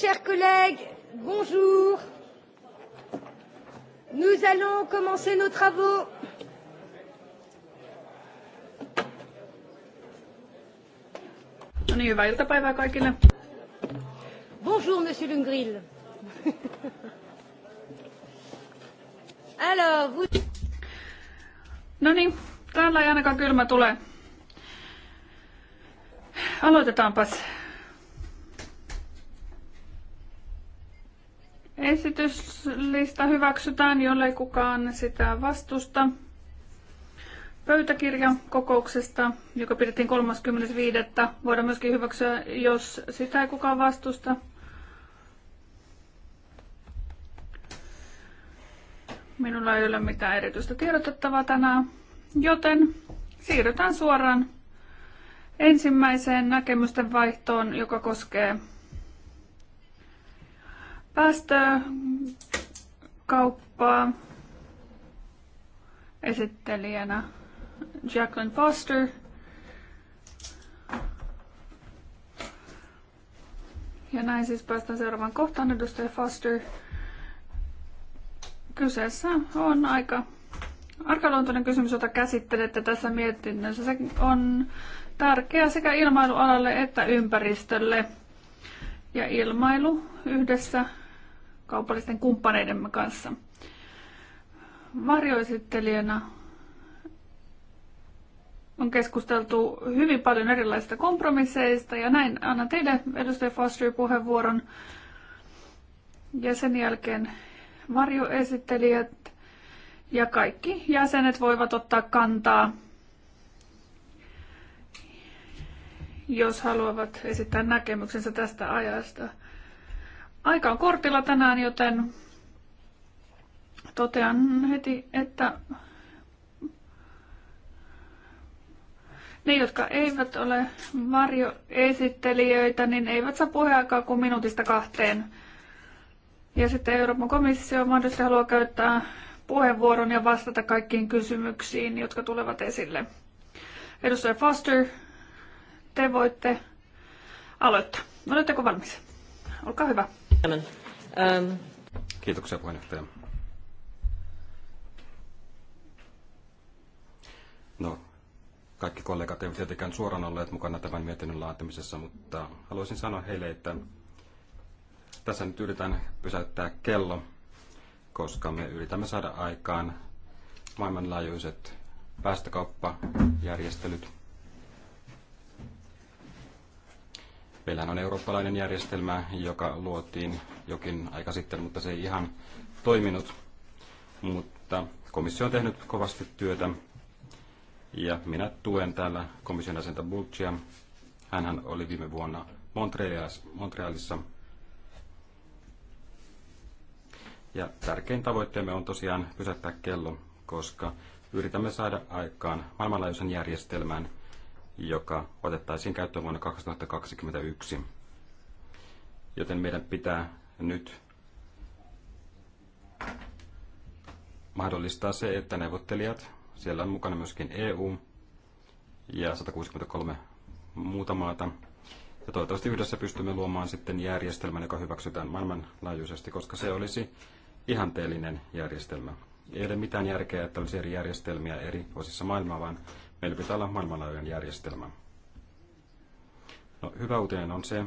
chers collègues, bonjour. Nous allons commencer nos travaux. No niin, hyvää iltapäivää kaikille. Bonjour, monsieur Lungril. Alors, vous... No niin, täällä ei ainakaan kylmä tule. Aloitetaanpas Esityslista hyväksytään, jollei kukaan sitä vastusta. Pöytäkirja kokouksesta, joka pidettiin 35. voidaan myöskin hyväksyä, jos sitä ei kukaan vastusta. Minulla ei ole mitään erityistä tiedotettavaa tänään, joten siirrytään suoraan ensimmäiseen näkemysten vaihtoon, joka koskee kauppaa esittelijänä Jacqueline Foster. Ja näin siis päästään seuraavaan kohtaan, edustaja Foster. Kyseessä on aika arkaluontoinen kysymys, jota käsittelette tässä mietinnössä. Se on tärkeä sekä ilmailualalle että ympäristölle. Ja ilmailu yhdessä kaupallisten kumppaneidemme kanssa. Varjoesittelijänä on keskusteltu hyvin paljon erilaisista kompromisseista ja näin annan teille edustaja Foster puheenvuoron ja sen jälkeen varjoesittelijät ja kaikki jäsenet voivat ottaa kantaa, jos haluavat esittää näkemyksensä tästä ajasta. Aika on kortilla tänään, joten totean heti, että ne, jotka eivät ole varjoesittelijöitä, niin eivät saa puheaikaa kuin minuutista kahteen. Ja sitten Euroopan komissio mahdollisesti haluaa käyttää puheenvuoron ja vastata kaikkiin kysymyksiin, jotka tulevat esille. Edustaja Foster, te voitte aloittaa. Oletteko valmis? Olkaa hyvä. Ähm, Kiitoksia puheenjohtaja. No, kaikki kollegat eivät tietenkään suoraan olleet mukana tämän mietinnön laatimisessa, mutta haluaisin sanoa heille, että tässä nyt yritän pysäyttää kello, koska me yritämme saada aikaan maailmanlaajuiset päästökauppajärjestelyt. Meillähän on eurooppalainen järjestelmä, joka luotiin jokin aika sitten, mutta se ei ihan toiminut. Mutta komissio on tehnyt kovasti työtä ja minä tuen täällä komission jäsentä Bulcia. Hänhän oli viime vuonna Montrealissa. Ja tärkein tavoitteemme on tosiaan pysäyttää kello, koska yritämme saada aikaan maailmanlaajuisen järjestelmän, joka otettaisiin käyttöön vuonna 2021. Joten meidän pitää nyt mahdollistaa se, että neuvottelijat, siellä on mukana myöskin EU ja 163 muuta maata, ja toivottavasti yhdessä pystymme luomaan sitten järjestelmän, joka hyväksytään maailmanlaajuisesti, koska se olisi ihanteellinen järjestelmä. Ei ole mitään järkeä, että olisi eri järjestelmiä eri osissa maailmaa, vaan Meillä pitää olla maailmanlaajuinen järjestelmä. No, hyvä uutinen on se,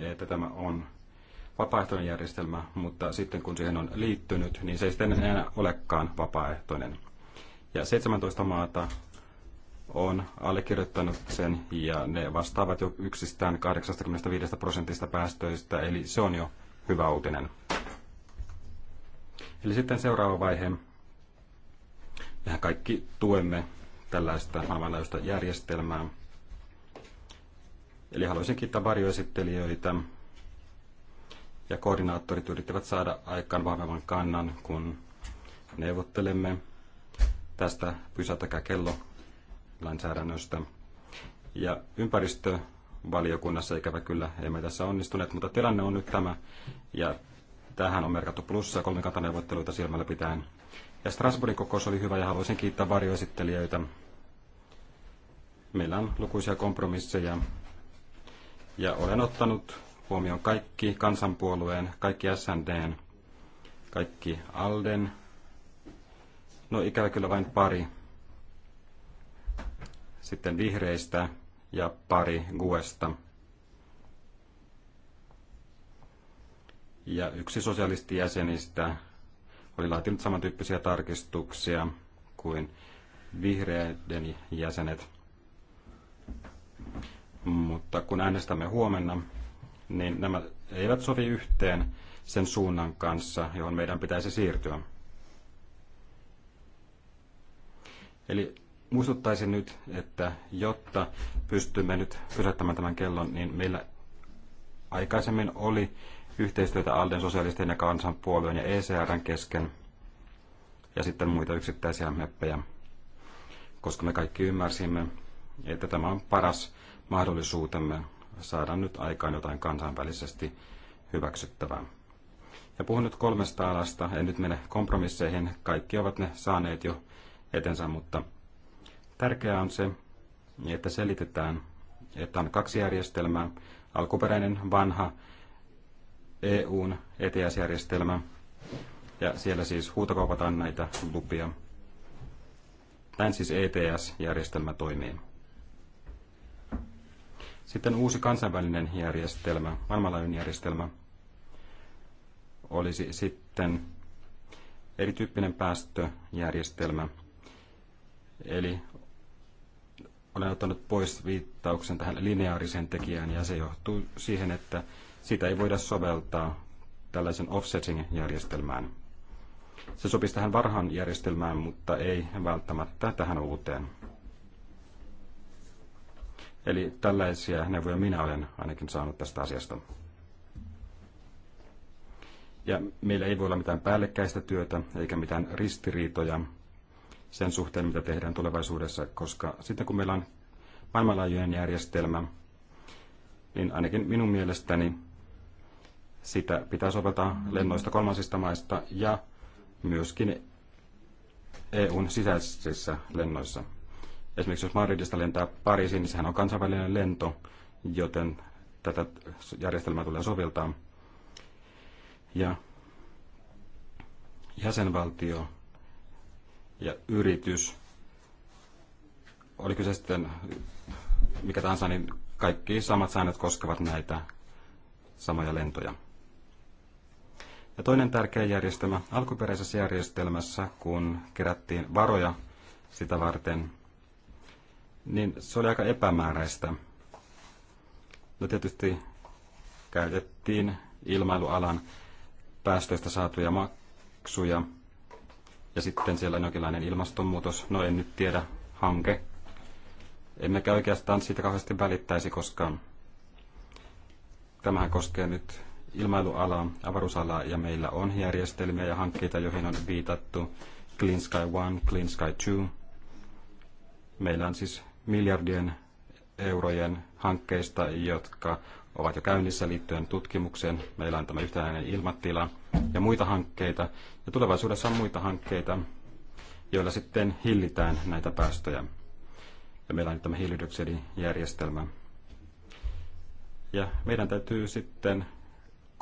että tämä on vapaaehtoinen järjestelmä, mutta sitten kun siihen on liittynyt, niin se ei sitten enää olekaan vapaaehtoinen. Ja 17 maata on allekirjoittanut sen ja ne vastaavat jo yksistään 85 prosentista päästöistä, eli se on jo hyvä uutinen. Eli sitten seuraava vaihe. Mehän kaikki tuemme tällaista maailmanlaajuista järjestelmää. Eli haluaisin kiittää varjoesittelijöitä ja koordinaattorit yrittävät saada aikaan vahvemman kannan, kun neuvottelemme tästä pysäytäkää kello lainsäädännöstä. Ja ympäristövaliokunnassa ikävä kyllä emme tässä onnistuneet, mutta tilanne on nyt tämä. Ja tähän on merkattu plussa kolmikantaneuvotteluita silmällä pitäen. Ja Strasbourgin kokous oli hyvä ja haluaisin kiittää varjoesittelijöitä. Meillä on lukuisia kompromisseja ja olen ottanut huomioon kaikki kansanpuolueen, kaikki SNDn, kaikki ALDEn, no ikävä kyllä vain pari, sitten vihreistä ja pari GUEsta. Ja yksi sosialistijäsenistä oli laatinut samantyyppisiä tarkistuksia kuin vihreiden jäsenet. Mutta kun äänestämme huomenna, niin nämä eivät sovi yhteen sen suunnan kanssa, johon meidän pitäisi siirtyä. Eli muistuttaisin nyt, että jotta pystymme nyt pysäyttämään tämän kellon, niin meillä aikaisemmin oli yhteistyötä Alden sosialistien ja kansanpuolueen ja ECRn kesken ja sitten muita yksittäisiä meppejä, koska me kaikki ymmärsimme, että tämä on paras mahdollisuutemme saada nyt aikaan jotain kansainvälisesti hyväksyttävää. Ja puhun nyt kolmesta alasta, en nyt mene kompromisseihin, kaikki ovat ne saaneet jo etensä, mutta tärkeää on se, että selitetään, että on kaksi järjestelmää, alkuperäinen vanha EUn ETS-järjestelmä. Ja siellä siis huutokaupataan näitä lupia. Näin siis ETS-järjestelmä toimii. Sitten uusi kansainvälinen järjestelmä, maailmanlaajuinen järjestelmä, olisi sitten erityyppinen päästöjärjestelmä. Eli olen ottanut pois viittauksen tähän lineaariseen tekijään ja se johtuu siihen, että sitä ei voida soveltaa tällaisen offsetting-järjestelmään. Se sopisi tähän varhaan järjestelmään, mutta ei välttämättä tähän uuteen. Eli tällaisia neuvoja minä olen ainakin saanut tästä asiasta. Ja meillä ei voi olla mitään päällekkäistä työtä eikä mitään ristiriitoja sen suhteen, mitä tehdään tulevaisuudessa, koska sitten kun meillä on maailmanlaajuinen järjestelmä, niin ainakin minun mielestäni sitä pitää soveltaa lennoista kolmansista maista ja myöskin EUn sisäisissä lennoissa. Esimerkiksi jos Madridista lentää Pariisiin, niin sehän on kansainvälinen lento, joten tätä järjestelmää tulee soveltaa. Ja jäsenvaltio ja yritys, oli kyse sitten mikä tahansa, niin kaikki samat säännöt koskevat näitä samoja lentoja. Ja toinen tärkeä järjestelmä alkuperäisessä järjestelmässä, kun kerättiin varoja sitä varten, niin se oli aika epämääräistä. No tietysti käytettiin ilmailualan päästöistä saatuja maksuja ja sitten siellä on jonkinlainen ilmastonmuutos, no en nyt tiedä, hanke. Emmekä oikeastaan siitä kauheasti välittäisi, koska tämähän koskee nyt Ilmailuala, avaruusala ja meillä on järjestelmiä ja hankkeita, joihin on viitattu. Clean Sky One, Clean Sky Two. Meillä on siis miljardien eurojen hankkeista, jotka ovat jo käynnissä liittyen tutkimukseen. Meillä on tämä yhtenäinen ilmatila ja muita hankkeita. Ja tulevaisuudessa on muita hankkeita, joilla sitten hillitään näitä päästöjä. Ja meillä on tämä hiilidioksidijärjestelmä. Ja meidän täytyy sitten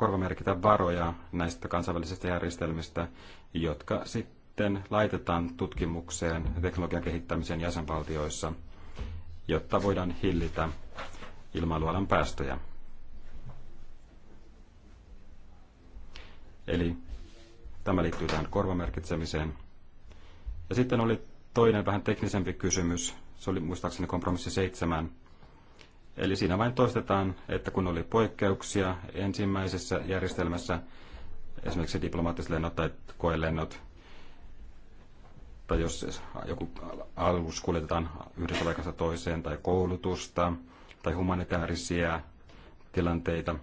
korvamerkitä varoja näistä kansainvälisistä järjestelmistä, jotka sitten laitetaan tutkimukseen ja teknologian kehittämiseen jäsenvaltioissa, jotta voidaan hillitä ilmailualan päästöjä. Eli tämä liittyy tähän korvamerkitsemiseen. Ja sitten oli toinen vähän teknisempi kysymys. Se oli muistaakseni kompromissi seitsemän, Eli siinä vain toistetaan, että kun oli poikkeuksia ensimmäisessä järjestelmässä, esimerkiksi diplomaattiset lennot tai koelennot, tai jos joku alus kuljetetaan yhdessä paikasta toiseen, tai koulutusta, tai humanitaarisia tilanteita,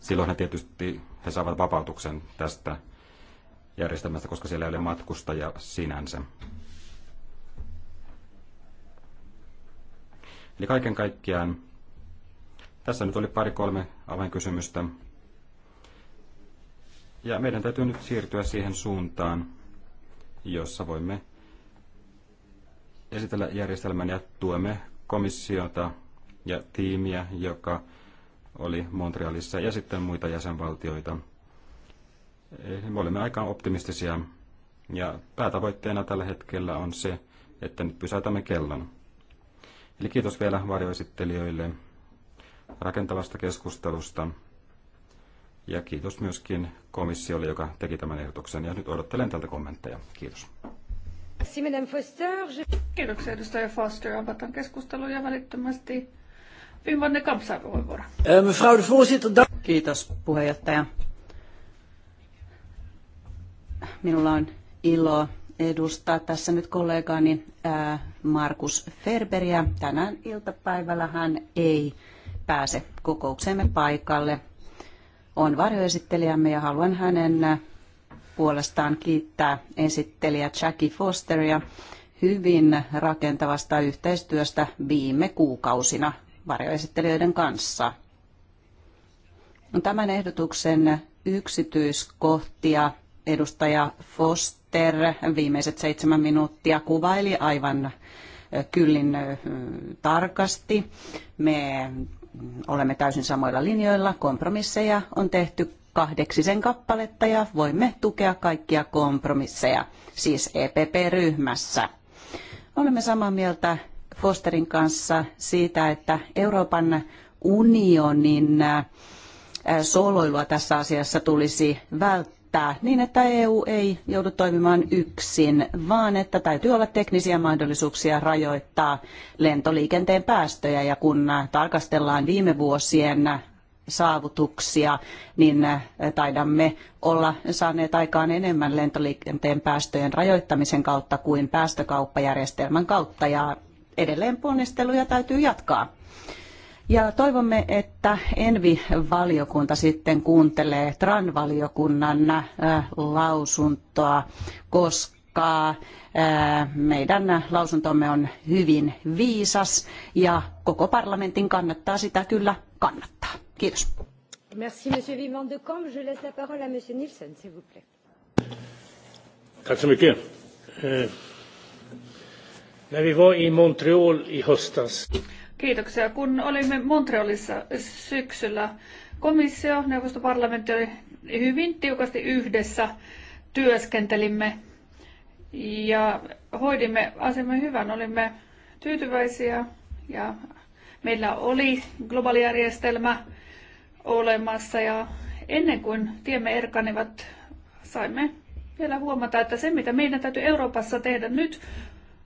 silloin he tietysti he saavat vapautuksen tästä järjestelmästä, koska siellä ei ole matkustajia sinänsä. Eli kaiken kaikkiaan tässä nyt oli pari-kolme avainkysymystä. Ja meidän täytyy nyt siirtyä siihen suuntaan, jossa voimme esitellä järjestelmän ja tuemme komissiota ja tiimiä, joka oli Montrealissa ja sitten muita jäsenvaltioita. Me olemme aika optimistisia ja päätavoitteena tällä hetkellä on se, että nyt pysäytämme kellon. Eli kiitos vielä varjoesittelijöille rakentavasta keskustelusta. Ja kiitos myöskin komissiolle, joka teki tämän ehdotuksen. Ja nyt odottelen tältä kommentteja. Kiitos. Kiitoksia edustaja Foster. Avataan keskusteluja välittömästi Vimmanne Kampsaa ehm, de Kiitos puheenjohtaja. Minulla on ilo edustaa tässä nyt kollegani Markus Ferberiä. Tänään iltapäivällä hän ei pääse kokoukseemme paikalle. On varjoesittelijämme ja haluan hänen puolestaan kiittää esittelijä Jackie Fosteria hyvin rakentavasta yhteistyöstä viime kuukausina varjoesittelijöiden kanssa. Tämän ehdotuksen yksityiskohtia edustaja Foster viimeiset seitsemän minuuttia kuvaili aivan kyllin tarkasti. Me olemme täysin samoilla linjoilla. Kompromisseja on tehty kahdeksisen kappaletta ja voimme tukea kaikkia kompromisseja, siis EPP-ryhmässä. Olemme samaa mieltä Fosterin kanssa siitä, että Euroopan unionin soloilua tässä asiassa tulisi välttää kehittää niin, että EU ei joudu toimimaan yksin, vaan että täytyy olla teknisiä mahdollisuuksia rajoittaa lentoliikenteen päästöjä. Ja kun tarkastellaan viime vuosien saavutuksia, niin taidamme olla saaneet aikaan enemmän lentoliikenteen päästöjen rajoittamisen kautta kuin päästökauppajärjestelmän kautta. Ja edelleen ponnisteluja täytyy jatkaa. Ja toivomme, että Envi-valiokunta sitten kuuntelee TRAN-valiokunnan äh, lausuntoa, koska äh, meidän lausuntomme on hyvin viisas ja koko parlamentin kannattaa sitä kyllä kannattaa. Kiitos. Merci, monsieur Vivant de Camp. Je laisse la parole à monsieur Nielsen, s'il vous plaît. Tack så mycket. Eh, när vi var i Montreal i höstas Kiitoksia. Kun olimme Montrealissa syksyllä, komissio, neuvostoparlamentti oli hyvin tiukasti yhdessä työskentelimme ja hoidimme asemme hyvän. Olimme tyytyväisiä ja meillä oli globaali järjestelmä olemassa ja ennen kuin tiemme erkanivat, saimme vielä huomata, että se mitä meidän täytyy Euroopassa tehdä nyt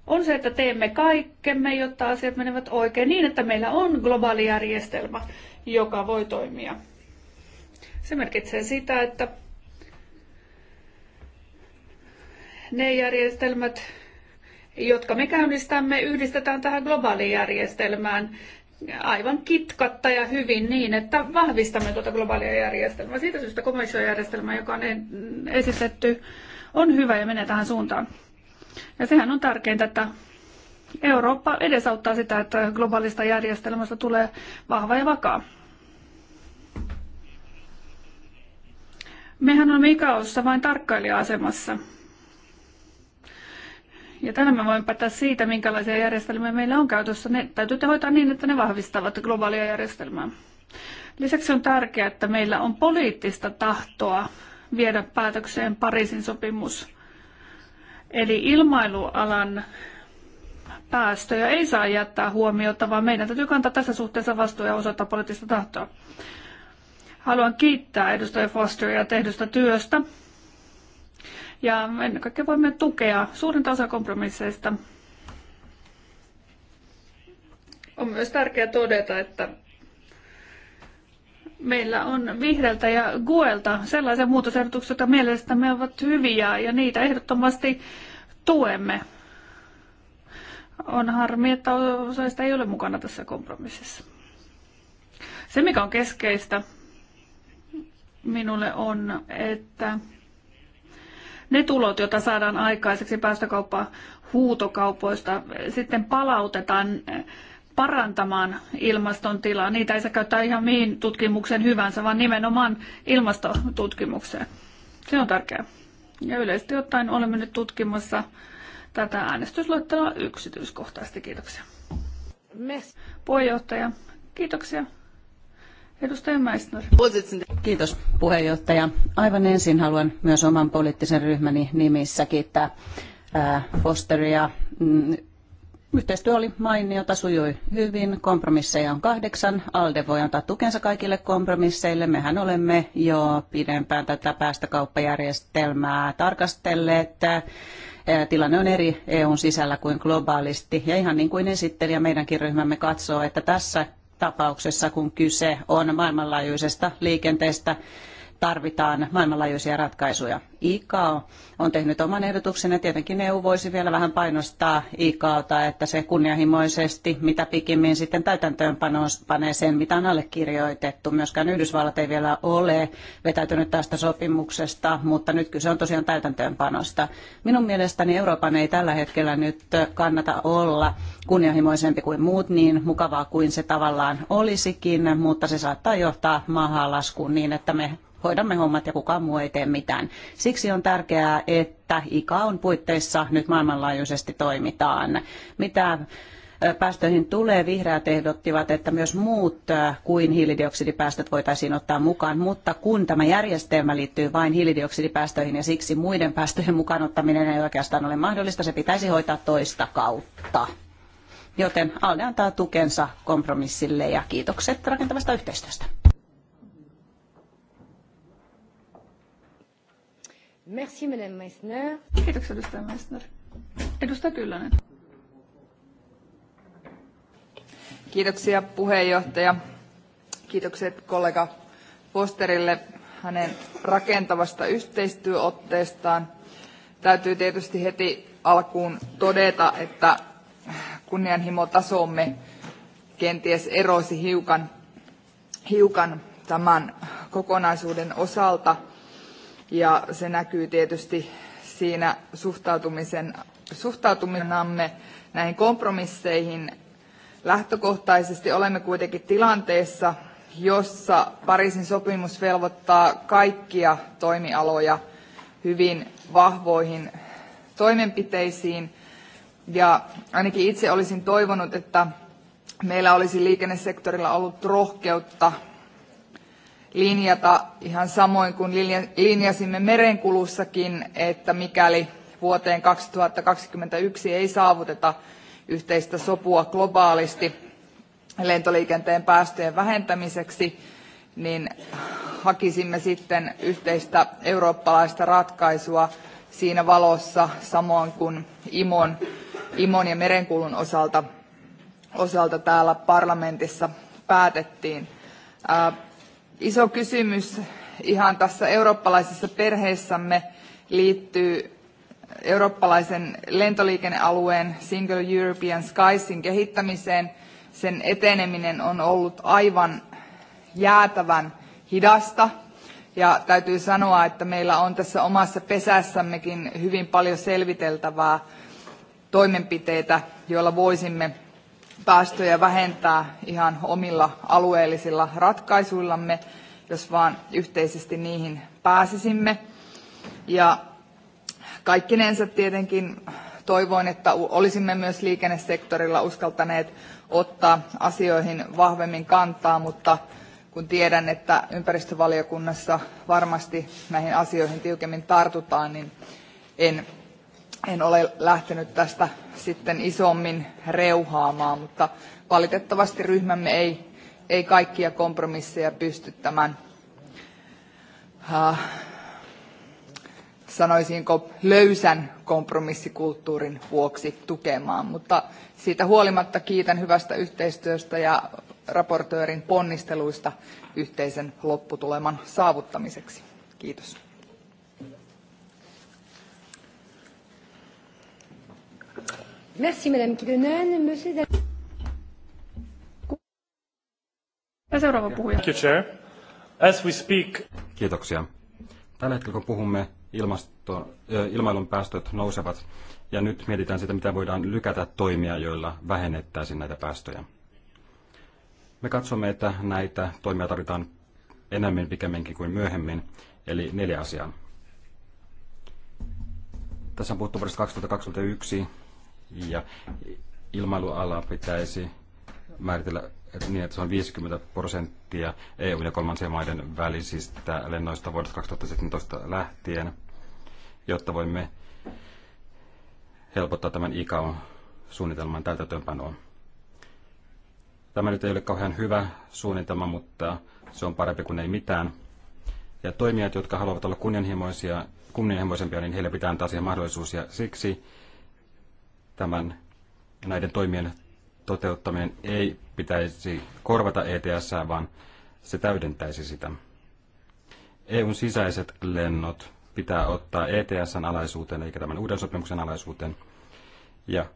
on se, että teemme kaikkemme, jotta asiat menevät oikein niin, että meillä on globaali järjestelmä, joka voi toimia. Se merkitsee sitä, että ne järjestelmät, jotka me käynnistämme, yhdistetään tähän globaaliin järjestelmään aivan kitkatta ja hyvin niin, että vahvistamme tuota globaalia järjestelmää. Siitä syystä komission järjestelmä, joka on esitetty, on hyvä ja menee tähän suuntaan. Ja sehän on tärkeintä, että Eurooppa edesauttaa sitä, että globaalista järjestelmästä tulee vahva ja vakaa. Mehän on Mikaossa vain tarkkailija-asemassa. Ja tänään me voimme päättää siitä, minkälaisia järjestelmiä meillä on käytössä. Ne täytyy hoitaa niin, että ne vahvistavat globaalia järjestelmää. Lisäksi on tärkeää, että meillä on poliittista tahtoa viedä päätökseen Pariisin sopimus – Eli ilmailualan päästöjä ei saa jättää huomiota, vaan meidän täytyy kantaa tässä suhteessa vastuu ja osoittaa poliittista tahtoa. Haluan kiittää edustaja Fosteria tehdystä työstä. Ja ennen kaikkea voimme tukea suurinta osa kompromisseista. On myös tärkeää todeta, että meillä on vihreältä ja Guelta sellaisia muutosehdotuksia, joita mielestämme ovat hyviä ja niitä ehdottomasti tuemme. On harmi, että osaista ei ole mukana tässä kompromississa. Se, mikä on keskeistä minulle on, että ne tulot, joita saadaan aikaiseksi päästökauppaa huutokaupoista, sitten palautetaan parantamaan ilmaston tilaa. Niitä ei saa käyttää ihan mihin tutkimukseen hyvänsä, vaan nimenomaan ilmastotutkimukseen. Se on tärkeää. Ja yleisesti ottaen olemme nyt tutkimassa tätä äänestysluetteloa yksityiskohtaisesti. Kiitoksia. Mes. Puheenjohtaja, kiitoksia. Edustaja Meissner. Kiitos puheenjohtaja. Aivan ensin haluan myös oman poliittisen ryhmäni nimissä kiittää Fosteria mm, Yhteistyö oli mainiota, sujui hyvin, kompromisseja on kahdeksan. ALDE voi antaa tukensa kaikille kompromisseille. Mehän olemme jo pidempään tätä päästökauppajärjestelmää tarkastelleet. Tilanne on eri EUn sisällä kuin globaalisti. Ja ihan niin kuin esittelijä, meidänkin ryhmämme katsoo, että tässä tapauksessa, kun kyse on maailmanlaajuisesta liikenteestä, tarvitaan maailmanlaajuisia ratkaisuja. ICAO on tehnyt oman ehdotuksen ja tietenkin EU voisi vielä vähän painostaa ICAOta, että se kunnianhimoisesti mitä pikimmin sitten täytäntöön panee sen, mitä on allekirjoitettu. Myöskään Yhdysvallat ei vielä ole vetäytynyt tästä sopimuksesta, mutta nyt kyse on tosiaan täytäntöönpanosta. Minun mielestäni Euroopan ei tällä hetkellä nyt kannata olla kunnianhimoisempi kuin muut, niin mukavaa kuin se tavallaan olisikin, mutta se saattaa johtaa maahanlaskuun niin, että me hoidamme hommat ja kukaan muu ei tee mitään. Siksi on tärkeää, että ICAOn puitteissa nyt maailmanlaajuisesti toimitaan. Mitä päästöihin tulee, vihreät ehdottivat, että myös muut kuin hiilidioksidipäästöt voitaisiin ottaa mukaan, mutta kun tämä järjestelmä liittyy vain hiilidioksidipäästöihin ja siksi muiden päästöjen mukaan ottaminen ei oikeastaan ole mahdollista, se pitäisi hoitaa toista kautta. Joten Alde antaa tukensa kompromissille ja kiitokset rakentavasta yhteistyöstä. Merci, Madame Meissner. Kiitoksia, edustaja Meissner. Edustaja Kyllönen. Kiitoksia puheenjohtaja. Kiitokset kollega Fosterille hänen rakentavasta yhteistyöotteestaan. Täytyy tietysti heti alkuun todeta, että kunnianhimotasomme kenties erosi hiukan, hiukan tämän kokonaisuuden osalta – ja se näkyy tietysti siinä suhtautumisen, suhtautuminamme näihin kompromisseihin. Lähtökohtaisesti olemme kuitenkin tilanteessa, jossa Pariisin sopimus velvoittaa kaikkia toimialoja hyvin vahvoihin toimenpiteisiin. Ja ainakin itse olisin toivonut, että meillä olisi liikennesektorilla ollut rohkeutta linjata ihan samoin kuin linjasimme merenkulussakin, että mikäli vuoteen 2021 ei saavuteta yhteistä sopua globaalisti lentoliikenteen päästöjen vähentämiseksi, niin hakisimme sitten yhteistä eurooppalaista ratkaisua siinä valossa, samoin kuin IMON, IMON ja merenkulun osalta, osalta täällä parlamentissa päätettiin iso kysymys ihan tässä eurooppalaisessa perheessämme liittyy eurooppalaisen lentoliikennealueen Single European Skiesin kehittämiseen. Sen eteneminen on ollut aivan jäätävän hidasta ja täytyy sanoa, että meillä on tässä omassa pesässämmekin hyvin paljon selviteltävää toimenpiteitä, joilla voisimme päästöjä vähentää ihan omilla alueellisilla ratkaisuillamme, jos vaan yhteisesti niihin pääsisimme. Ja kaikkinensa tietenkin toivoin, että olisimme myös liikennesektorilla uskaltaneet ottaa asioihin vahvemmin kantaa, mutta kun tiedän, että ympäristövaliokunnassa varmasti näihin asioihin tiukemmin tartutaan, niin en en ole lähtenyt tästä sitten isommin reuhaamaan, mutta valitettavasti ryhmämme ei, ei kaikkia kompromisseja pysty tämän, äh, sanoisinko, löysän kompromissikulttuurin vuoksi tukemaan. Mutta siitä huolimatta kiitän hyvästä yhteistyöstä ja raportöörin ponnisteluista yhteisen lopputuleman saavuttamiseksi. Kiitos. Merci Madame Kilonen. Monsieur seuraava puhuja. Thank you, Chair. As we speak. Kiitoksia. Tällä hetkellä kun puhumme, ilmasto, ilmailun päästöt nousevat ja nyt mietitään sitä, mitä voidaan lykätä toimia, joilla vähennettäisiin näitä päästöjä. Me katsomme, että näitä toimia tarvitaan enemmän pikemminkin kuin myöhemmin, eli neljä asiaa. Tässä on puhuttu vuodesta 2021 ja ilmailuala pitäisi määritellä niin, että se on 50 prosenttia EU- ja kolmansien maiden välisistä lennoista vuodesta 2017 lähtien, jotta voimme helpottaa tämän ICAO-suunnitelman täytäntöönpanoa. Tämä nyt ei ole kauhean hyvä suunnitelma, mutta se on parempi kuin ei mitään. Ja toimijat, jotka haluavat olla kunnianhimoisia, kunnianhimoisempia, niin heillä pitää antaa siihen mahdollisuus. Ja siksi tämän, näiden toimien toteuttaminen ei pitäisi korvata ETS, vaan se täydentäisi sitä. EUn sisäiset lennot pitää ottaa ETSn alaisuuteen eikä tämän uuden sopimuksen alaisuuteen. Ja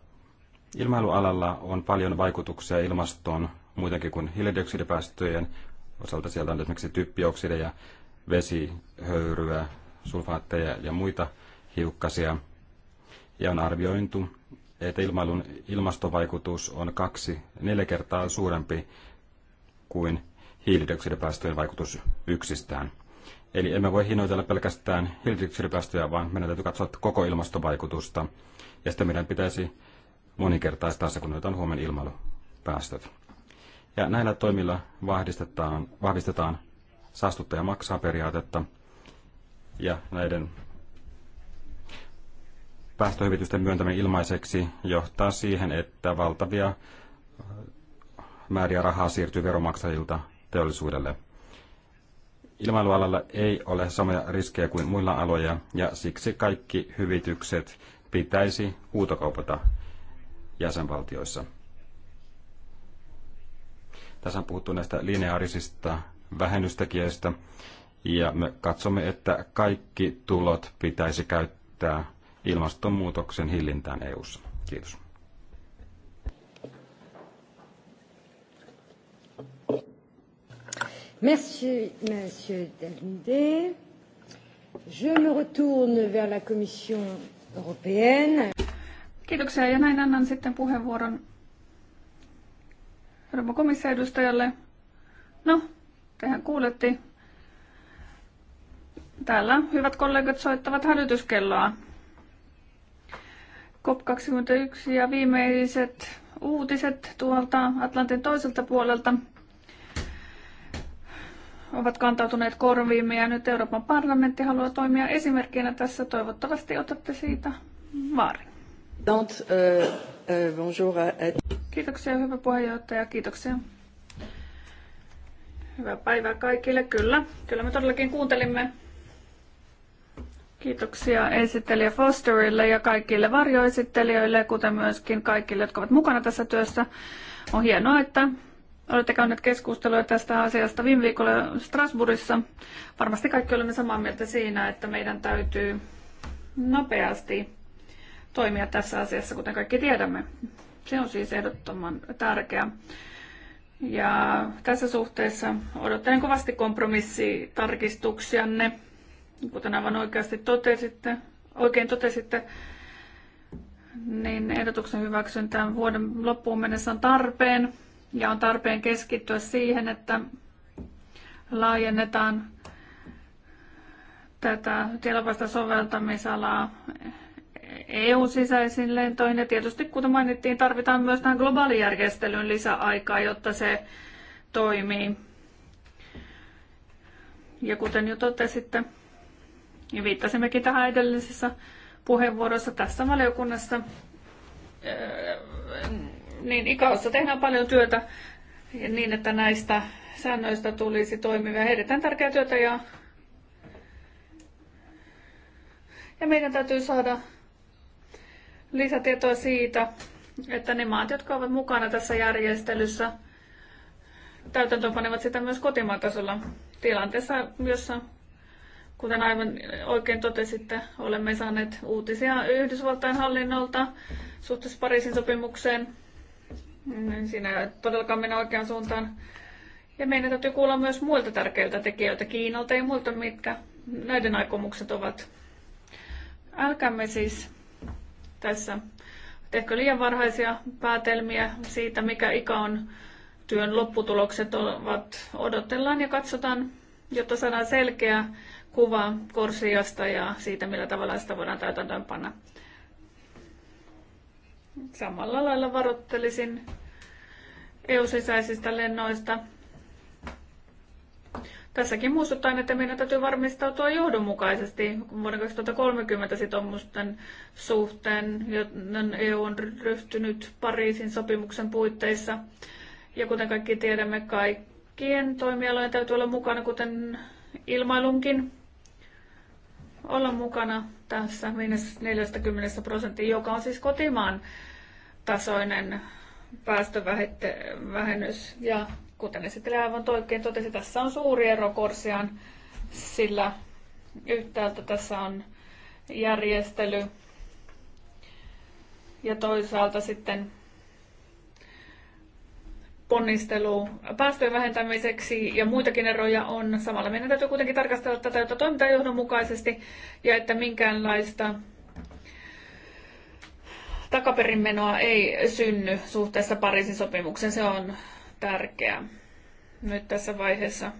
ilmailualalla on paljon vaikutuksia ilmastoon muutenkin kuin hiilidioksidipäästöjen osalta. Sieltä on esimerkiksi typpioksideja, vesihöyryä, sulfaatteja ja muita hiukkasia. Ja on arviointu, että ilmailun ilmastovaikutus on kaksi, neljä kertaa suurempi kuin hiilidioksidipäästöjen vaikutus yksistään. Eli emme voi hinnoitella pelkästään hiilidioksidipäästöjä, vaan meidän täytyy katsoa koko ilmastovaikutusta. Ja sitten meidän pitäisi moninkertaistaa se, kun otetaan huomen ilmailupäästöt. Ja näillä toimilla vahvistetaan, vahvistetaan saastuttaja maksaa periaatetta ja näiden päästöhyvitysten myöntäminen ilmaiseksi johtaa siihen, että valtavia äh, määriä rahaa siirtyy veromaksajilta teollisuudelle. Ilmailualalla ei ole samoja riskejä kuin muilla aloilla ja siksi kaikki hyvitykset pitäisi huutokaupata jäsenvaltioissa. Tässä on puhuttu näistä lineaarisista vähennystekijöistä ja me katsomme, että kaikki tulot pitäisi käyttää ilmastonmuutoksen hillintään EU:ssa. Kiitos. Merci, Monsieur Dalunde. Je me retourne vers la Commission européenne. Kiitoksia ja näin annan sitten puheenvuoron Euroopan komission edustajalle. No, tehän kuulettiin. Täällä hyvät kollegat soittavat hälytyskelloa. COP21 ja viimeiset uutiset tuolta Atlantin toiselta puolelta ovat kantautuneet korviimme ja nyt Euroopan parlamentti haluaa toimia esimerkkinä tässä. Toivottavasti otatte siitä vaarin. Euh, euh, kiitoksia hyvä puheenjohtaja, kiitoksia. Hyvää päivää kaikille. Kyllä, kyllä me todellakin kuuntelimme Kiitoksia esittelijä Fosterille ja kaikille varjoesittelijöille, kuten myöskin kaikille, jotka ovat mukana tässä työssä. On hienoa, että olette käyneet keskustelua tästä asiasta viime viikolla Strasbourgissa. Varmasti kaikki olemme samaa mieltä siinä, että meidän täytyy nopeasti toimia tässä asiassa, kuten kaikki tiedämme. Se on siis ehdottoman tärkeää. Ja tässä suhteessa odottelen kovasti kompromissitarkistuksianne kuten aivan oikeasti totesitte, oikein totesitte, niin ehdotuksen hyväksyntä vuoden loppuun mennessä on tarpeen ja on tarpeen keskittyä siihen, että laajennetaan tätä tilapäistä soveltamisalaa EU-sisäisiin lentoihin. Ja tietysti, kuten mainittiin, tarvitaan myös tähän globaalijärjestelyyn lisäaikaa, jotta se toimii. Ja kuten jo totesitte, ja viittasimmekin tähän edellisessä puheenvuorossa tässä valiokunnassa. Öö, niin ikaossa tehdään paljon työtä niin, että näistä säännöistä tulisi toimivia. Heidetään tärkeää työtä ja, ja meidän täytyy saada lisätietoa siitä, että ne maat, jotka ovat mukana tässä järjestelyssä, täytäntöönpanevat sitä myös kotimaatasolla tilanteessa, jossa Kuten aivan oikein totesitte, olemme saaneet uutisia Yhdysvaltain hallinnolta suhteessa Pariisin sopimukseen. Niin siinä ei todellakaan mennä oikeaan suuntaan. Ja meidän täytyy kuulla myös muilta tärkeiltä tekijöiltä, Kiinalta ja muilta, mitkä näiden aikomukset ovat. Älkäämme siis tässä tehkö liian varhaisia päätelmiä siitä, mikä ikä on työn lopputulokset ovat. Odotellaan ja katsotaan, jotta saadaan selkeä kuva korsiosta ja siitä, millä tavalla sitä voidaan täytäntöönpanna. Samalla lailla varoittelisin EU-sisäisistä lennoista. Tässäkin muistutan, että meidän täytyy varmistautua johdonmukaisesti vuoden 2030 sitoumusten suhteen, joten EU on ryhtynyt Pariisin sopimuksen puitteissa. Ja kuten kaikki tiedämme, kaikkien toimialojen täytyy olla mukana, kuten ilmailunkin olla mukana tässä 40 prosenttia, joka on siis kotimaan tasoinen päästövähennys. Ja kuten esittelijä aivan oikein totesi, tässä on suuri ero Korsiaan, sillä yhtäältä tässä on järjestely ja toisaalta sitten ponnistelu päästöjen vähentämiseksi ja muitakin eroja on. Samalla meidän täytyy kuitenkin tarkastella tätä, jotta toimitaan johdonmukaisesti ja että minkäänlaista takaperinmenoa ei synny suhteessa Pariisin sopimukseen. Se on tärkeää. Nyt tässä vaiheessa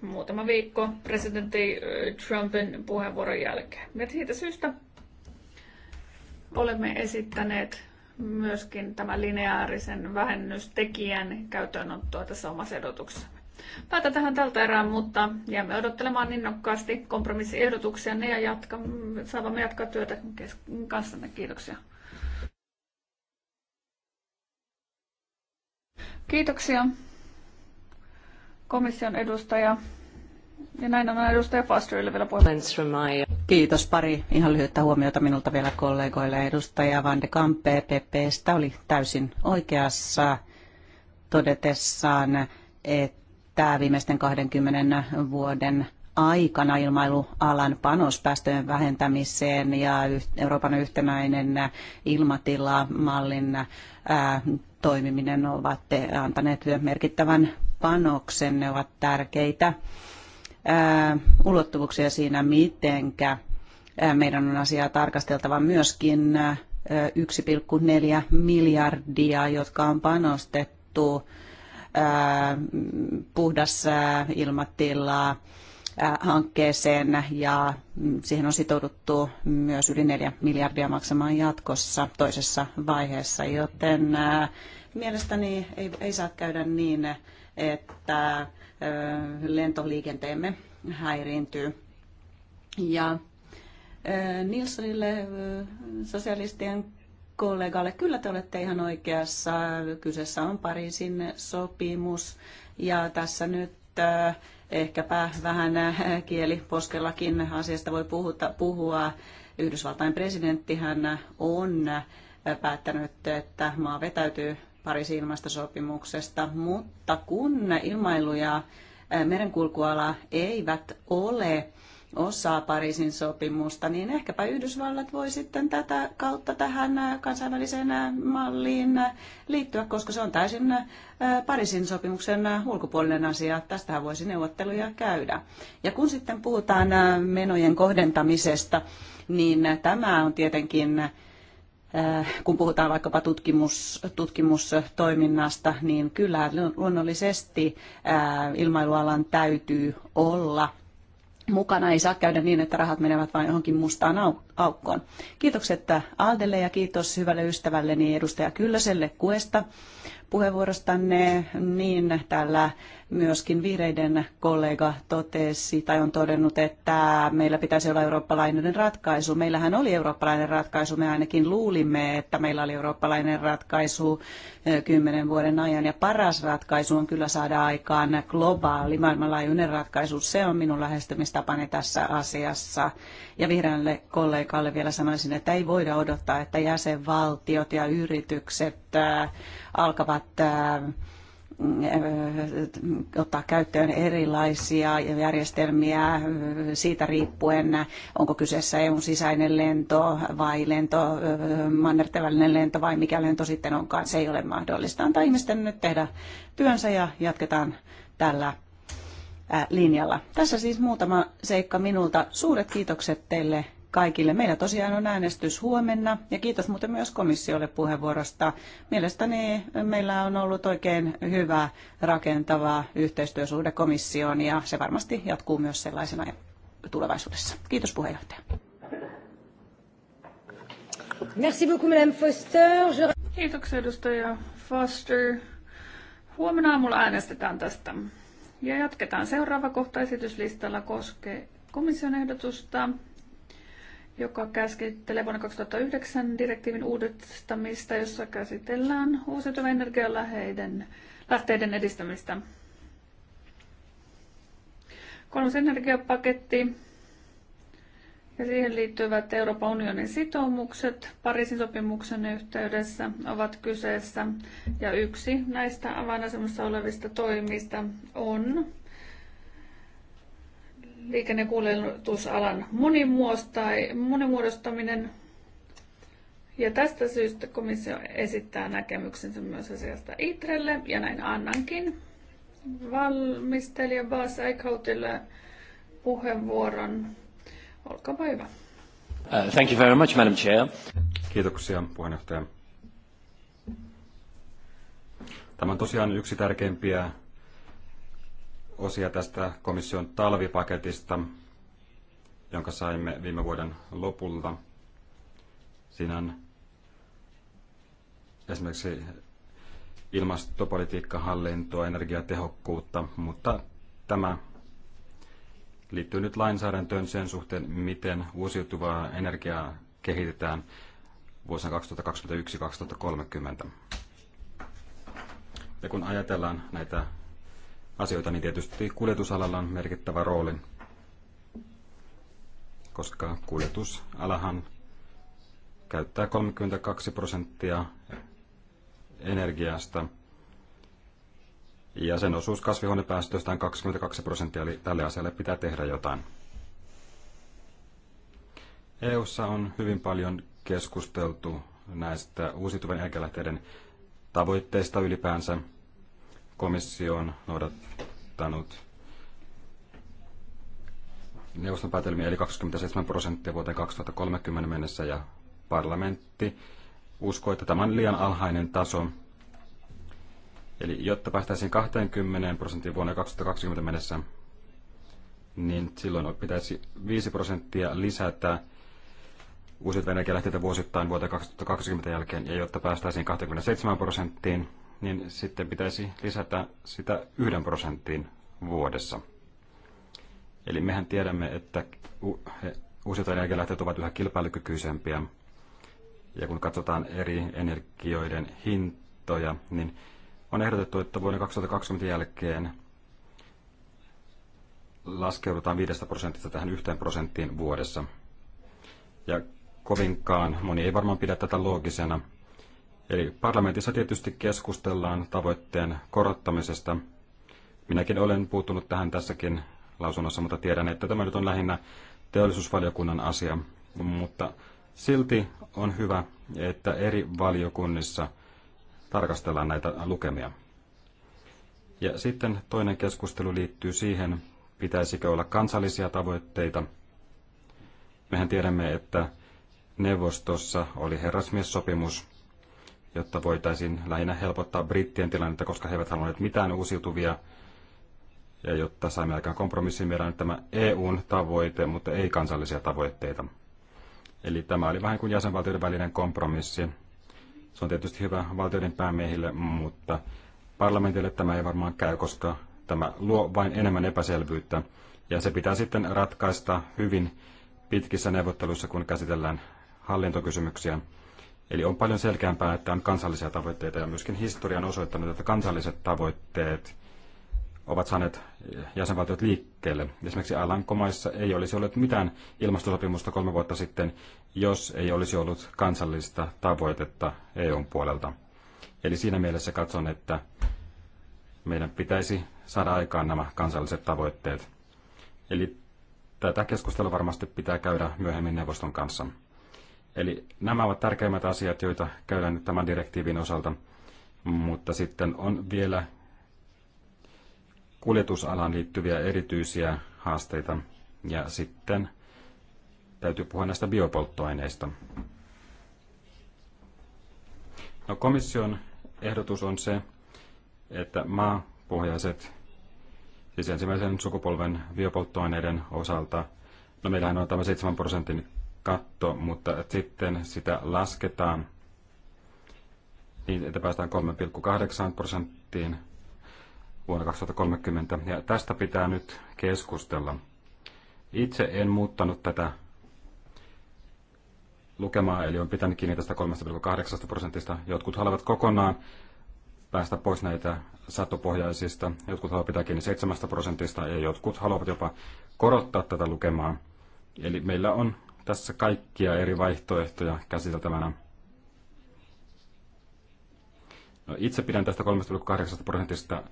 muutama viikko presidentti äh, Trumpin puheenvuoron jälkeen. Ja siitä syystä olemme esittäneet myöskin tämän lineaarisen vähennystekijän käyttöönottoa tässä omassa edotuksessa. Päätä tähän tältä erää, mutta jäämme odottelemaan innokkaasti kompromissiehdotuksia ne ja jatka, saavamme jatkaa työtä kanssanne. Kiitoksia. Kiitoksia komission edustaja. Ja näin on edustaja Fosterille vielä puheenvuoro. Kiitos. Pari ihan lyhyttä huomiota minulta vielä kollegoille. Edustaja Van de Kamp e PPPstä oli täysin oikeassa todetessaan, että viimeisten 20 vuoden aikana ilmailualan panos päästöjen vähentämiseen ja Euroopan yhtenäinen ilmatilamallin toimiminen ovat antaneet merkittävän panoksen. Ne ovat tärkeitä ulottuvuuksia siinä, mitenkä meidän on asiaa tarkasteltava myöskin 1,4 miljardia, jotka on panostettu puhdas ilmatila hankkeeseen ja mm, siihen on sitouduttu myös yli 4 miljardia maksamaan jatkossa toisessa vaiheessa, joten mielestäni ei, ei saa käydä niin, että lentoliikenteemme häiriintyy. Ja Nilssonille sosialistien kollegalle, kyllä te olette ihan oikeassa. Kyseessä on Pariisin sopimus ja tässä nyt ehkäpä vähän kieliposkellakin asiasta voi puhuta, puhua. Yhdysvaltain presidenttihän on päättänyt, että maa vetäytyy Pariisin ilmastosopimuksesta, mutta kun ilmailu ja merenkulkuala eivät ole osaa Pariisin sopimusta, niin ehkäpä Yhdysvallat voi sitten tätä kautta tähän kansainväliseen malliin liittyä, koska se on täysin Pariisin sopimuksen ulkopuolinen asia. Tästähän voisi neuvotteluja käydä. Ja kun sitten puhutaan menojen kohdentamisesta, niin tämä on tietenkin Äh, kun puhutaan vaikkapa tutkimus, tutkimustoiminnasta, niin kyllä luonnollisesti äh, ilmailualan täytyy olla mukana. Ei saa käydä niin, että rahat menevät vain johonkin mustaan aukkoon. Kiitokset Aldelle ja kiitos hyvälle ystävälleni edustaja Kyllöselle Kuesta puheenvuorostanne. Niin tällä myöskin vihreiden kollega totesi tai on todennut, että meillä pitäisi olla eurooppalainen ratkaisu. Meillähän oli eurooppalainen ratkaisu, me ainakin luulimme, että meillä oli eurooppalainen ratkaisu eh, kymmenen vuoden ajan. Ja paras ratkaisu on kyllä saada aikaan globaali maailmanlaajuinen ratkaisu. Se on minun lähestymistapani tässä asiassa. Ja vihreälle kollegalle vielä sanoisin, että ei voida odottaa, että jäsenvaltiot ja yritykset eh, alkavat eh, ottaa käyttöön erilaisia järjestelmiä siitä riippuen, onko kyseessä EUn sisäinen lento vai lento, mannerten lento vai mikä lento sitten onkaan. Se ei ole mahdollista. Antaa ihmisten nyt tehdä työnsä ja jatketaan tällä linjalla. Tässä siis muutama seikka minulta. Suuret kiitokset teille kaikille. Meillä tosiaan on äänestys huomenna ja kiitos muuten myös komissiolle puheenvuorosta. Mielestäni meillä on ollut oikein hyvä rakentava yhteistyösuhde komissioon ja se varmasti jatkuu myös sellaisena tulevaisuudessa. Kiitos puheenjohtaja. Merci beaucoup, Madame Foster. Je... Kiitoksia, edustaja Foster. Huomenna aamulla äänestetään tästä. Ja jatketaan. Seuraava kohta esityslistalla koskee komission ehdotusta joka käsittelee vuonna 2009 direktiivin uudistamista, jossa käsitellään uusiutuvien energialähteiden lähteiden edistämistä. Kolmas energiapaketti ja siihen liittyvät Euroopan unionin sitoumukset Pariisin sopimuksen yhteydessä ovat kyseessä. Ja yksi näistä avainasemassa olevista toimista on liikennekuljetusalan monimuodostaminen. Ja tästä syystä komissio esittää näkemyksensä myös asiasta ITRElle, ja näin annankin valmistelija Bas Eichhoutille puheenvuoron. Olkaa hyvä. Uh, thank you very much, Madam Chair. Kiitoksia, puheenjohtaja. Tämä on tosiaan yksi tärkeimpiä osia tästä komission talvipaketista, jonka saimme viime vuoden lopulta. Siinä on esimerkiksi ilmastopolitiikka, hallintoa, energiatehokkuutta, mutta tämä liittyy nyt lainsäädäntöön sen suhteen, miten uusiutuvaa energiaa kehitetään vuosina 2021-2030. Ja kun ajatellaan näitä asioita, niin tietysti kuljetusalalla on merkittävä rooli, koska kuljetusalahan käyttää 32 prosenttia energiasta ja sen osuus kasvihuonepäästöistä on 22 prosenttia, eli tälle asialle pitää tehdä jotain. EU:ssa on hyvin paljon keskusteltu näistä uusiutuvien energialähteiden tavoitteista ylipäänsä – komissio on noudattanut neuvoston päätelmiä, eli 27 prosenttia vuoteen 2030 mennessä, ja parlamentti uskoo, että tämä on liian alhainen taso. Eli jotta päästäisiin 20 prosenttia vuonna 2020 mennessä, niin silloin pitäisi 5 prosenttia lisätä uusiutuvia energialähteitä vuosittain vuoteen 2020 jälkeen, ja jotta päästäisiin 27 prosenttiin, niin sitten pitäisi lisätä sitä yhden prosenttiin vuodessa. Eli mehän tiedämme, että uusiutuvat energialähteet ovat yhä kilpailukykyisempiä. Ja kun katsotaan eri energioiden hintoja, niin on ehdotettu, että vuoden 2020 jälkeen laskeudutaan 5 prosentista tähän 1 prosenttiin vuodessa. Ja kovinkaan moni ei varmaan pidä tätä loogisena, Eli parlamentissa tietysti keskustellaan tavoitteen korottamisesta. Minäkin olen puuttunut tähän tässäkin lausunnossa, mutta tiedän, että tämä nyt on lähinnä teollisuusvaliokunnan asia. Mutta silti on hyvä, että eri valiokunnissa tarkastellaan näitä lukemia. Ja sitten toinen keskustelu liittyy siihen, pitäisikö olla kansallisia tavoitteita. Mehän tiedämme, että neuvostossa oli herrasmiessopimus, jotta voitaisiin lähinnä helpottaa brittien tilannetta, koska he eivät halunneet mitään uusiutuvia. Ja jotta saimme aikaan kompromissin, meillä on tämä EUn tavoite, mutta ei kansallisia tavoitteita. Eli tämä oli vähän kuin jäsenvaltioiden välinen kompromissi. Se on tietysti hyvä valtioiden päämiehille, mutta parlamentille tämä ei varmaan käy, koska tämä luo vain enemmän epäselvyyttä. Ja se pitää sitten ratkaista hyvin pitkissä neuvotteluissa, kun käsitellään hallintokysymyksiä. Eli on paljon selkeämpää, että on kansallisia tavoitteita ja myöskin historia on osoittanut, että kansalliset tavoitteet ovat saaneet jäsenvaltiot liikkeelle. Esimerkiksi Alankomaissa ei olisi ollut mitään ilmastosopimusta kolme vuotta sitten, jos ei olisi ollut kansallista tavoitetta EUn puolelta. Eli siinä mielessä katson, että meidän pitäisi saada aikaan nämä kansalliset tavoitteet. Eli tätä keskustelua varmasti pitää käydä myöhemmin neuvoston kanssa. Eli nämä ovat tärkeimmät asiat, joita käydään nyt tämän direktiivin osalta. Mutta sitten on vielä kuljetusalaan liittyviä erityisiä haasteita. Ja sitten täytyy puhua näistä biopolttoaineista. No, komission ehdotus on se, että maapohjaiset, siis ensimmäisen sukupolven biopolttoaineiden osalta, no meillähän on tämä 7 prosentin katto, mutta sitten sitä lasketaan niin, että päästään 3,8 prosenttiin vuonna 2030. Ja tästä pitää nyt keskustella. Itse en muuttanut tätä lukemaa, eli on pitänyt kiinni tästä 3,8 prosentista. Jotkut haluavat kokonaan päästä pois näitä satopohjaisista, jotkut haluavat pitää kiinni 7 prosentista ja jotkut haluavat jopa korottaa tätä lukemaa. Eli meillä on tässä kaikkia eri vaihtoehtoja käsiteltävänä. No, itse pidän tästä 3,8 prosentista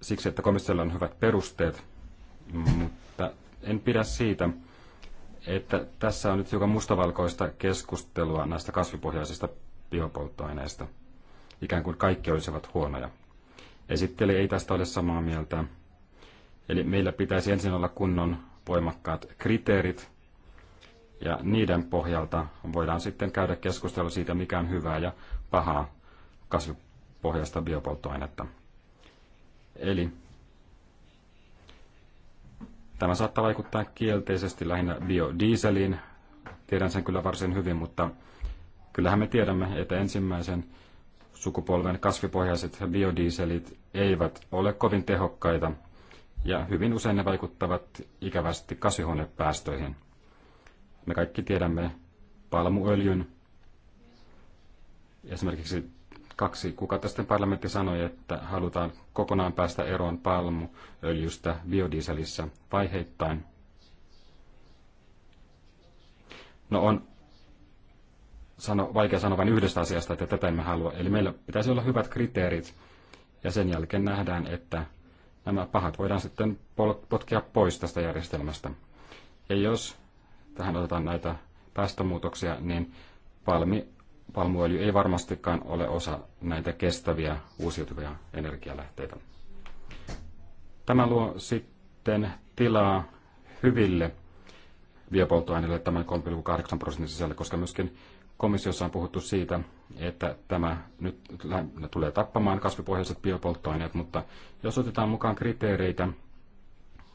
siksi, että komissiolla on hyvät perusteet, mutta en pidä siitä, että tässä on nyt hiukan mustavalkoista keskustelua näistä kasvipohjaisista biopolttoaineista. Ikään kuin kaikki olisivat huonoja. Esitteli ei tästä ole samaa mieltä. Eli meillä pitäisi ensin olla kunnon voimakkaat kriteerit ja niiden pohjalta voidaan sitten käydä keskustelua siitä, mikä on hyvää ja pahaa kasvipohjaista biopolttoainetta. Eli tämä saattaa vaikuttaa kielteisesti lähinnä biodieseliin. Tiedän sen kyllä varsin hyvin, mutta kyllähän me tiedämme, että ensimmäisen sukupolven kasvipohjaiset biodieselit eivät ole kovin tehokkaita ja hyvin usein ne vaikuttavat ikävästi kasvihuonepäästöihin. Me kaikki tiedämme palmuöljyn. Esimerkiksi kaksi kuukautta sitten parlamentti sanoi, että halutaan kokonaan päästä eroon palmuöljystä biodieselissä vaiheittain. No on sano, vaikea sanoa vain yhdestä asiasta, että tätä emme halua. Eli meillä pitäisi olla hyvät kriteerit ja sen jälkeen nähdään, että nämä pahat voidaan sitten potkia pois tästä järjestelmästä. Ja jos tähän otetaan näitä päästömuutoksia, niin palmi, palmuöljy ei varmastikaan ole osa näitä kestäviä uusiutuvia energialähteitä. Tämä luo sitten tilaa hyville biopolttoaineille tämän 3,8 prosentin sisällä, koska myöskin komissiossa on puhuttu siitä, että tämä nyt tulee tappamaan kasvipohjaiset biopolttoaineet, mutta jos otetaan mukaan kriteereitä,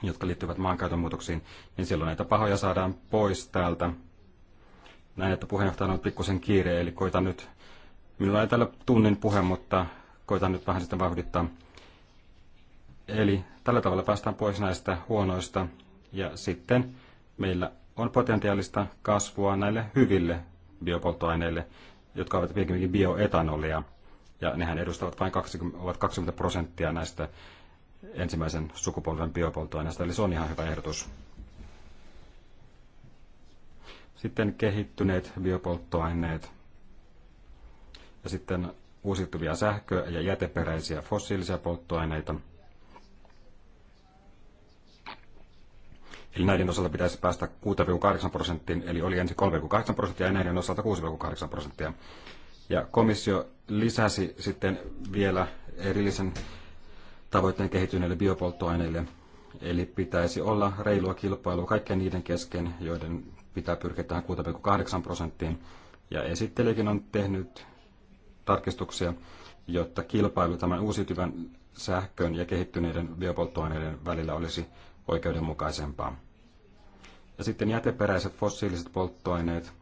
jotka liittyvät maankäytön muutoksiin, niin silloin näitä pahoja saadaan pois täältä. Näin, että puheenjohtajana on pikkusen kiire, eli koitan nyt, minulla ei täällä tunnin puhe, mutta koitan nyt vähän sitten vauhdittaa. Eli tällä tavalla päästään pois näistä huonoista ja sitten meillä on potentiaalista kasvua näille hyville biopolttoaineille, jotka ovat pikemminkin bioetanolia. Ja nehän edustavat vain 20, ovat 20 prosenttia näistä ensimmäisen sukupolven biopolttoaineesta, eli se on ihan hyvä ehdotus. Sitten kehittyneet biopolttoaineet ja sitten uusiutuvia sähkö- ja jäteperäisiä fossiilisia polttoaineita. Eli näiden osalta pitäisi päästä 6,8 prosenttiin, eli oli ensin 3,8 prosenttia ja näiden osalta 6,8 prosenttia. Ja komissio lisäsi sitten vielä erillisen tavoitteen kehittyneille biopolttoaineille. Eli pitäisi olla reilua kilpailua kaikkien niiden kesken, joiden pitää pyrkiä tähän 6,8 prosenttiin. Ja esittelijäkin on tehnyt tarkistuksia, jotta kilpailu tämän uusiutuvan sähkön ja kehittyneiden biopolttoaineiden välillä olisi oikeudenmukaisempaa. Ja sitten jäteperäiset fossiiliset polttoaineet.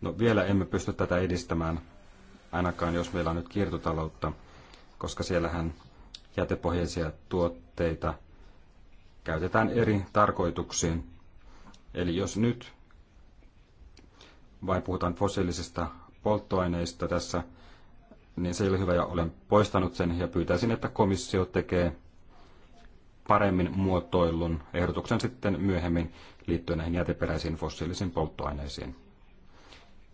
No vielä emme pysty tätä edistämään, ainakaan jos meillä on nyt kiertotaloutta, koska siellähän jätepohjaisia tuotteita käytetään eri tarkoituksiin. Eli jos nyt vain puhutaan fossiilisista polttoaineista tässä, niin se ei ole hyvä ja olen poistanut sen ja pyytäisin, että komissio tekee paremmin muotoillun ehdotuksen sitten myöhemmin liittyen näihin jäteperäisiin fossiilisiin polttoaineisiin.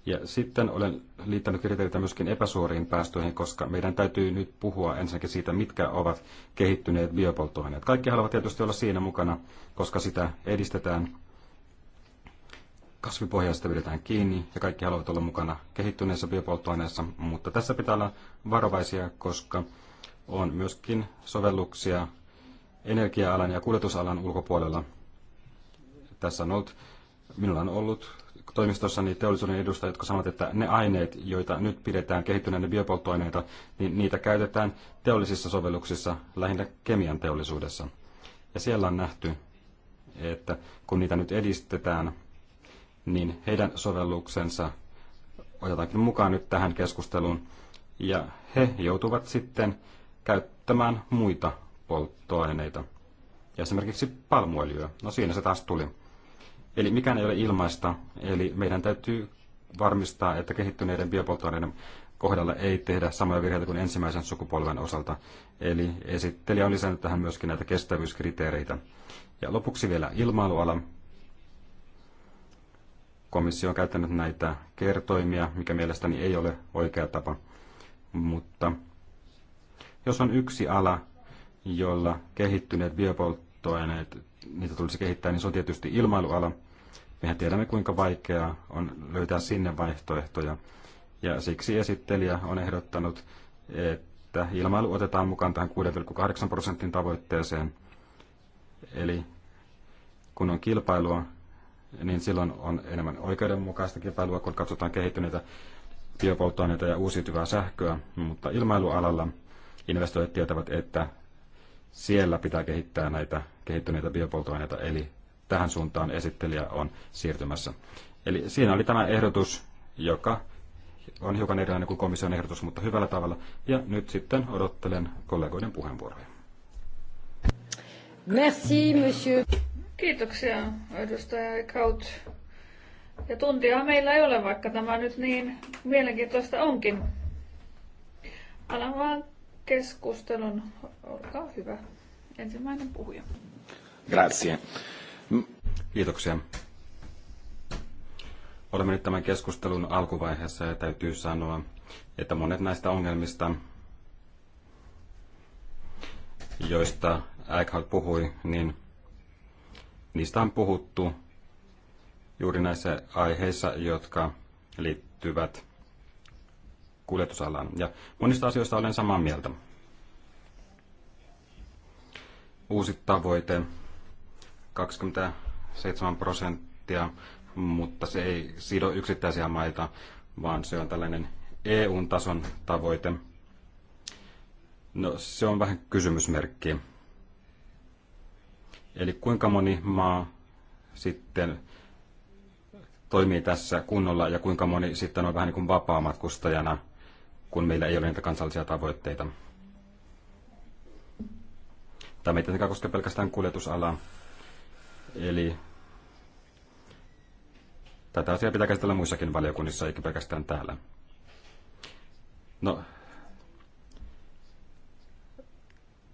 Ja sitten olen liittänyt kriteereitä myöskin epäsuoriin päästöihin, koska meidän täytyy nyt puhua ensinnäkin siitä, mitkä ovat kehittyneet biopolttoaineet. Kaikki haluavat tietysti olla siinä mukana, koska sitä edistetään. Kasvipohjaista pidetään kiinni ja kaikki haluavat olla mukana kehittyneissä biopolttoaineissa, mutta tässä pitää olla varovaisia, koska on myöskin sovelluksia energia-alan ja kuljetusalan ulkopuolella. Tässä on ollut, minulla on ollut toimistossani teollisuuden edustajat, jotka sanovat, että ne aineet, joita nyt pidetään kehittyneenä biopolttoaineita, niin niitä käytetään teollisissa sovelluksissa, lähinnä kemian teollisuudessa. Ja siellä on nähty, että kun niitä nyt edistetään, niin heidän sovelluksensa otetaankin mukaan nyt tähän keskusteluun, ja he joutuvat sitten käyttämään muita polttoaineita. Ja esimerkiksi palmuöljyä. No siinä se taas tuli. Eli mikään ei ole ilmaista, eli meidän täytyy varmistaa, että kehittyneiden biopolttoaineiden kohdalla ei tehdä samoja virheitä kuin ensimmäisen sukupolven osalta. Eli esittelijä on lisännyt tähän myöskin näitä kestävyyskriteereitä. Ja lopuksi vielä ilmailuala. Komissio on käyttänyt näitä kertoimia, mikä mielestäni ei ole oikea tapa. Mutta jos on yksi ala, jolla kehittyneet biopolttoaineet niitä tulisi kehittää, niin se on tietysti ilmailuala. Mehän tiedämme, kuinka vaikeaa on löytää sinne vaihtoehtoja. Ja siksi esittelijä on ehdottanut, että ilmailu otetaan mukaan tähän 6,8 prosentin tavoitteeseen. Eli kun on kilpailua, niin silloin on enemmän oikeudenmukaista kilpailua, kun katsotaan kehittyneitä biopolttoaineita ja uusiutuvaa sähköä, mutta ilmailualalla investoijat tietävät, että siellä pitää kehittää näitä kehittyneitä biopolttoaineita, eli tähän suuntaan esittelijä on siirtymässä. Eli siinä oli tämä ehdotus, joka on hiukan erilainen kuin komission ehdotus, mutta hyvällä tavalla. Ja nyt sitten odottelen kollegoiden puheenvuoroja. Merci, monsieur. Kiitoksia, edustaja Kaut. Ja tuntia meillä ei ole, vaikka tämä nyt niin mielenkiintoista onkin. Alan vaan keskustelun. Olkaa hyvä. Ensimmäinen puhuja. Grazie. Kiitoksia. Olemme nyt tämän keskustelun alkuvaiheessa ja täytyy sanoa, että monet näistä ongelmista, joista Eichhardt puhui, niin niistä on puhuttu juuri näissä aiheissa, jotka liittyvät kuljetusalaan. Ja monista asioista olen samaa mieltä. Uusi tavoite 27 prosenttia, mutta se ei sido yksittäisiä maita, vaan se on tällainen EU-tason tavoite. No se on vähän kysymysmerkki. Eli kuinka moni maa sitten toimii tässä kunnolla ja kuinka moni sitten on vähän niin kuin vapaamatkustajana, kun meillä ei ole niitä kansallisia tavoitteita. Tämä ei tietenkään koske pelkästään kuljetusalaa. Eli tätä asiaa pitää käsitellä muissakin valiokunnissa, eikä pelkästään täällä. No,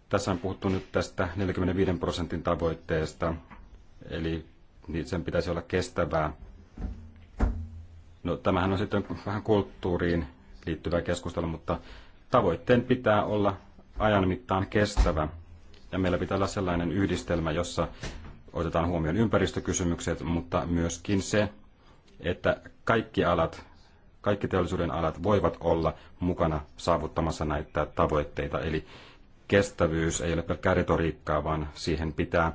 tässä on puhuttu nyt tästä 45 prosentin tavoitteesta, eli niin sen pitäisi olla kestävää. No, tämähän on sitten vähän kulttuuriin liittyvää keskustelua, mutta tavoitteen pitää olla ajan mittaan kestävä. Ja meillä pitää olla sellainen yhdistelmä, jossa otetaan huomioon ympäristökysymykset, mutta myöskin se, että kaikki alat, kaikki teollisuuden alat voivat olla mukana saavuttamassa näitä tavoitteita. Eli kestävyys ei ole pelkkää retoriikkaa, vaan siihen pitää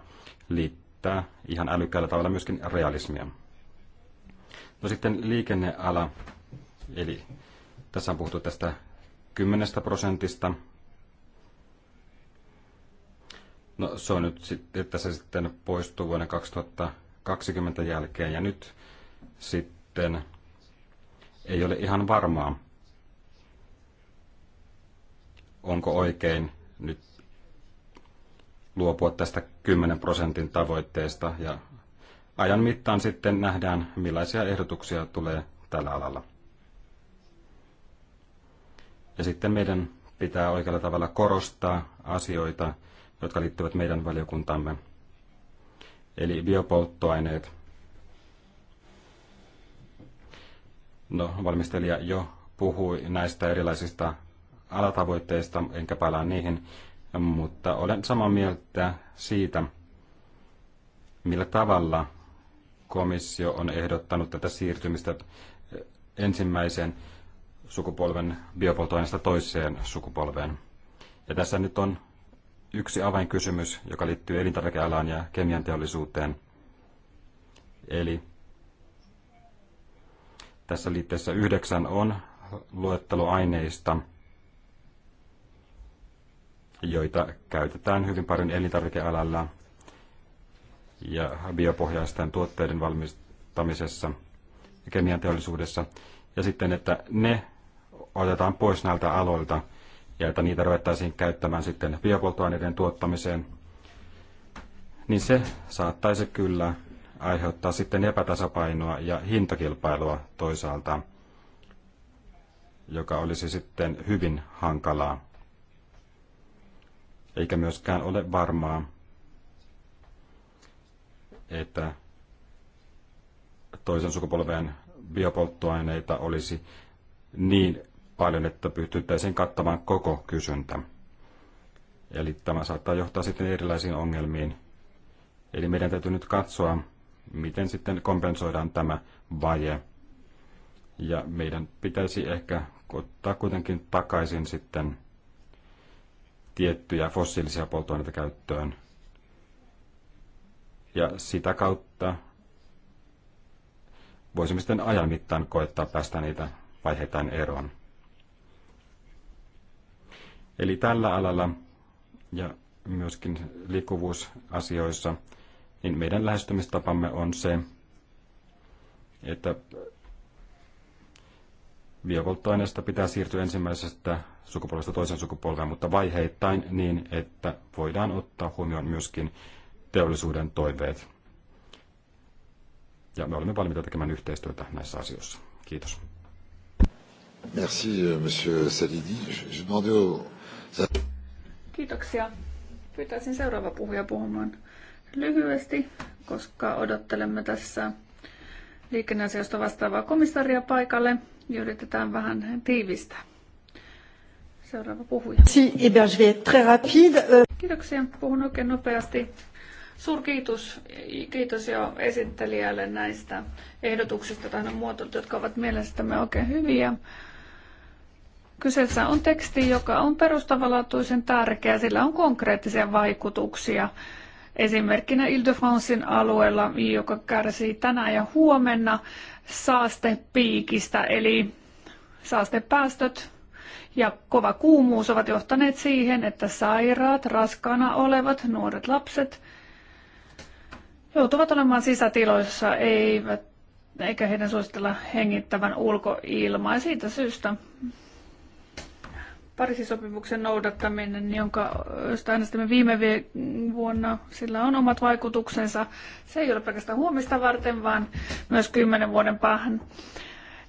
liittää ihan älykkäällä tavalla myöskin realismia. No sitten liikenneala, eli tässä on puhuttu tästä 10 prosentista No se on nyt sitten, että se sitten poistuu vuoden 2020 jälkeen ja nyt sitten ei ole ihan varmaa, onko oikein nyt luopua tästä 10 prosentin tavoitteesta ja ajan mittaan sitten nähdään, millaisia ehdotuksia tulee tällä alalla. Ja sitten meidän pitää oikealla tavalla korostaa asioita, jotka liittyvät meidän valiokuntamme. Eli biopolttoaineet. No, valmistelija jo puhui näistä erilaisista alatavoitteista, enkä palaa niihin, mutta olen samaa mieltä siitä, millä tavalla komissio on ehdottanut tätä siirtymistä ensimmäisen sukupolven biopolttoaineesta toiseen sukupolveen. Ja tässä nyt on yksi avainkysymys, joka liittyy elintarvikealaan ja kemian teollisuuteen. Eli tässä liitteessä yhdeksän on luettelo aineista, joita käytetään hyvin paljon elintarvikealalla ja biopohjaisten tuotteiden valmistamisessa ja kemian teollisuudessa. Ja sitten, että ne otetaan pois näiltä aloilta, ja että niitä ruvettaisiin käyttämään sitten biopolttoaineiden tuottamiseen, niin se saattaisi kyllä aiheuttaa sitten epätasapainoa ja hintakilpailua toisaalta, joka olisi sitten hyvin hankalaa. Eikä myöskään ole varmaa, että toisen sukupolven biopolttoaineita olisi niin paljon, että pystyttäisiin kattamaan koko kysyntä. Eli tämä saattaa johtaa sitten erilaisiin ongelmiin. Eli meidän täytyy nyt katsoa, miten sitten kompensoidaan tämä vaje. Ja meidän pitäisi ehkä ottaa kuitenkin takaisin sitten tiettyjä fossiilisia polttoaineita käyttöön. Ja sitä kautta voisimme sitten ajan mittaan koettaa päästä niitä vaiheitaan eroon. Eli tällä alalla ja myöskin liikkuvuusasioissa, niin meidän lähestymistapamme on se, että biopolttoaineesta pitää siirtyä ensimmäisestä sukupolvesta toisen sukupolveen, mutta vaiheittain niin, että voidaan ottaa huomioon myöskin teollisuuden toiveet. Ja me olemme valmiita tekemään yhteistyötä näissä asioissa. Kiitos. Merci, euh, monsieur Je, je Kiitoksia. Pyytäisin seuraava puhuja puhumaan lyhyesti, koska odottelemme tässä liikenneasioista vastaavaa komissaria paikalle ja yritetään vähän tiivistää. Seuraava puhuja. Si, eh euh, Kiitoksia. Puhun oikein nopeasti. Suurkiitos kiitos jo esittelijälle näistä ehdotuksista tähän muotoilta, jotka ovat mielestämme oikein hyviä. Kyseessä on teksti, joka on perustavanlaatuisen tärkeä, sillä on konkreettisia vaikutuksia. Esimerkkinä Ile-de-Francein alueella, joka kärsii tänään ja huomenna saastepiikistä, eli saastepäästöt ja kova kuumuus ovat johtaneet siihen, että sairaat, raskaana olevat, nuoret lapset joutuvat olemaan sisätiloissa, eivät, eikä heidän suositella hengittävän ulkoilmaa. Siitä syystä Pariisin sopimuksen noudattaminen, jonka josta äänestimme viime vuonna, sillä on omat vaikutuksensa. Se ei ole pelkästään huomista varten, vaan myös kymmenen vuoden päähän.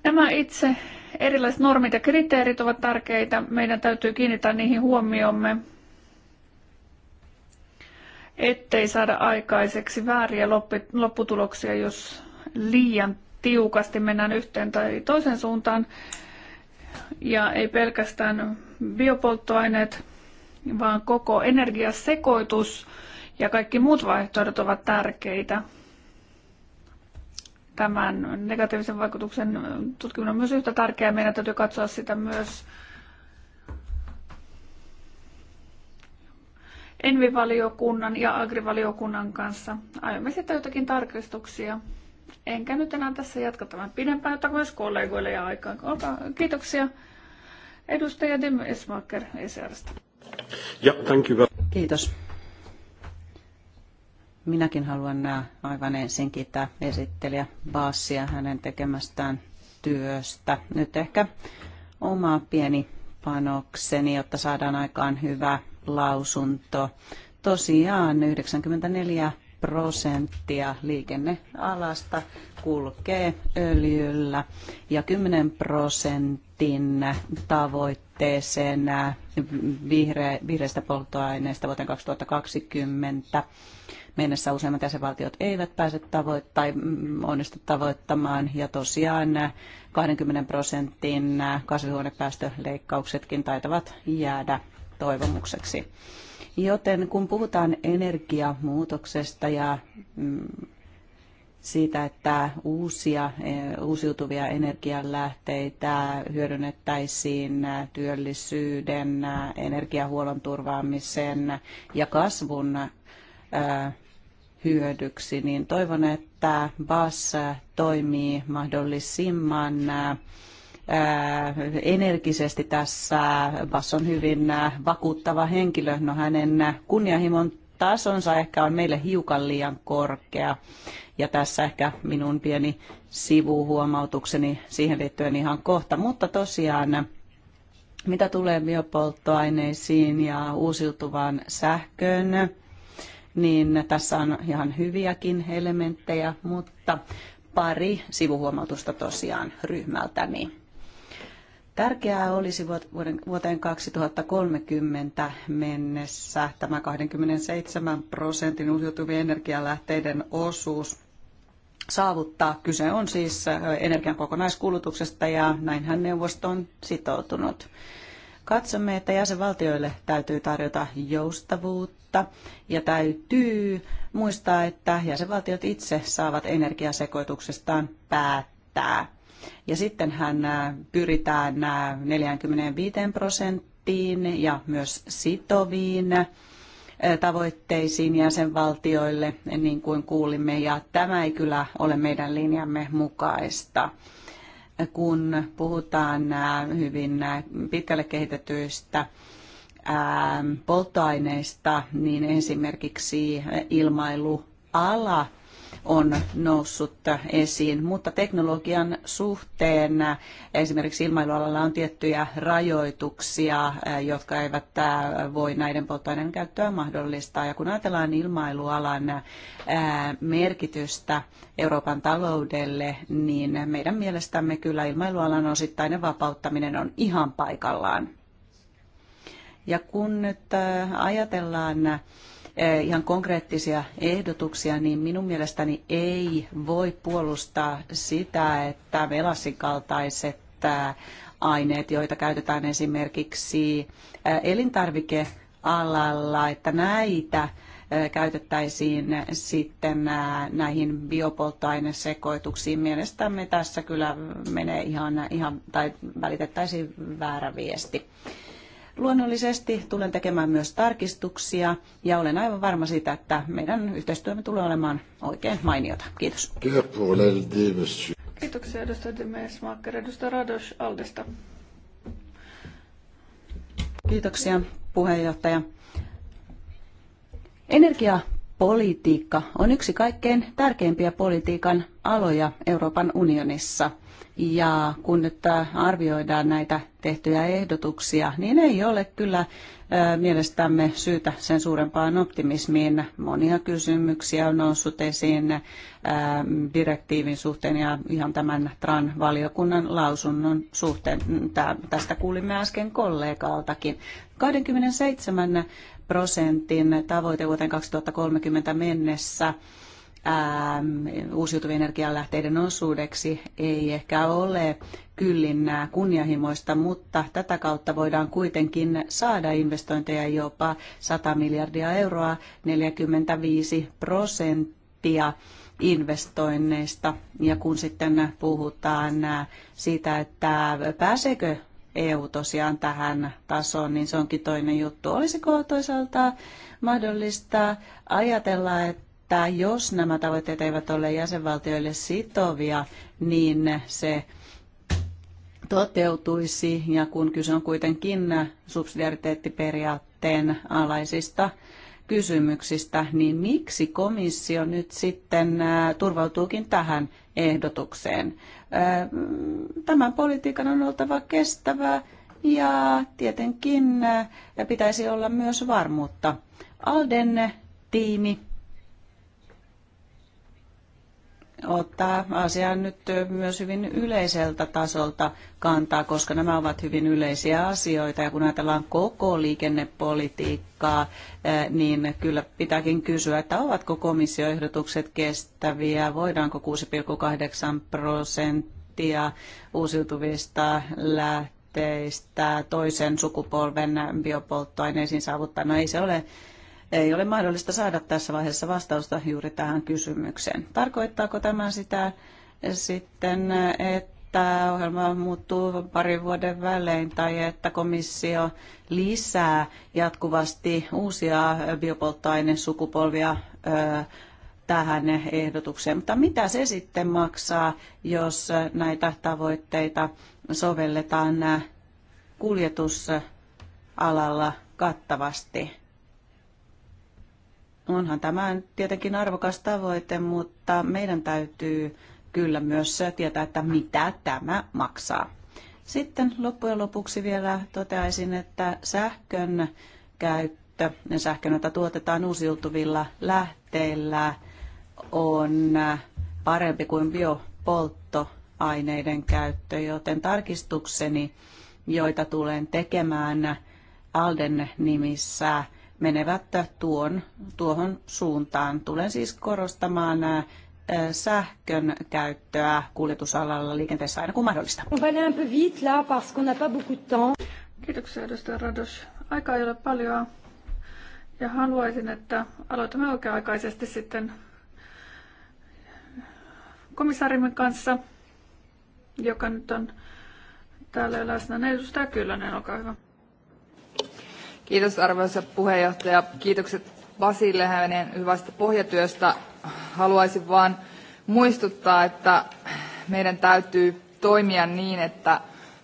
Nämä itse erilaiset normit ja kriteerit ovat tärkeitä. Meidän täytyy kiinnittää niihin huomiomme, ettei saada aikaiseksi vääriä lopputuloksia, jos liian tiukasti mennään yhteen tai toisen suuntaan ja ei pelkästään biopolttoaineet, vaan koko energiasekoitus ja kaikki muut vaihtoehdot ovat tärkeitä. Tämän negatiivisen vaikutuksen tutkiminen on myös yhtä tärkeää. Meidän täytyy katsoa sitä myös Envivaliokunnan ja Agrivaliokunnan kanssa. Aiomme sitten jotakin tarkistuksia Enkä nyt enää tässä jatka tämän pidempään, jotta myös kollegoille ja aikaan. Olkaa, kiitoksia. Edustaja Dim Esmaker ECRstä. Ja, thank you. Kiitos. Minäkin haluan nämä äh, aivan ensin kiittää esittelijä Baassia hänen tekemästään työstä. Nyt ehkä oma pieni panokseni, jotta saadaan aikaan hyvä lausunto. Tosiaan 94 prosenttia liikennealasta kulkee öljyllä ja 10 prosentin tavoitteeseen vihre, vihreistä polttoaineista vuoteen 2020 mennessä useimmat jäsenvaltiot eivät pääse tavoit- tai onnistu tavoittamaan. Ja tosiaan 20 prosentin kasvihuonepäästöleikkauksetkin taitavat jäädä toivomukseksi. Joten kun puhutaan energiamuutoksesta ja mm, siitä, että uusia e, uusiutuvia energianlähteitä hyödynnettäisiin työllisyyden, energiahuollon turvaamisen ja kasvun e, hyödyksi, niin toivon, että BAS toimii mahdollisimman e, energisesti tässä. Bass on hyvin vakuuttava henkilö. No hänen kunnianhimon tasonsa ehkä on meille hiukan liian korkea. Ja tässä ehkä minun pieni sivuhuomautukseni siihen liittyen ihan kohta. Mutta tosiaan, mitä tulee biopolttoaineisiin ja uusiutuvaan sähköön, niin tässä on ihan hyviäkin elementtejä, mutta pari sivuhuomautusta tosiaan ryhmältäni. Niin Tärkeää olisi vuoteen 2030 mennessä tämä 27 prosentin uusiutuvien energialähteiden osuus saavuttaa. Kyse on siis energian kokonaiskulutuksesta ja näinhän neuvosto on sitoutunut. Katsomme, että jäsenvaltioille täytyy tarjota joustavuutta ja täytyy muistaa, että jäsenvaltiot itse saavat energiasekoituksestaan päättää. Ja sittenhän äh, pyritään 45 äh, prosenttiin ja myös sitoviin äh, tavoitteisiin jäsenvaltioille, niin kuin kuulimme, ja tämä ei kyllä ole meidän linjamme mukaista. Kun puhutaan hyvin pitkälle kehitetyistä polttoaineista, niin esimerkiksi ilmailuala on noussut esiin, mutta teknologian suhteen esimerkiksi ilmailualalla on tiettyjä rajoituksia, jotka eivät voi näiden polttoaineiden käyttöä mahdollistaa. Ja kun ajatellaan ilmailualan merkitystä Euroopan taloudelle, niin meidän mielestämme kyllä ilmailualan osittainen vapauttaminen on ihan paikallaan. Ja kun nyt ajatellaan Eh, ihan konkreettisia ehdotuksia, niin minun mielestäni ei voi puolustaa sitä, että velasin kaltaiset eh, aineet, joita käytetään esimerkiksi eh, elintarvikealalla, että näitä käytettäisiin sitten näihin biopolttoainesekoituksiin. Mielestämme tässä kyllä menee ihan, ihan tai välitettäisiin väärä viesti. Luonnollisesti tulen tekemään myös tarkistuksia ja olen aivan varma siitä, että meidän yhteistyömme tulee olemaan oikein mainiota. Kiitos. Kiitoksia edustaja Demesmaker, edustaja Rados Aldesta. Kiitoksia puheenjohtaja. Energiapolitiikka on yksi kaikkein tärkeimpiä politiikan aloja Euroopan unionissa – ja kun nyt äh, arvioidaan näitä tehtyjä ehdotuksia, niin ei ole kyllä äh, mielestämme syytä sen suurempaan optimismiin. Monia kysymyksiä on noussut esiin äh, direktiivin suhteen ja ihan tämän TRAN-valiokunnan lausunnon suhteen. Tästä kuulimme äsken kollegaltakin. 27 prosentin tavoite vuoteen 2030 mennessä Ähm, uusiutuvien energialähteiden osuudeksi ei ehkä ole kyllin kunnianhimoista, mutta tätä kautta voidaan kuitenkin saada investointeja jopa 100 miljardia euroa, 45 prosenttia investoinneista. Ja kun sitten puhutaan äh, siitä, että pääseekö EU tosiaan tähän tasoon, niin se onkin toinen juttu. Olisiko toisaalta mahdollista ajatella, että että jos nämä tavoitteet eivät ole jäsenvaltioille sitovia, niin se toteutuisi, ja kun kyse on kuitenkin subsidiariteettiperiaatteen alaisista kysymyksistä, niin miksi komissio nyt sitten turvautuukin tähän ehdotukseen? Tämän politiikan on oltava kestävää ja tietenkin pitäisi olla myös varmuutta. Alden tiimi ottaa asiaan nyt myös hyvin yleiseltä tasolta kantaa, koska nämä ovat hyvin yleisiä asioita. Ja kun ajatellaan koko liikennepolitiikkaa, niin kyllä pitääkin kysyä, että ovatko komissioehdotukset kestäviä, voidaanko 6,8 prosenttia uusiutuvista lähteistä toisen sukupolven biopolttoaineisiin saavuttaa. No ei se ole ei ole mahdollista saada tässä vaiheessa vastausta juuri tähän kysymykseen. Tarkoittaako tämä sitä sitten, että ohjelma muuttuu parin vuoden välein tai että komissio lisää jatkuvasti uusia biopolttoainesukupolvia tähän ehdotukseen. Mutta mitä se sitten maksaa, jos näitä tavoitteita sovelletaan kuljetusalalla kattavasti? Onhan tämä tietenkin arvokas tavoite, mutta meidän täytyy kyllä myös tietää, että mitä tämä maksaa. Sitten loppujen lopuksi vielä toteaisin, että sähkön käyttö, sähkön, jota tuotetaan uusiutuvilla lähteillä, on parempi kuin biopolttoaineiden käyttö, joten tarkistukseni, joita tulen tekemään Alden nimissä, menevät tuon, tuohon suuntaan. Tulen siis korostamaan sähkön käyttöä kuljetusalalla liikenteessä aina kun mahdollista. Kiitoksia edustaja Rados. Aika ei ole paljon ja haluaisin, että aloitamme oikea-aikaisesti sitten komissaarimme kanssa, joka nyt on täällä läsnä. Edustaja Kyllönen, olkaa hyvä. Kiitos arvoisa puheenjohtaja. Kiitokset Basille hänen hyvästä pohjatyöstä. Haluaisin vain muistuttaa, että meidän täytyy toimia niin, että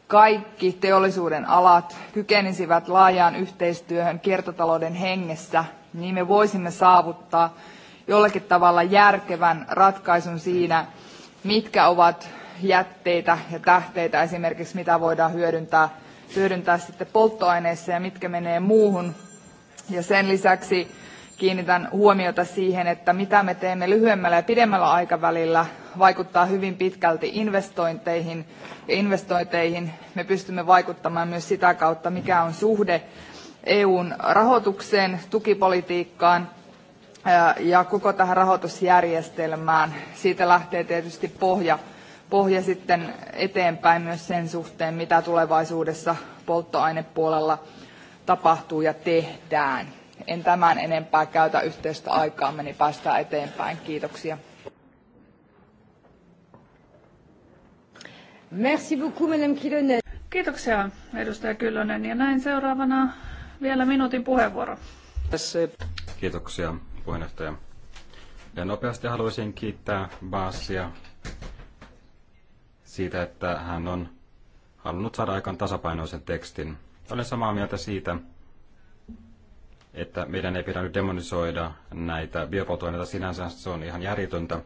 kaikki teollisuuden alat kykenisivät laajaan yhteistyöhön kiertotalouden hengessä, niin me voisimme saavuttaa jollakin tavalla järkevän ratkaisun siinä, mitkä ovat jätteitä ja tähteitä esimerkiksi, mitä voidaan hyödyntää hyödyntää sitten polttoaineissa ja mitkä menee muuhun. Ja sen lisäksi kiinnitän huomiota siihen, että mitä me teemme lyhyemmällä ja pidemmällä aikavälillä vaikuttaa hyvin pitkälti investointeihin ja investointeihin me pystymme vaikuttamaan myös sitä kautta, mikä on suhde EUn rahoitukseen, tukipolitiikkaan ja koko tähän rahoitusjärjestelmään. Siitä lähtee tietysti pohja pohja sitten eteenpäin myös sen suhteen, mitä tulevaisuudessa polttoainepuolella tapahtuu ja tehdään. En tämän enempää käytä yhteistä aikaamme, niin päästään eteenpäin. Kiitoksia. Merci beaucoup, Madame Kilonen. Kiitoksia, edustaja Kyllönen. Ja näin seuraavana vielä minuutin puheenvuoro. Kiitoksia, puheenjohtaja. Ja nopeasti haluaisin kiittää Baasia siitä, että hän on halunnut saada aikaan tasapainoisen tekstin. Olen samaa mieltä siitä, että meidän ei pidä nyt demonisoida näitä biopolttoaineita sinänsä, se on ihan järjetöntä.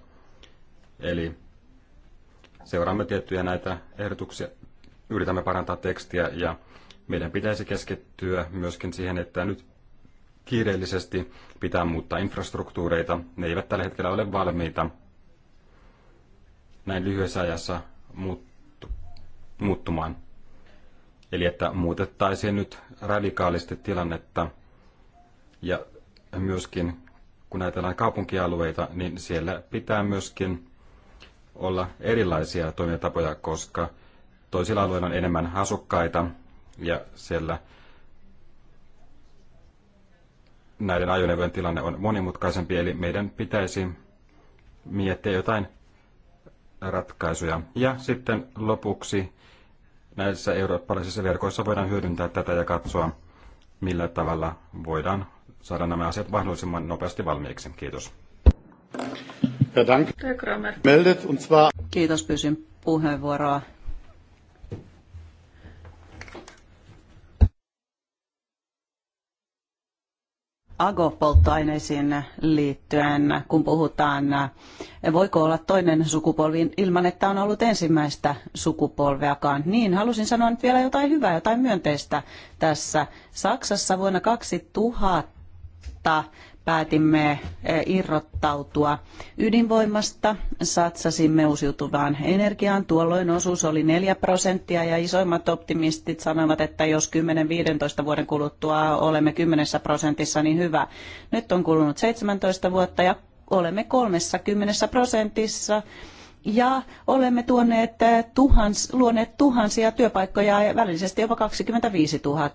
Eli seuraamme tiettyjä näitä ehdotuksia, yritämme parantaa tekstiä ja meidän pitäisi keskittyä myöskin siihen, että nyt kiireellisesti pitää muuttaa infrastruktuureita. Ne eivät tällä hetkellä ole valmiita. Näin lyhyessä ajassa muuttu, muuttumaan. Eli että muutettaisiin nyt radikaalisti tilannetta ja myöskin kun ajatellaan kaupunkialueita, niin siellä pitää myöskin olla erilaisia toimintatapoja, koska toisilla alueilla on enemmän asukkaita ja siellä näiden ajoneuvojen tilanne on monimutkaisempi, eli meidän pitäisi miettiä jotain ratkaisuja. Ja sitten lopuksi näissä eurooppalaisissa verkoissa voidaan hyödyntää tätä ja katsoa, millä tavalla voidaan saada nämä asiat mahdollisimman nopeasti valmiiksi. Kiitos. Kiitos, pyysin puheenvuoroa agopolttoaineisiin liittyen, kun puhutaan, voiko olla toinen sukupolvi ilman, että on ollut ensimmäistä sukupolveakaan. Niin, halusin sanoa nyt vielä jotain hyvää, jotain myönteistä tässä. Saksassa vuonna 2000 päätimme eh, irrottautua ydinvoimasta, satsasimme uusiutuvaan energiaan. Tuolloin osuus oli 4 prosenttia ja isoimmat optimistit sanovat, että jos 10-15 vuoden kuluttua olemme 10 prosentissa, niin hyvä. Nyt on kulunut 17 vuotta ja olemme 30 prosentissa ja olemme tuoneet eh, tuhans, luoneet tuhansia työpaikkoja ja välillisesti jopa 25 000.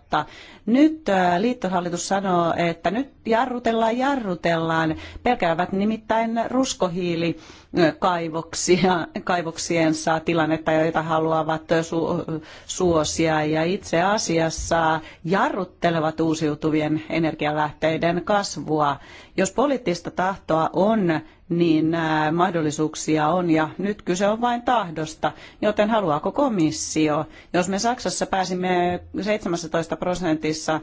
Nyt eh, liittohallitus sanoo, että nyt jarrutellaan, jarrutellaan. Pelkäävät nimittäin ruskohiilikaivoksia, eh, kaivoksiensa tilannetta, joita haluavat su- suosia. Ja itse asiassa jarruttelevat uusiutuvien energialähteiden kasvua. Jos poliittista tahtoa on, niin mahdollisuuksia on ja nyt kyse on vain tahdosta, joten haluaako komissio? Jos me Saksassa pääsimme 17 prosentissa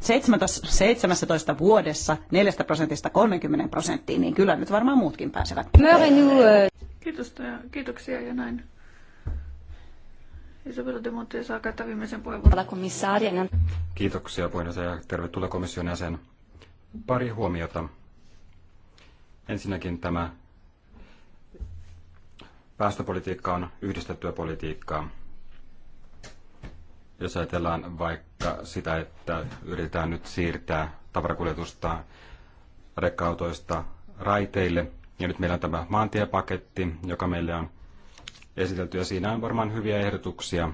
17, 17 vuodessa 4 prosentista 30 prosenttiin, niin kyllä nyt varmaan muutkin pääsevät. Euh, Kiitos ja kiitoksia ja näin. Isabella de Monte saa käyttää viimeisen puheenvuoron. Kiitoksia puheenjohtaja ja tervetuloa komission jäsen. Pari huomiota. Ensinnäkin tämä päästöpolitiikka on yhdistettyä politiikkaa. Jos ajatellaan vaikka sitä, että yritetään nyt siirtää tavarakuljetusta rekkautoista raiteille, ja nyt meillä on tämä maantiepaketti, joka meille on esitelty, ja siinä on varmaan hyviä ehdotuksia.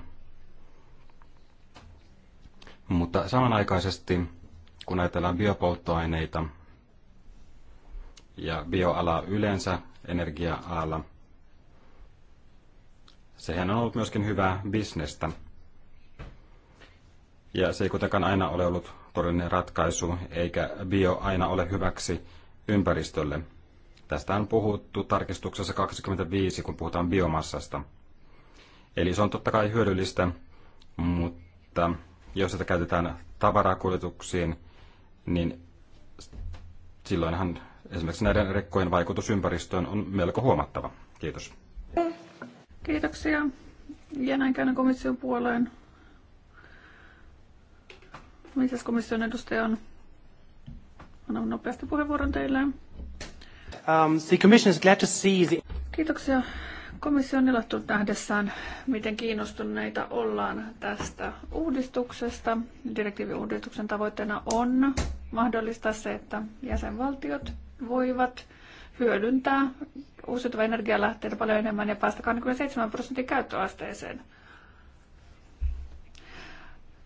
Mutta samanaikaisesti kun ajatellaan biopolttoaineita ja bioala yleensä energia-ala, sehän on ollut myöskin hyvää bisnestä. Ja se ei kuitenkaan aina ole ollut todellinen ratkaisu, eikä bio aina ole hyväksi ympäristölle. Tästä on puhuttu tarkistuksessa 25, kun puhutaan biomassasta. Eli se on totta kai hyödyllistä, mutta jos sitä käytetään tavarakuljetuksiin niin silloinhan esimerkiksi näiden rekkojen vaikutus ympäristöön on melko huomattava. Kiitos. Kiitoksia. Ja näin käyn komission puoleen. missä komission edustaja on? Annan nopeasti puheenvuoron teille. Um, the commission is glad to see the... Kiitoksia. Komissio on ilahtunut nähdessään, miten kiinnostuneita ollaan tästä uudistuksesta. Direktiivin uudistuksen tavoitteena on mahdollistaa se, että jäsenvaltiot voivat hyödyntää uusiutuvia energialähteitä paljon enemmän ja päästä 27 prosentin käyttöasteeseen.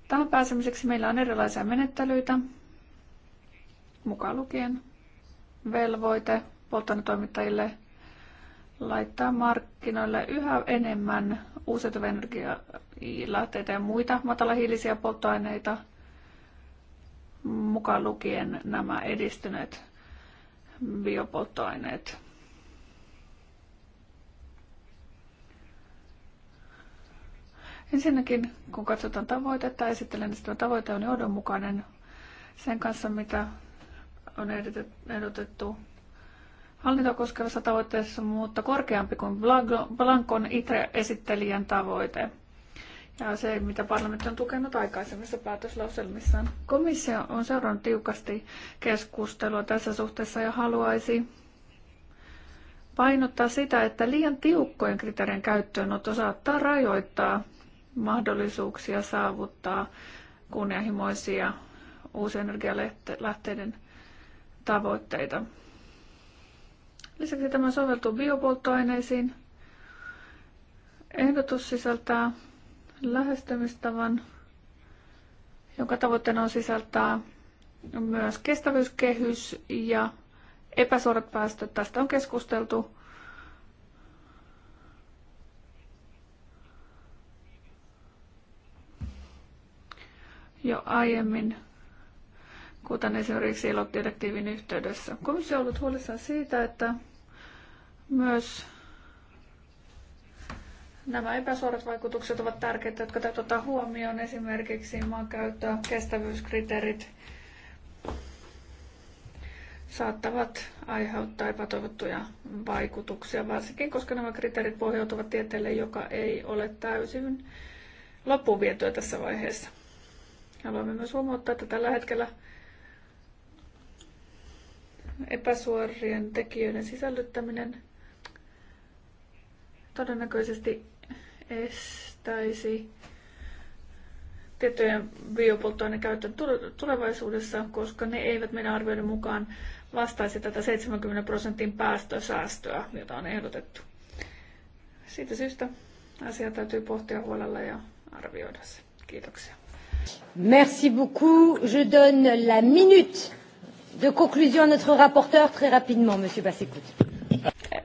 Tähän pääsemiseksi meillä on erilaisia menettelyitä, mukaan lukien velvoite polttoainetoimittajille laittaa markkinoille yhä enemmän uusiutuvia energialähteitä ja muita matalahiilisiä polttoaineita – mukaan lukien nämä edistyneet biopolttoaineet. Ensinnäkin, kun katsotaan tavoitetta, esittelen, että tavoite on johdonmukainen sen kanssa, mitä on ehdotettu hallintoa koskevassa tavoitteessa, mutta korkeampi kuin Blankon itre-esittelijän tavoite. Ja se, mitä parlamentti on tukenut aikaisemmissa päätöslauselmissaan. Komissio on seurannut tiukasti keskustelua tässä suhteessa ja haluaisi painottaa sitä, että liian tiukkojen kriteerien käyttöönotto saattaa rajoittaa mahdollisuuksia saavuttaa kunnianhimoisia energialähteiden tavoitteita. Lisäksi tämä soveltuu biopolttoaineisiin. Ehdotus sisältää lähestymistavan, jonka tavoitteena on sisältää myös kestävyyskehys ja epäsuorat päästöt. Tästä on keskusteltu jo aiemmin, kuten esimerkiksi ilot yhteydessä. Komissio on ollut huolissaan siitä, että myös Nämä epäsuorat vaikutukset ovat tärkeitä, jotka täytyy ottaa huomioon, esimerkiksi maankäyttö, kestävyyskriteerit saattavat aiheuttaa epätoivottuja vaikutuksia, varsinkin koska nämä kriteerit pohjautuvat tieteelle, joka ei ole täysin loppuun vietyä tässä vaiheessa. Haluamme myös huomauttaa, että tällä hetkellä epäsuorien tekijöiden sisällyttäminen todennäköisesti estäisi tiettyjen biopolttoaineen käytön tulevaisuudessa, koska ne eivät meidän arvioiden mukaan vastaisi tätä 70 prosentin päästösäästöä, jota on ehdotettu. Siitä syystä asiaa täytyy pohtia huolella ja arvioida se. Kiitoksia. Merci beaucoup. Je donne la minute de conclusion à notre rapporteur très rapidement, Monsieur Bassécoute.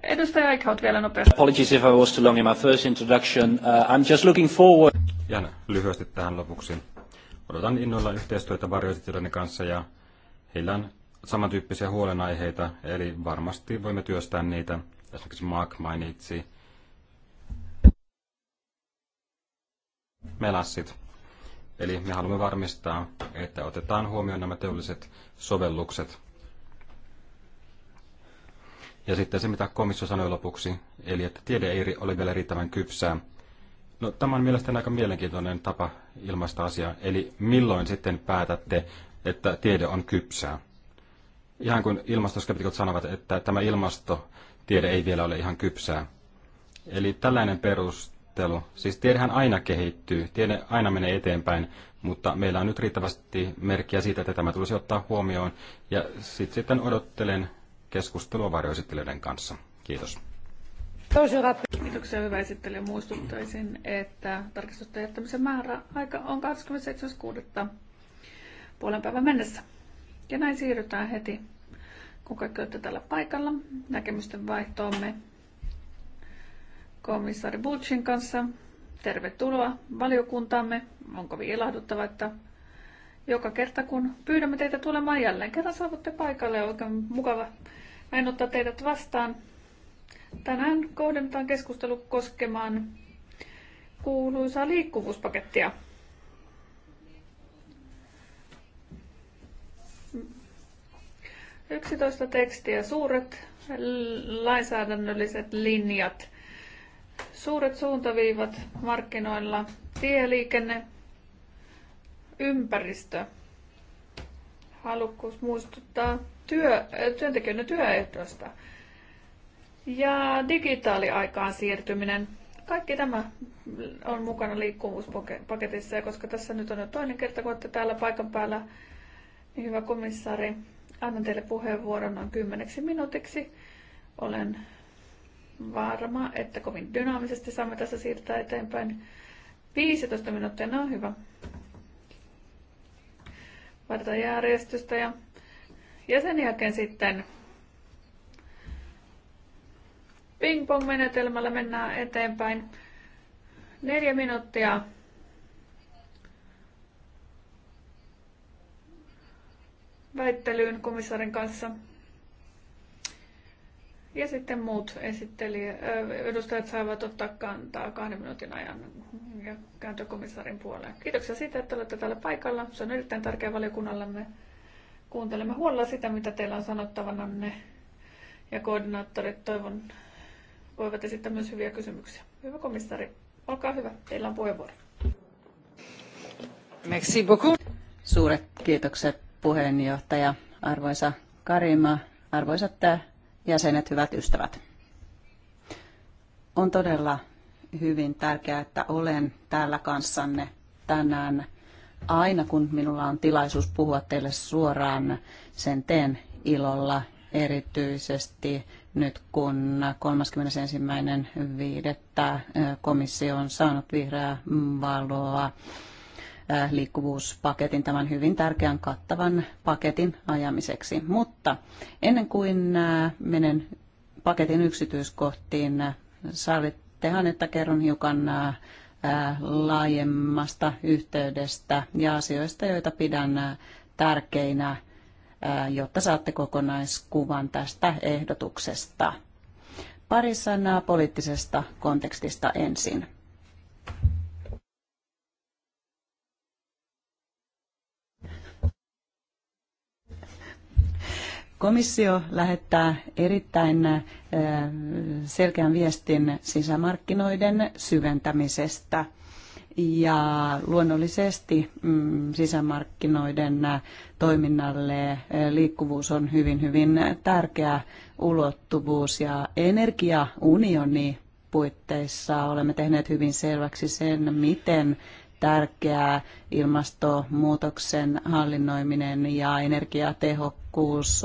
Edustaja Eichhout vielä nopeasti. Apologies if I was too long in my first introduction. Uh, I'm just looking forward. Jään lyhyesti tähän lopuksi. Odotan innolla yhteistyötä varjoesitilöiden kanssa ja heillä on samantyyppisiä huolenaiheita, eli varmasti voimme työstää niitä. Esimerkiksi Mark mainitsi melassit. Eli me haluamme varmistaa, että otetaan huomioon nämä teolliset sovellukset ja sitten se, mitä komissio sanoi lopuksi, eli että tiede ei ole vielä riittävän kypsää. No, tämä on mielestäni aika mielenkiintoinen tapa ilmaista asiaa. Eli milloin sitten päätätte, että tiede on kypsää? Ihan kuin ilmastoskeptikot sanovat, että tämä ilmastotiede ei vielä ole ihan kypsää. Eli tällainen perustelu. Siis tiedehän aina kehittyy, tiede aina menee eteenpäin, mutta meillä on nyt riittävästi merkkiä siitä, että tämä tulisi ottaa huomioon. Ja sit, sitten odottelen keskustelua varjoesittelijöiden kanssa. Kiitos. Kiitoksia hyvä esittelijä. Muistuttaisin, että tarkistusten jättämisen määräaika on 27.6. puolen päivän mennessä. Ja näin siirrytään heti, kun kaikki olette tällä paikalla, näkemysten vaihtoomme komissaari Butchin kanssa. Tervetuloa valiokuntaamme. On kovin ilahduttava, että joka kerta kun pyydämme teitä tulemaan jälleen kerran saavutte paikalle. Oikein mukava Aion ottaa teidät vastaan. Tänään kohdennetaan keskustelu koskemaan kuuluisaa liikkuvuuspakettia. Yksitoista tekstiä, suuret lainsäädännölliset linjat, suuret suuntaviivat markkinoilla, tieliikenne, ympäristö, halukkuus muistuttaa työ, työntekijöiden työehtoista ja digitaaliaikaan siirtyminen. Kaikki tämä on mukana liikkuvuuspaketissa ja koska tässä nyt on jo toinen kerta, kun olette täällä paikan päällä, niin hyvä komissaari, annan teille puheenvuoron noin kymmeneksi minuutiksi. Olen varma, että kovin dynaamisesti saamme tässä siirtää eteenpäin. 15 minuuttia, no hyvä varten järjestystä ja, ja sen jälkeen sitten ping-pong-menetelmällä mennään eteenpäin. Neljä minuuttia väittelyyn komissaarin kanssa. Ja sitten muut esitteli, edustajat saivat ottaa kantaa kahden minuutin ajan ja kääntyä komissaarin puoleen. Kiitoksia siitä, että olette täällä paikalla. Se on erittäin tärkeä valiokunnallamme. Kuuntelemme huolella sitä, mitä teillä on sanottavananne. Ja koordinaattorit toivon voivat esittää myös hyviä kysymyksiä. Hyvä komissaari, olkaa hyvä. Teillä on puheenvuoro. Merci beaucoup. Suuret kiitokset puheenjohtaja, arvoisa Karima, arvoisat jäsenet, hyvät ystävät. On todella hyvin tärkeää, että olen täällä kanssanne tänään. Aina kun minulla on tilaisuus puhua teille suoraan, sen teen ilolla erityisesti nyt kun 31.5. Eh, komissio on saanut vihreää valoa Äh, liikkuvuuspaketin, tämän hyvin tärkeän kattavan paketin ajamiseksi. Mutta ennen kuin äh, menen paketin yksityiskohtiin, äh, saalittehan, että kerron hiukan laajemmasta yhteydestä ja asioista, joita pidän tärkeinä, jotta saatte kokonaiskuvan tästä ehdotuksesta. Pari sanaa poliittisesta kontekstista ensin. Komissio lähettää erittäin selkeän viestin sisämarkkinoiden syventämisestä ja luonnollisesti mm, sisämarkkinoiden toiminnalle liikkuvuus on hyvin, hyvin tärkeä ulottuvuus ja energiaunioni puitteissa olemme tehneet hyvin selväksi sen, miten tärkeää ilmastonmuutoksen hallinnoiminen ja energiatehokkuus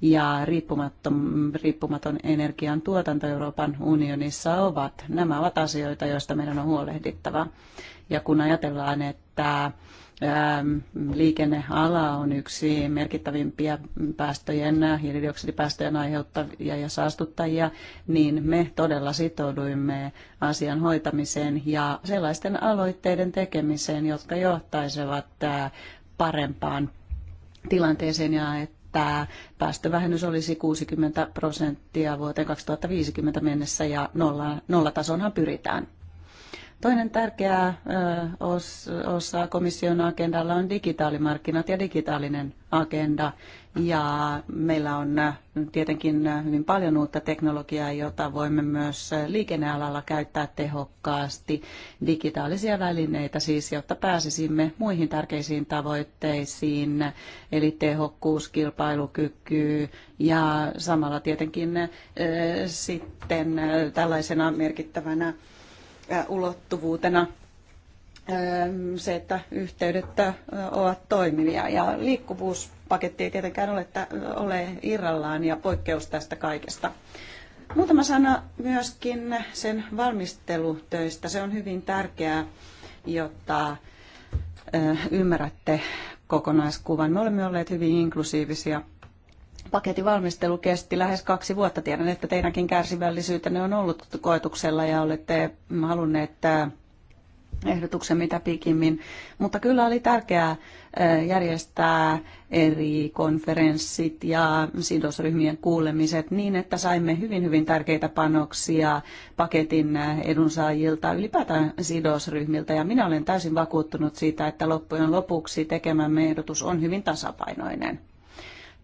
ja riippumaton, riippumaton energian tuotanto Euroopan unionissa ovat. Nämä ovat asioita, joista meidän on huolehdittava. Ja kun ajatellaan, että Ähm, liikenneala on yksi merkittävimpiä päästöjen, hiilidioksidipäästöjen aiheuttajia ja saastuttajia, niin me todella sitouduimme asian hoitamiseen ja sellaisten aloitteiden tekemiseen, jotka johtaisivat äh, parempaan tilanteeseen ja että päästövähennys olisi 60 prosenttia vuoteen 2050 mennessä ja nolla, nollatasonhan pyritään. Toinen tärkeä osa komission agendalla on digitaalimarkkinat ja digitaalinen agenda. Ja meillä on tietenkin hyvin paljon uutta teknologiaa, jota voimme myös liikennealalla käyttää tehokkaasti. Digitaalisia välineitä siis, jotta pääsisimme muihin tärkeisiin tavoitteisiin, eli tehokkuus, kilpailukyky ja samalla tietenkin sitten tällaisena merkittävänä ulottuvuutena se, että yhteydet ovat toimivia. Ja liikkuvuuspaketti ei tietenkään ole, ole irrallaan ja poikkeus tästä kaikesta. Muutama sana myöskin sen valmistelutöistä. Se on hyvin tärkeää, jotta ymmärrätte kokonaiskuvan. Me olemme olleet hyvin inklusiivisia paketin valmistelu kesti lähes kaksi vuotta. Tiedän, että teidänkin kärsivällisyytenne on ollut koetuksella ja olette halunneet ehdotuksen mitä pikimmin. Mutta kyllä oli tärkeää eh, järjestää eri konferenssit ja sidosryhmien kuulemiset niin, että saimme hyvin, hyvin tärkeitä panoksia paketin edunsaajilta, ylipäätään sidosryhmiltä. Ja minä olen täysin vakuuttunut siitä, että loppujen lopuksi tekemämme ehdotus on hyvin tasapainoinen.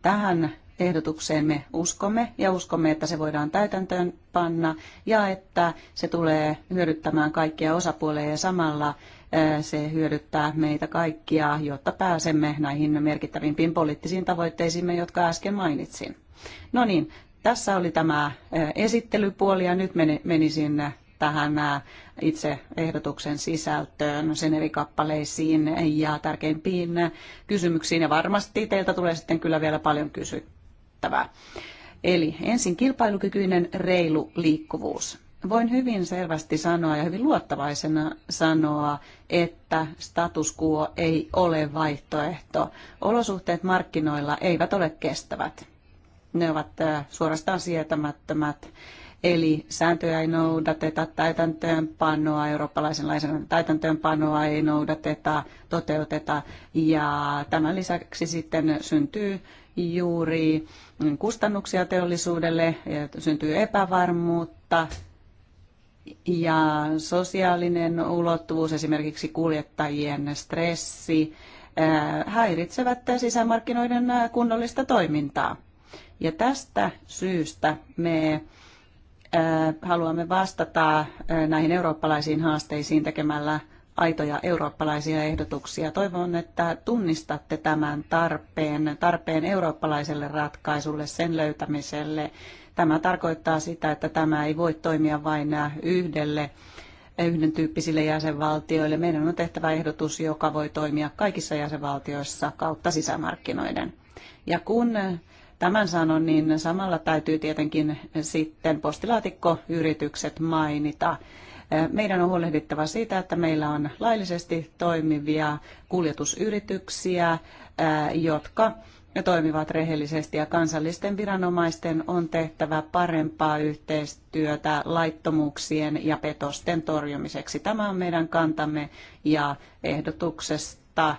Tähän ehdotukseen me uskomme ja uskomme, että se voidaan täytäntöön panna ja että se tulee hyödyttämään kaikkia osapuolia ja samalla eh, se hyödyttää meitä kaikkia, jotta pääsemme näihin merkittävimpiin poliittisiin tavoitteisiimme, jotka äsken mainitsin. No niin, tässä oli tämä eh, esittelypuoli ja nyt menisin tähän eh, itse ehdotuksen sisältöön, sen eri kappaleisiin ja tärkeimpiin kysymyksiin. Ja varmasti teiltä tulee sitten kyllä vielä paljon kysy- välttämättä. Eli ensin kilpailukykyinen reilu liikkuvuus. Voin hyvin selvästi sanoa ja hyvin luottavaisena sanoa, että status quo ei ole vaihtoehto. Olosuhteet markkinoilla eivät ole kestävät. Ne ovat äh, suorastaan sietämättömät. Eli sääntöjä ei noudateta, täytäntöönpanoa, eurooppalaisen lainsäädännön täytäntöönpanoa ei noudateta, toteuteta. Ja tämän lisäksi sitten syntyy juuri kustannuksia teollisuudelle, syntyy epävarmuutta ja sosiaalinen ulottuvuus, esimerkiksi kuljettajien stressi, häiritsevät sisämarkkinoiden kunnollista toimintaa. Ja tästä syystä me haluamme vastata näihin eurooppalaisiin haasteisiin tekemällä aitoja eurooppalaisia ehdotuksia. Toivon, että tunnistatte tämän tarpeen, tarpeen eurooppalaiselle ratkaisulle, sen löytämiselle. Tämä tarkoittaa sitä, että tämä ei voi toimia vain yhdelle yhden tyyppisille jäsenvaltioille. Meidän on tehtävä ehdotus, joka voi toimia kaikissa jäsenvaltioissa kautta sisämarkkinoiden. Ja kun tämän sanon, niin samalla täytyy tietenkin sitten postilaatikkoyritykset mainita meidän on huolehdittava siitä, että meillä on laillisesti toimivia kuljetusyrityksiä, jotka toimivat rehellisesti ja kansallisten viranomaisten on tehtävä parempaa yhteistyötä laittomuuksien ja petosten torjumiseksi. Tämä on meidän kantamme ja ehdotuksesta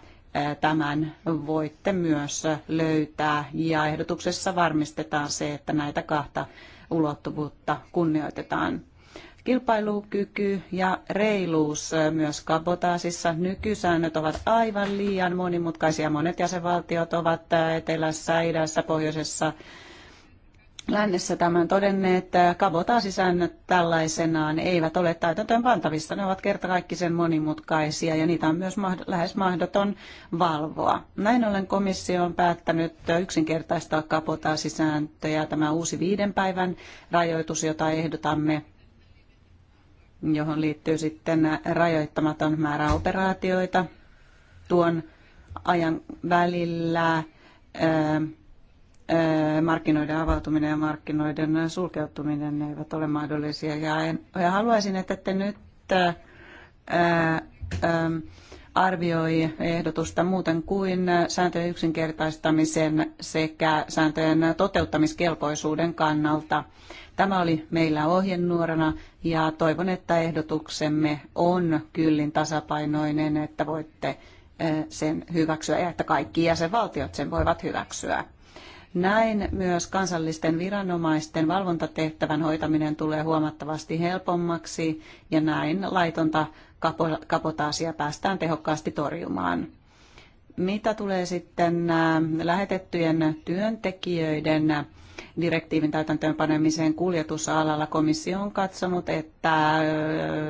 tämän voitte myös löytää ja ehdotuksessa varmistetaan se, että näitä kahta ulottuvuutta kunnioitetaan. Kilpailukyky ja reiluus myös kabotaasissa. Nykysäännöt ovat aivan liian monimutkaisia. Monet jäsenvaltiot ovat etelässä, idässä, pohjoisessa, lännessä tämän todenneet. Kabotaasisäännöt tällaisenaan eivät ole täytäntöön pantavissa. Ne ovat kertakaikkisen monimutkaisia ja niitä on myös lähes mahdoton valvoa. Näin ollen komissio on päättänyt yksinkertaistaa kabotaasisääntöjä. Tämä uusi viiden päivän rajoitus, jota ehdotamme johon liittyy sitten rajoittamaton määrä operaatioita tuon ajan välillä markkinoiden avautuminen ja markkinoiden sulkeutuminen eivät ole mahdollisia. Ja, en, ja haluaisin, että te nyt ää, ää, arvioi ehdotusta muuten kuin sääntöjen yksinkertaistamisen sekä sääntöjen toteuttamiskelpoisuuden kannalta. Tämä oli meillä ohjenuorana ja toivon, että ehdotuksemme on kyllin tasapainoinen, että voitte sen hyväksyä ja että kaikki jäsenvaltiot sen voivat hyväksyä. Näin myös kansallisten viranomaisten valvontatehtävän hoitaminen tulee huomattavasti helpommaksi ja näin laitonta kapotaasia päästään tehokkaasti torjumaan. Mitä tulee sitten lähetettyjen työntekijöiden direktiivin täytäntöönpanemiseen kuljetusalalla komissio on katsonut, että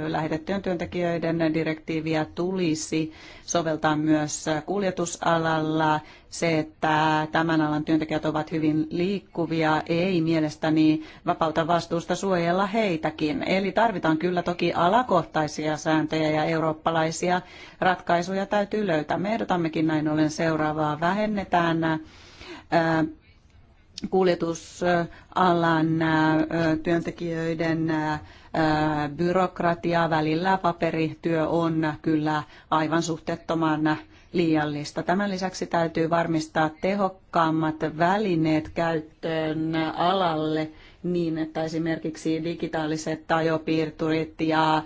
lähetettyjen työntekijöiden direktiiviä tulisi soveltaa myös kuljetusalalla. Se, että tämän alan työntekijät ovat hyvin liikkuvia, ei mielestäni vapauta vastuusta suojella heitäkin. Eli tarvitaan kyllä toki alakohtaisia sääntöjä ja eurooppalaisia ratkaisuja täytyy löytää. Me ehdotammekin näin ollen seuraavaa. Vähennetään kuljetusalan työntekijöiden byrokratiaa. Välillä paperityö on kyllä aivan suhteettoman liiallista. Tämän lisäksi täytyy varmistaa tehokkaammat välineet käyttöön alalle niin, että esimerkiksi digitaaliset ajopiirturit ja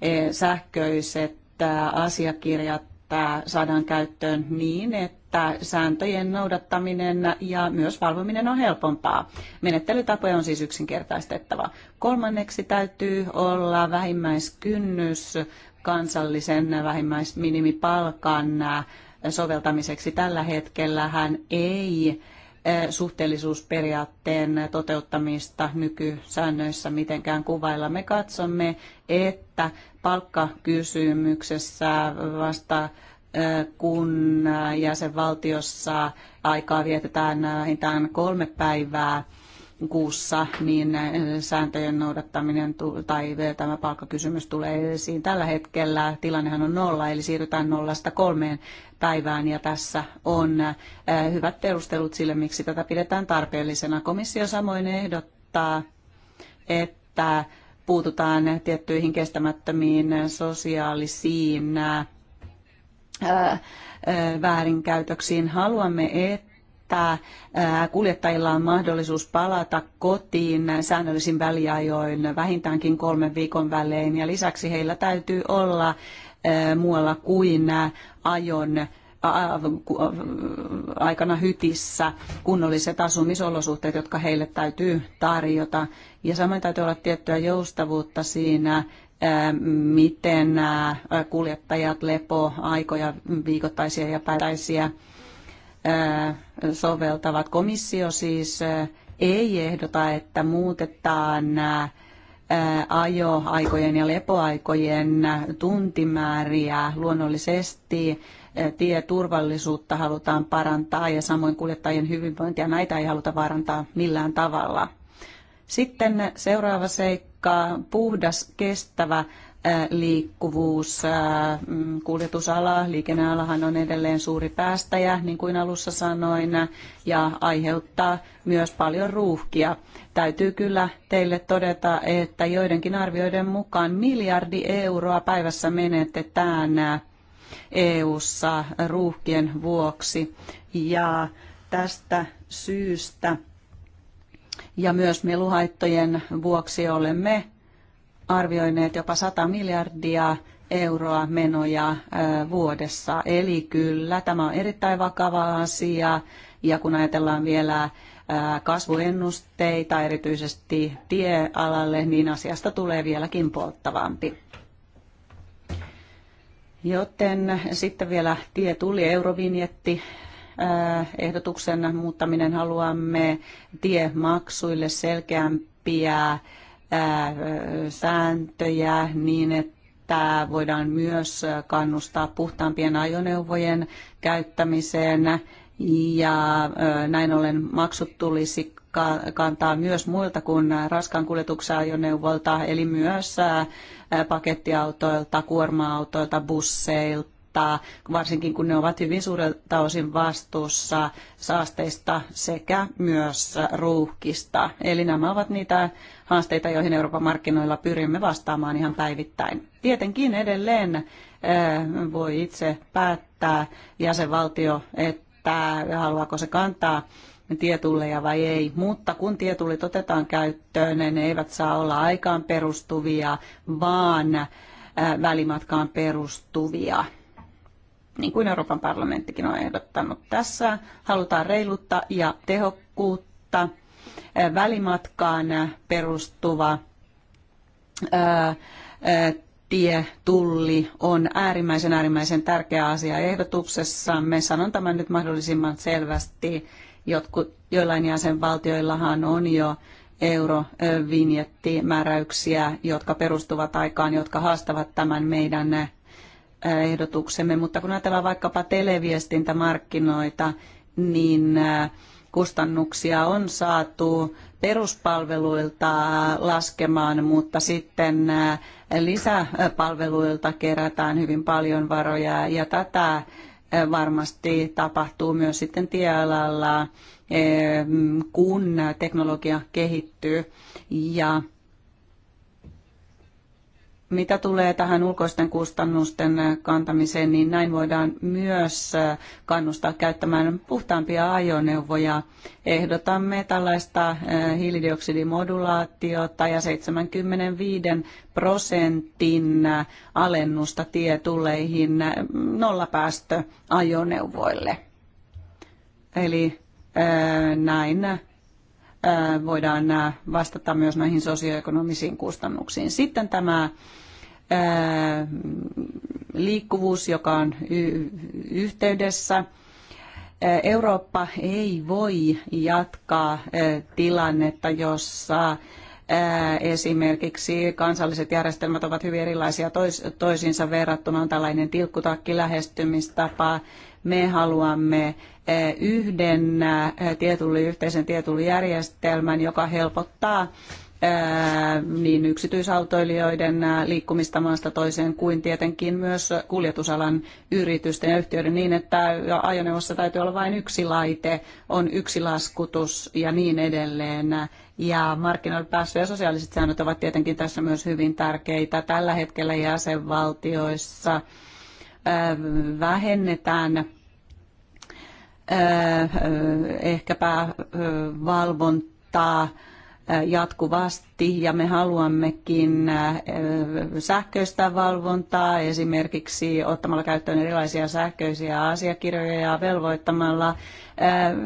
e, sähköiset asiakirjat saadaan käyttöön niin, että että sääntöjen noudattaminen ja myös valvominen on helpompaa. Menettelytapoja on siis yksinkertaistettava. Kolmanneksi täytyy olla vähimmäiskynnys kansallisen vähimmäisminimipalkan soveltamiseksi. Tällä hetkellä hän ei e, suhteellisuusperiaatteen toteuttamista nykysäännöissä mitenkään kuvailla. Me katsomme, että palkkakysymyksessä vasta kun jäsenvaltiossa aikaa vietetään vähintään kolme päivää kuussa, niin sääntöjen noudattaminen tai tämä palkkakysymys tulee esiin. Tällä hetkellä tilannehan on nolla, eli siirrytään nollasta kolmeen päivään, ja tässä on äh, hyvät perustelut sille, miksi tätä pidetään tarpeellisena. Komissio samoin ehdottaa, että puututaan tiettyihin kestämättömiin sosiaalisiin äh, väärinkäytöksiin. Haluamme, että kuljettajilla on mahdollisuus palata kotiin säännöllisin väliajoin vähintäänkin kolmen viikon välein ja lisäksi heillä täytyy olla muualla kuin ajon aikana hytissä kunnolliset asumisolosuhteet, jotka heille täytyy tarjota. Ja samoin täytyy olla tiettyä joustavuutta siinä, miten kuljettajat aikoja viikoittaisia ja päiväisiä soveltavat. Komissio siis ei ehdota, että muutetaan ajoaikojen ja lepoaikojen tuntimääriä. Luonnollisesti tieturvallisuutta halutaan parantaa ja samoin kuljettajien hyvinvointia. Näitä ei haluta vaarantaa millään tavalla. Sitten seuraava seikka politiikkaa, puhdas, kestävä äh, liikkuvuus, äh, mm, kuljetusala, liikennealahan on edelleen suuri päästäjä, niin kuin alussa sanoin, ja aiheuttaa myös paljon ruuhkia. Täytyy kyllä teille todeta, että joidenkin arvioiden mukaan miljardi euroa päivässä menetetään EU-ssa ruuhkien vuoksi, ja tästä syystä – ja myös meluhaittojen vuoksi olemme arvioineet jopa 100 miljardia euroa menoja vuodessa. Eli kyllä, tämä on erittäin vakava asia. Ja kun ajatellaan vielä kasvuennusteita, erityisesti tiealalle, niin asiasta tulee vieläkin polttavampi. Joten sitten vielä tie tuli eurovinjetti ehdotuksen muuttaminen. Haluamme tiemaksuille selkeämpiä sääntöjä niin, että voidaan myös kannustaa puhtaampien ajoneuvojen käyttämiseen ja näin ollen maksut tulisi kantaa myös muilta kuin raskaan kuljetuksen ajoneuvolta, eli myös pakettiautoilta, kuorma-autoilta, busseilta kannattaa, varsinkin kun ne ovat hyvin suurelta osin vastuussa saasteista sekä myös ruuhkista. Eli nämä ovat niitä haasteita, joihin Euroopan markkinoilla pyrimme vastaamaan ihan päivittäin. Tietenkin edelleen eh, voi itse päättää jäsenvaltio, että haluaako se kantaa tietulleja vai ei, mutta kun tietullit otetaan käyttöön, ne eivät saa olla aikaan perustuvia, vaan eh, välimatkaan perustuvia niin kuin Euroopan parlamenttikin on ehdottanut. Tässä halutaan reilutta ja tehokkuutta, eh, välimatkaan perustuva eh, eh, tie, tulli on äärimmäisen äärimmäisen tärkeä asia ehdotuksessamme. Sanon tämän nyt mahdollisimman selvästi. Jotkut, joillain jäsenvaltioillahan on jo eurovinjettimääräyksiä, jotka perustuvat aikaan, jotka haastavat tämän meidän ehdotuksemme, mutta kun ajatellaan vaikkapa televiestintämarkkinoita, niin äh, kustannuksia on saatu peruspalveluilta laskemaan, mutta sitten äh, lisäpalveluilta kerätään hyvin paljon varoja ja tätä äh, varmasti tapahtuu myös sitten tiealalla, kun teknologia kehittyy ja mitä tulee tähän ulkoisten kustannusten kantamiseen, niin näin voidaan myös kannustaa käyttämään puhtaampia ajoneuvoja. Ehdotamme tällaista eh, hiilidioksidimodulaatiota ja 75 prosentin alennusta tietulleihin eh, nollapäästöajoneuvoille. Eli eh, näin voidaan vastata myös näihin sosioekonomisiin kustannuksiin. Sitten tämä liikkuvuus, joka on yhteydessä. Eurooppa ei voi jatkaa tilannetta, jossa esimerkiksi kansalliset järjestelmät ovat hyvin erilaisia toisiinsa verrattuna. On tällainen tilkkutakki lähestymistapa. Me haluamme yhden tietullin, yhteisen tietullijärjestelmän, joka helpottaa niin yksityisautoilijoiden liikkumista maasta toiseen kuin tietenkin myös kuljetusalan yritysten ja yhtiöiden niin, että ajoneuvossa täytyy olla vain yksi laite, on yksi laskutus ja niin edelleen. Ja markkinoille pääsy ja sosiaaliset säännöt ovat tietenkin tässä myös hyvin tärkeitä. Tällä hetkellä jäsenvaltioissa vähennetään ehkäpä valvontaa jatkuvasti ja me haluammekin sähköistä valvontaa esimerkiksi ottamalla käyttöön erilaisia sähköisiä asiakirjoja ja velvoittamalla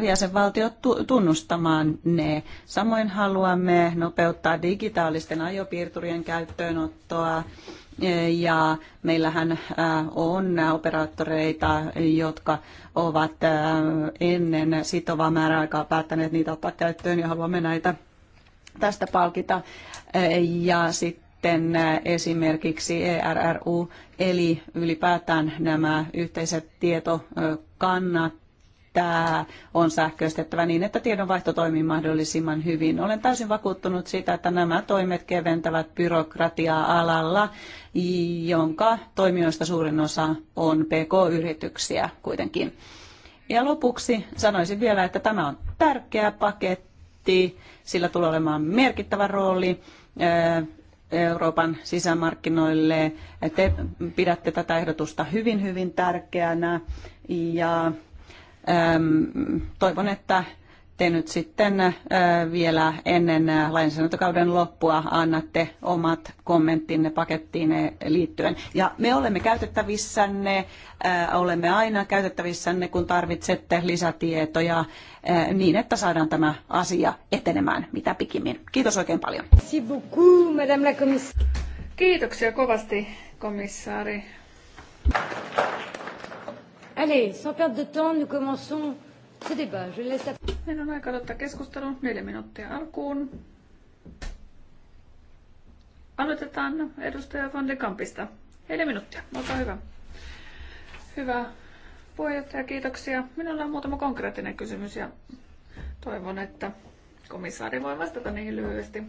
jäsenvaltiot tunnustamaan ne. Samoin haluamme nopeuttaa digitaalisten ajopiirturien käyttöönottoa ja meillähän on operaattoreita, jotka ovat ennen sitovaa määräaikaa päättäneet niitä ottaa käyttöön ja haluamme näitä tästä palkita. Ja sitten esimerkiksi ERRU, eli ylipäätään nämä yhteiset tietokannat, tämä on sähköistettävä niin, että tiedonvaihto toimii mahdollisimman hyvin. Olen täysin vakuuttunut siitä, että nämä toimet keventävät byrokratiaa alalla, jonka toimijoista suurin osa on PK-yrityksiä kuitenkin. Ja lopuksi sanoisin vielä, että tämä on tärkeä paketti sillä tulee olemaan merkittävä rooli eh, Euroopan sisämarkkinoille. Te pidätte tätä ehdotusta hyvin, hyvin tärkeänä ja ehm, toivon, että te nyt sitten vielä ennen lainsäädäntökauden loppua annatte omat kommenttinne pakettiin liittyen. Ja me olemme käytettävissänne, olemme aina käytettävissänne, kun tarvitsette lisätietoja niin, että saadaan tämä asia etenemään mitä pikimmin. Kiitos oikein paljon. Kiitoksia kovasti, komissaari. Allez, sans perdre de temps, nous commençons Meillä on aika aloittaa keskustelu. Neljä minuuttia alkuun. Aloitetaan edustaja Van de Kampista. Neljä minuuttia, olkaa hyvä. Hyvä puheenjohtaja, kiitoksia. Minulla on muutama konkreettinen kysymys ja toivon, että komissaari voi vastata niihin lyhyesti.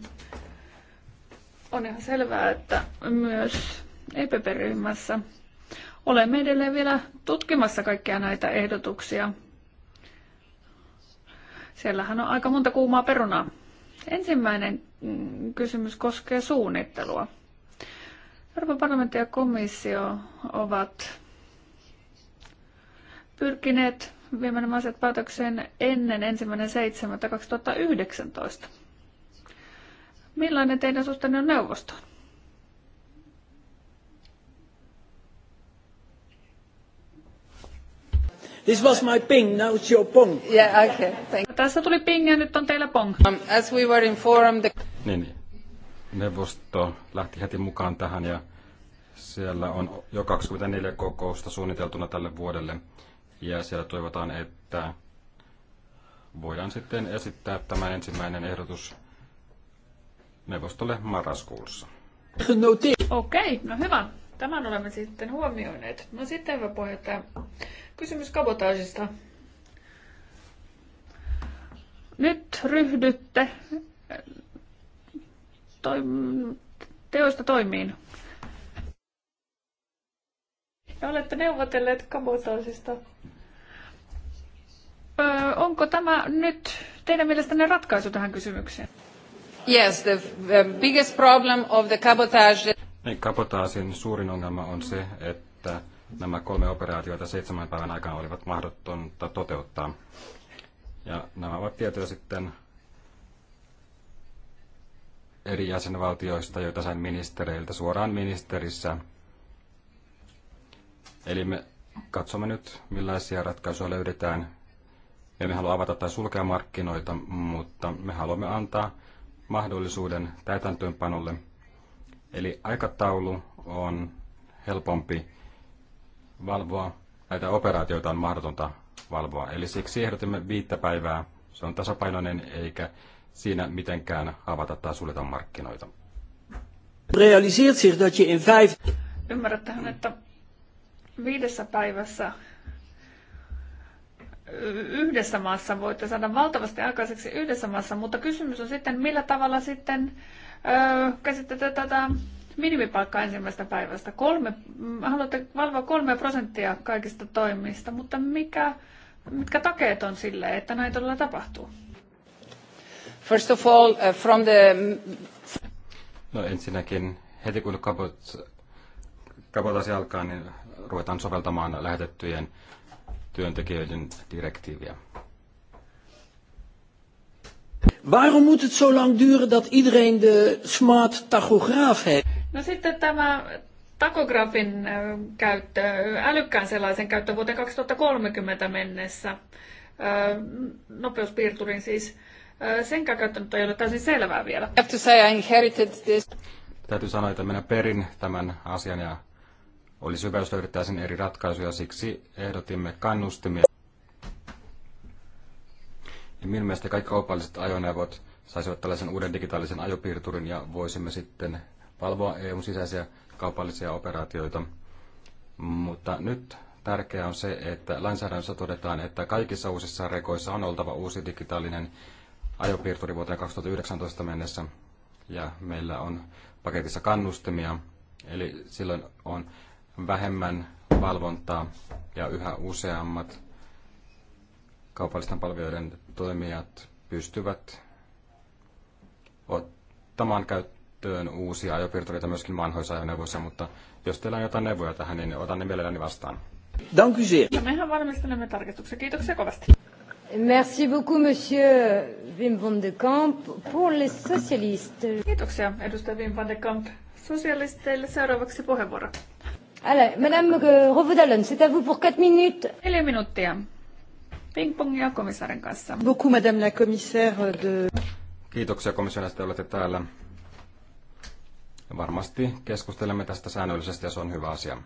On ihan selvää, että myös EPP-ryhmässä olemme edelleen vielä tutkimassa kaikkia näitä ehdotuksia Siellähän on aika monta kuumaa perunaa. Ensimmäinen mm, kysymys koskee suunnittelua. Euroopan parlamentti ja komissio ovat pyrkineet viemään nämä asiat päätökseen ennen 1.7.2019. Millainen teidän suhteenne on neuvostoon? This was my ping, now it's your pong. Yeah, okay. Thank you. Tässä tuli ping ja nyt on teillä pong. Um, as we were informed... The... Niin, niin. neuvosto lähti heti mukaan tähän ja siellä on jo 24 kokousta suunniteltuna tälle vuodelle. Ja siellä toivotaan, että voidaan sitten esittää tämä ensimmäinen ehdotus neuvostolle marraskuussa. No Okei, okay, no hyvä. Tämän olemme sitten huomioineet. No sitten, hyvä puheenjohtaja, kysymys kabotaasista. Nyt ryhdytte eh, toim- teoista toimiin. Ja olette neuvotelleet kabotaasista. Öö, onko tämä nyt teidän mielestänne ratkaisu tähän kysymykseen? Yes, the biggest problem of the cabotage niin, kapotaasin suurin ongelma on se, että nämä kolme operaatiota seitsemän päivän aikana olivat mahdotonta toteuttaa. Ja nämä ovat tietoja sitten eri jäsenvaltioista, joita sain ministereiltä suoraan ministerissä. Eli me katsomme nyt, millaisia ratkaisuja löydetään. Me emme halua avata tai sulkea markkinoita, mutta me haluamme antaa mahdollisuuden täytäntöönpanolle – Eli aikataulu on helpompi valvoa. Näitä operaatioita on mahdotonta valvoa. Eli siksi ehdotimme viittä päivää. Se on tasapainoinen eikä siinä mitenkään avata tai suljeta markkinoita. Ymmärrättehän, että viidessä päivässä yhdessä maassa voitte saada valtavasti aikaiseksi yhdessä maassa, mutta kysymys on sitten, millä tavalla sitten käsittää tätä minimipalkkaa ensimmäisestä päivästä. Kolme, mm, haluatte valvoa kolme prosenttia kaikista toimista, mutta mikä, mitkä takeet on sille, että näin todella tapahtuu? First of all, uh, from the... No ensinnäkin heti kun kaput kabotasi alkaa, niin ruvetaan soveltamaan lähetettyjen työntekijöiden direktiiviä. Waarom moet het zo lang duren dat iedereen de smart tachograaf heeft? No sitten tämä takografin käyttö, älykkään sellaisen käyttö vuoteen 2030 mennessä, nopeuspiirturin siis, sen käyttö ei ole täysin selvää vielä. Täytyy sanoa, että minä perin tämän asian ja olisi hyvä, jos löydettäisiin eri ratkaisuja, siksi ehdotimme kannustimia. Niin minun mielestä kaikki kaupalliset ajoneuvot saisivat tällaisen uuden digitaalisen ajopiirturin ja voisimme sitten valvoa EUn sisäisiä kaupallisia operaatioita. Mutta nyt tärkeää on se, että lainsäädännössä todetaan, että kaikissa uusissa rekoissa on oltava uusi digitaalinen ajopiirturi vuoteen 2019 mennessä. Ja meillä on paketissa kannustimia, eli silloin on vähemmän valvontaa ja yhä useammat kaupallisten palveluiden toimijat pystyvät ottamaan käyttöön uusia ajopiirtureita myöskin vanhoissa ajoneuvoissa, mutta jos teillä on jotain neuvoja tähän, niin otan ne mielelläni vastaan. Dank u Ja mehän valmistelemme tarkistuksen. Kiitoksia kovasti. Merci beaucoup, monsieur Wim van de Kamp, pour les socialistes. Kiitoksia, edustaja Wim van de Kamp. Sosialisteille seuraavaksi puheenvuoro. Allez, madame euh, Rovodalon, c'est à vous pour 4 minutes. 4 minuuttia pingpongia komissaarin kanssa. Beaucoup, madame la commissaire de... Kiitoksia komission että olette täällä. Varmasti keskustelemme tästä säännöllisesti ja se on hyvä asia.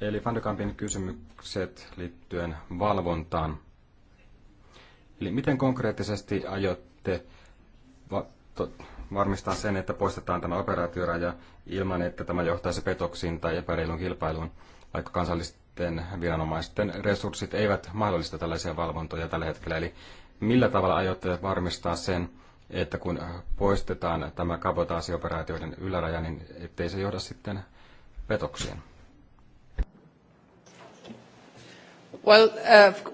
Eli Kampin kysymykset liittyen valvontaan. Eli miten konkreettisesti aiotte va- to- varmistaa sen, että poistetaan tämä operaatioraja ilman, että tämä johtaisi petoksiin tai epäreilun kilpailuun, vaikka kansallista näiden viranomaisten resurssit eivät mahdollista tällaisia valvontoja tällä hetkellä. Eli millä tavalla aiotte varmistaa sen, että kun poistetaan tämä kabotaasioperaatioiden yläraja, niin ettei se johda sitten petoksiin? Well,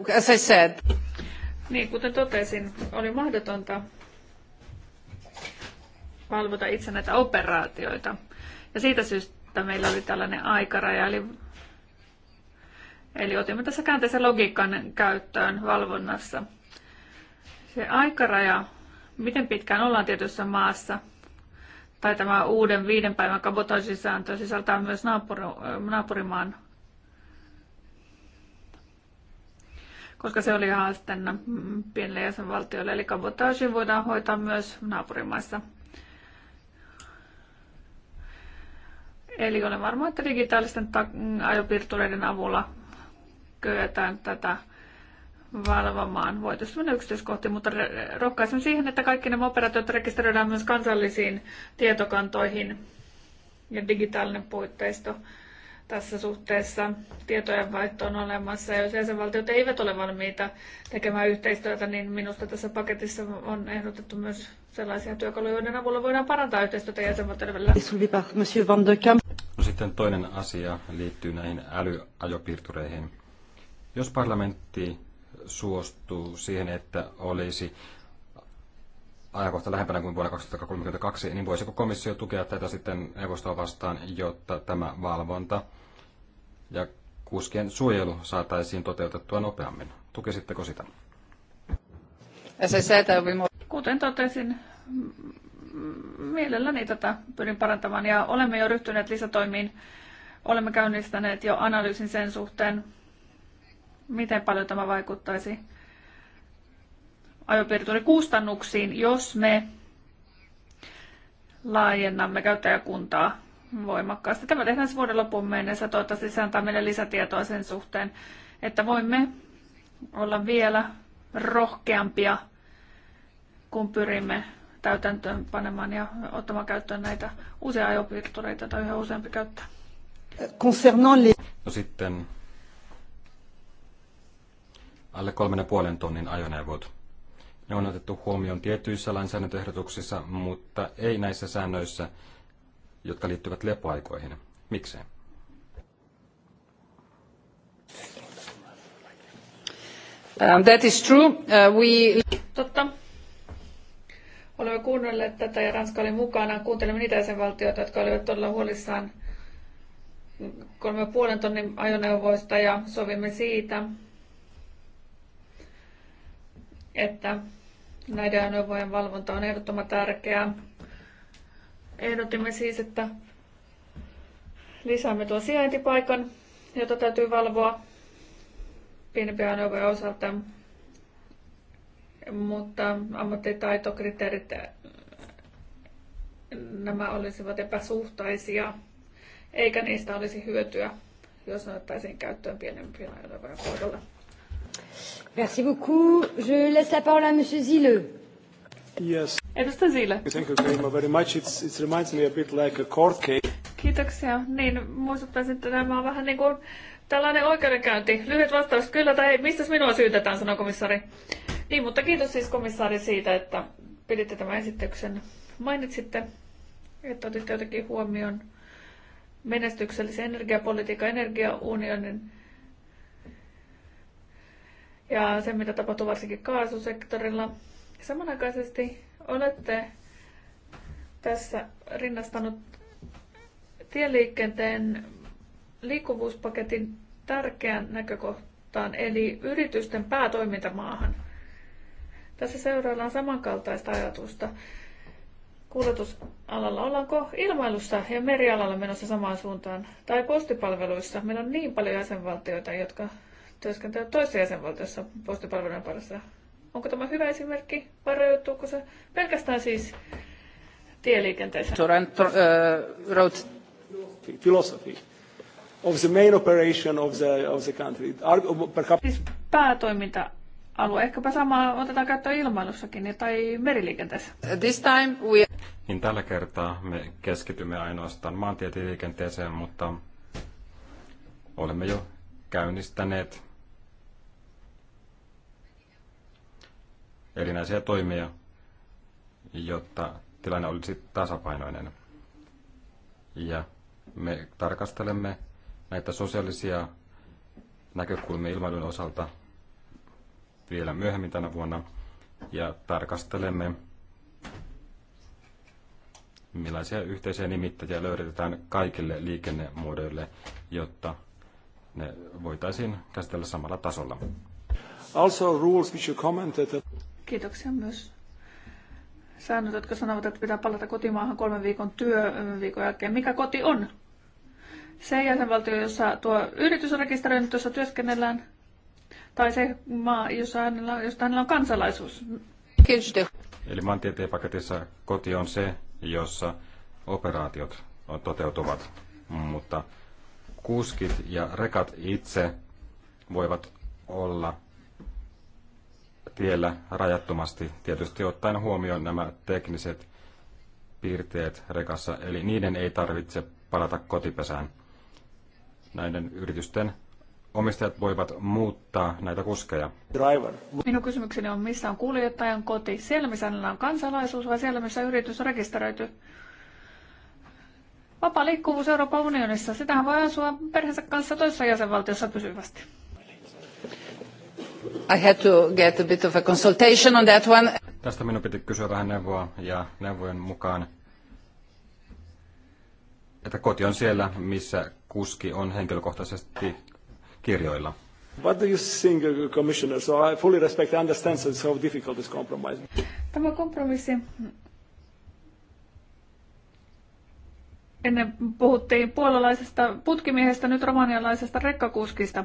uh, as I said. Niin, kuten totesin, oli mahdotonta valvota itse näitä operaatioita. Ja siitä syystä meillä oli tällainen aikaraja, eli Eli otimme tässä käänteisen logiikan käyttöön valvonnassa. Se aikaraja, miten pitkään ollaan tietyssä maassa, tai tämä uuden viiden päivän kabotaasisääntö sisältää myös naapurimaan, koska se oli haasteena pienelle jäsenvaltiolle, eli kabotaasi voidaan hoitaa myös naapurimaissa. Eli olen varma, että digitaalisten ajopiirtureiden avulla kyetään tätä valvomaan. Voitaisiin mennä yksityiskohtiin, mutta rohkaisen siihen, että kaikki nämä operaatiot rekisteröidään myös kansallisiin tietokantoihin ja digitaalinen puitteisto tässä suhteessa tietojenvaihto on olemassa. Ja jos jäsenvaltiot eivät ole valmiita tekemään yhteistyötä, niin minusta tässä paketissa on ehdotettu myös sellaisia työkaluja, joiden avulla voidaan parantaa yhteistyötä jäsenvaltioiden välillä. No sitten toinen asia liittyy näihin älyajopiirtureihin. Jos parlamentti suostuu siihen, että olisi ajankohta lähempänä kuin vuonna 2032, niin voisiko komissio tukea tätä sitten neuvostoa vastaan, jotta tämä valvonta ja kuskien suojelu saataisiin toteutettua nopeammin? Tukisitteko sitä? Kuten totesin, mielelläni tätä pyrin parantamaan ja olemme jo ryhtyneet lisätoimiin. Olemme käynnistäneet jo analyysin sen suhteen, miten paljon tämä vaikuttaisi ajopiirturikustannuksiin, jos me laajennamme käyttäjäkuntaa voimakkaasti. Tämä tehdään se siis vuoden loppuun mennessä. Toivottavasti se antaa meille lisätietoa sen suhteen, että voimme olla vielä rohkeampia, kun pyrimme täytäntöön panemaan ja ottamaan käyttöön näitä uusia ajopiirtureita, tai yhä useampi käyttää. No sitten alle 3,5 tonnin ajoneuvot. Ne on otettu huomioon tietyissä lainsäädäntöehdotuksissa, mutta ei näissä säännöissä, jotka liittyvät lepoaikoihin. Miksei? Um, that is true. Uh, we... Totta. Olemme kuunnelleet tätä ja Ranska oli mukana. Kuuntelemme niitä jäsenvaltioita, jotka olivat todella huolissaan kolme puolen tonnin ajoneuvoista ja sovimme siitä, että näiden ajoneuvojen valvonta on ehdottoman tärkeää. Ehdotimme siis, että lisäämme tuon sijaintipaikan, jota täytyy valvoa pienempiä ajoneuvojen osalta, mutta ammattitaitokriteerit nämä olisivat epäsuhtaisia, eikä niistä olisi hyötyä, jos ne ottaisiin käyttöön pienempiä ajoneuvojen kohdalla. Merci beaucoup. Je laisse la parole à Monsieur Zille. Yes. Edustaja Zille. Thank you very much. It's, it reminds me a bit like a court case. Kiitoksia. Niin, muistuttaisin, että nämä on vähän niin kuin tällainen oikeudenkäynti. Lyhyt vastaus kyllä tai ei. Mistäs minua syytetään, sanoo komissaari. Niin, mutta kiitos siis komissaari siitä, että piditte tämän esityksen. Mainitsitte, että otitte jotenkin huomioon menestyksellisen energiapolitiikan, energiaunionin ja se, mitä tapahtuu varsinkin kaasusektorilla. Samanaikaisesti olette tässä rinnastanut tieliikenteen liikkuvuuspaketin tärkeän näkökohtaan, eli yritysten päätoimintamaahan. Tässä seuraillaan samankaltaista ajatusta. Kuljetusalalla ollaanko ilmailussa ja merialalla menossa samaan suuntaan, tai postipalveluissa. Meillä on niin paljon jäsenvaltioita, jotka työskentelyä toisessa jäsenvaltiossa postipalvelujen parissa. Onko tämä hyvä esimerkki vai rajoittuuko se pelkästään siis tieliikenteeseen? So, uh, road. Philosophy of the main operation of the, of the country. Ar- perhaps... Siis päätoiminta alue. Ehkäpä sama otetaan käyttöön ilmailussakin tai meriliikenteessä. This time we... Niin tällä kertaa me keskitymme ainoastaan maantietiliikenteeseen, mutta olemme jo käynnistäneet erinäisiä toimia, jotta tilanne olisi tasapainoinen. Ja me tarkastelemme näitä sosiaalisia näkökulmia ilmailun osalta vielä myöhemmin tänä vuonna ja tarkastelemme, millaisia yhteisiä nimittäjiä löydetään kaikille liikennemuodoille, jotta ne voitaisiin käsitellä samalla tasolla. Also rules which you commented Kiitoksia myös säännöt, jotka sanovat, että pitää palata kotimaahan kolmen viikon työviikon jälkeen. Mikä koti on? Se jäsenvaltio, jossa tuo yritys on rekisteröinyt, jossa työskennellään, tai se maa, jossa hänellä, josta hänellä on kansalaisuus. Kyllä. Eli paketissa koti on se, jossa operaatiot toteutuvat, mutta kuskit ja rekat itse voivat olla tiellä rajattomasti, tietysti ottaen huomioon nämä tekniset piirteet rekassa, eli niiden ei tarvitse palata kotipesään. Näiden yritysten omistajat voivat muuttaa näitä kuskeja. Driver. Minun kysymykseni on, missä on kuljettajan koti? Siellä, missä hänellä on kansalaisuus vai siellä, missä yritys on rekisteröity? Vapaa liikkuvuus Euroopan unionissa. Sitähän voi asua perheensä kanssa toisessa jäsenvaltiossa pysyvästi. I had to get a bit of a consultation on that one. Tästä minun piti kysyä vähän neuvoa ja neuvojen mukaan, että koti on siellä, missä kuski on henkilökohtaisesti kirjoilla. What do you think, uh, Commissioner? So I fully respect and understand so how difficult this compromise. Tämä kompromissi. Ennen puhuttiin puolalaisesta putkimiehestä, nyt romanialaisesta rekkakuskista.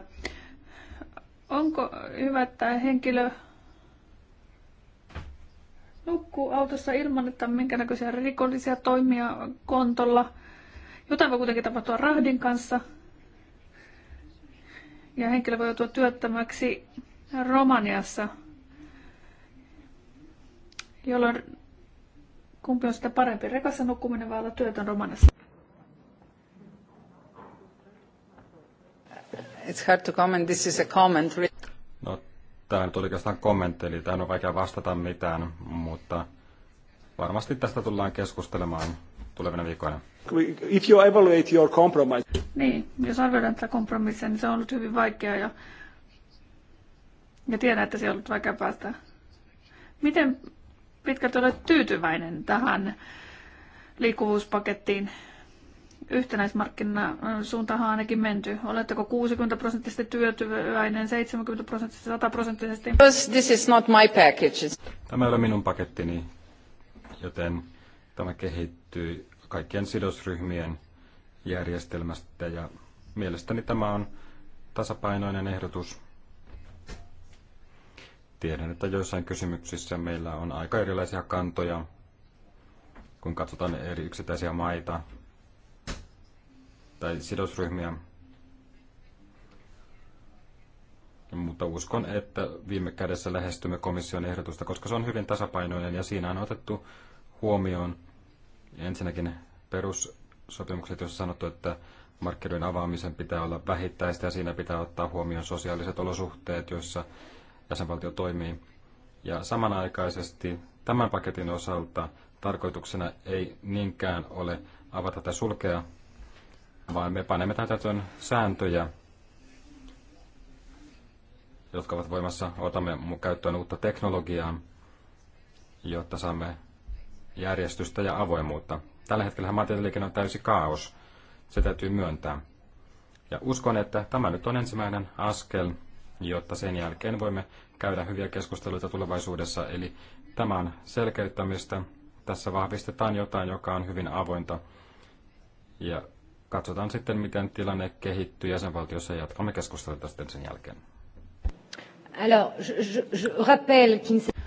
Onko hyvä, että henkilö nukkuu autossa ilman, että on minkäännäköisiä rikollisia toimia kontolla? Jotain voi kuitenkin tapahtua rahdin kanssa. Ja henkilö voi joutua työttömäksi Romaniassa, jolloin kumpi on sitä parempi, rekassa nukkuminen vai olla työtön Romaniassa? it's hard to comment. This is a comment. No, tämä nyt oikeastaan kommentti, eli tähän on vaikea vastata mitään, mutta varmasti tästä tullaan keskustelemaan tulevina viikkoina. If you evaluate your compromise. Niin, jos arvioidaan tätä kompromissia, niin se on ollut hyvin vaikea ja, ja tiedän, että se on ollut vaikea päästä. Miten pitkälti olet tyytyväinen tähän liikkuvuuspakettiin? yhtenäismarkkinasuuntahan ainakin menty? Oletteko 60 prosenttisesti työtyväinen, 70 prosenttisesti, 100 prosenttisesti? This is not my package. Tämä ei ole minun pakettini, joten tämä kehittyy kaikkien sidosryhmien järjestelmästä ja mielestäni tämä on tasapainoinen ehdotus. Tiedän, että joissain kysymyksissä meillä on aika erilaisia kantoja, kun katsotaan eri yksittäisiä maita tai sidosryhmiä. Mutta uskon, että viime kädessä lähestymme komission ehdotusta, koska se on hyvin tasapainoinen ja siinä on otettu huomioon ensinnäkin perussopimukset, joissa sanottu, että markkinoiden avaamisen pitää olla vähittäistä ja siinä pitää ottaa huomioon sosiaaliset olosuhteet, joissa jäsenvaltio toimii. Ja samanaikaisesti tämän paketin osalta tarkoituksena ei niinkään ole avata tai sulkea vaan me panemme täytäntöön sääntöjä, jotka ovat voimassa. Otamme käyttöön uutta teknologiaa, jotta saamme järjestystä ja avoimuutta. Tällä hetkellä maantieteliikenne on täysi kaos. Se täytyy myöntää. Ja uskon, että tämä nyt on ensimmäinen askel, jotta sen jälkeen voimme käydä hyviä keskusteluita tulevaisuudessa. Eli tämän selkeyttämistä. Tässä vahvistetaan jotain, joka on hyvin avointa. Ja katsotaan sitten, miten tilanne kehittyy jäsenvaltiossa ja jatkamme keskustelua tästä sen jälkeen. Alors, je, je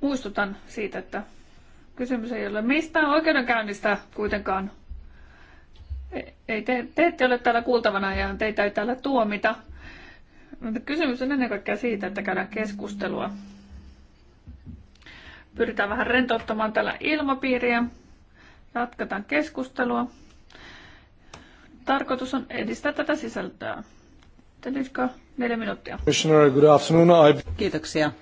Muistutan siitä, että kysymys ei ole mistään oikeudenkäynnistä kuitenkaan. E, ei, te, te ette ole täällä kuultavana ja teitä ei täällä tuomita. Mutta kysymys on ennen kaikkea siitä, että käydään keskustelua. Pyritään vähän rentouttamaan tällä ilmapiiriä. Jatketaan keskustelua. Tarkoitus on edistää tätä sisältöä. Teliska, neljä minuuttia. Kiitoksia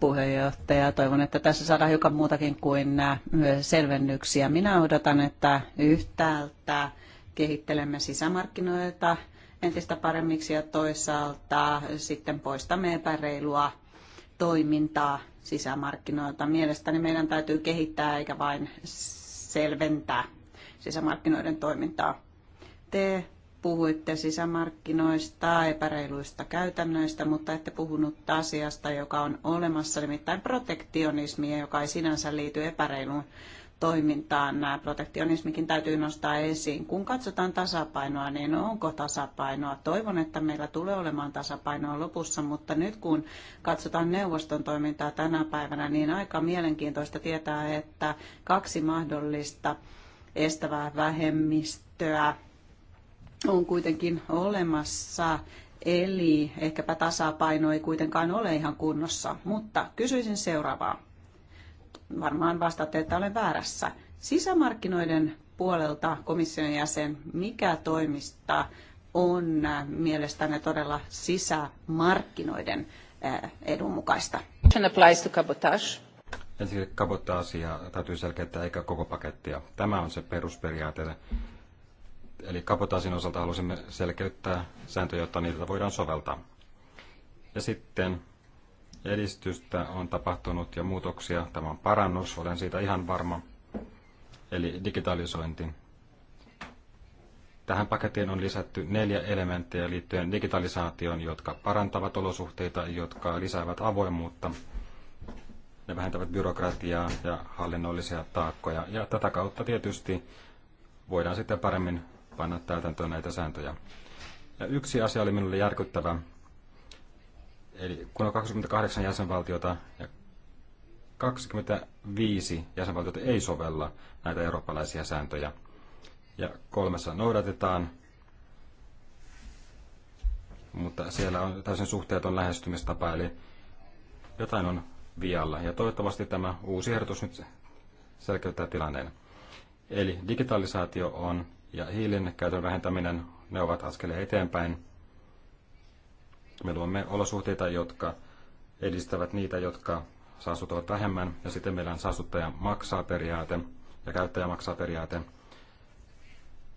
puheenjohtaja. Toivon, että tässä saadaan hiukan muutakin kuin äh, selvennyksiä. Minä odotan, että yhtäältä kehittelemme sisämarkkinoita entistä paremmiksi ja toisaalta sitten poistamme epäreilua toimintaa sisämarkkinoilta. Mielestäni meidän täytyy kehittää eikä vain selventää sisämarkkinoiden toimintaa te puhuitte sisämarkkinoista, epäreiluista käytännöistä, mutta ette puhunut asiasta, joka on olemassa, nimittäin protektionismia, joka ei sinänsä liity epäreiluun toimintaan. Nämä protektionismikin täytyy nostaa esiin. Kun katsotaan tasapainoa, niin onko tasapainoa? Toivon, että meillä tulee olemaan tasapainoa lopussa, mutta nyt kun katsotaan neuvoston toimintaa tänä päivänä, niin aika mielenkiintoista tietää, että kaksi mahdollista estävää vähemmistöä on kuitenkin olemassa, eli ehkäpä tasapaino ei kuitenkaan ole ihan kunnossa. Mutta kysyisin seuraavaa. Varmaan vastaatte, että olen väärässä. Sisämarkkinoiden puolelta komission jäsen, mikä toimista on äh, mielestäni todella sisämarkkinoiden äh, edun mukaista? Ensinnäkin kabotaasia täytyy selkeyttää eikä koko pakettia. Tämä on se perusperiaate Eli kapotaasin osalta halusimme selkeyttää sääntöjä, jotta niitä voidaan soveltaa. Ja sitten edistystä on tapahtunut ja muutoksia. Tämä on parannus, olen siitä ihan varma. Eli digitalisointi. Tähän pakettiin on lisätty neljä elementtiä liittyen digitalisaatioon, jotka parantavat olosuhteita, jotka lisäävät avoimuutta. Ne vähentävät byrokratiaa ja hallinnollisia taakkoja. Ja tätä kautta tietysti voidaan sitten paremmin panna täytäntöön näitä sääntöjä. Ja yksi asia oli minulle järkyttävä. Eli kun on 28 jäsenvaltiota ja 25 jäsenvaltiota ei sovella näitä eurooppalaisia sääntöjä. Ja kolmessa noudatetaan, mutta siellä on täysin suhteeton lähestymistapa, eli jotain on vialla. Ja toivottavasti tämä uusi ehdotus nyt selkeyttää tilanneen. Eli digitalisaatio on ja hiilin käytön vähentäminen, ne ovat askeleja eteenpäin. Me luomme olosuhteita, jotka edistävät niitä, jotka saastuttavat vähemmän, ja sitten meillä on saastuttaja maksaa periaate ja käyttäjä maksaa periaate.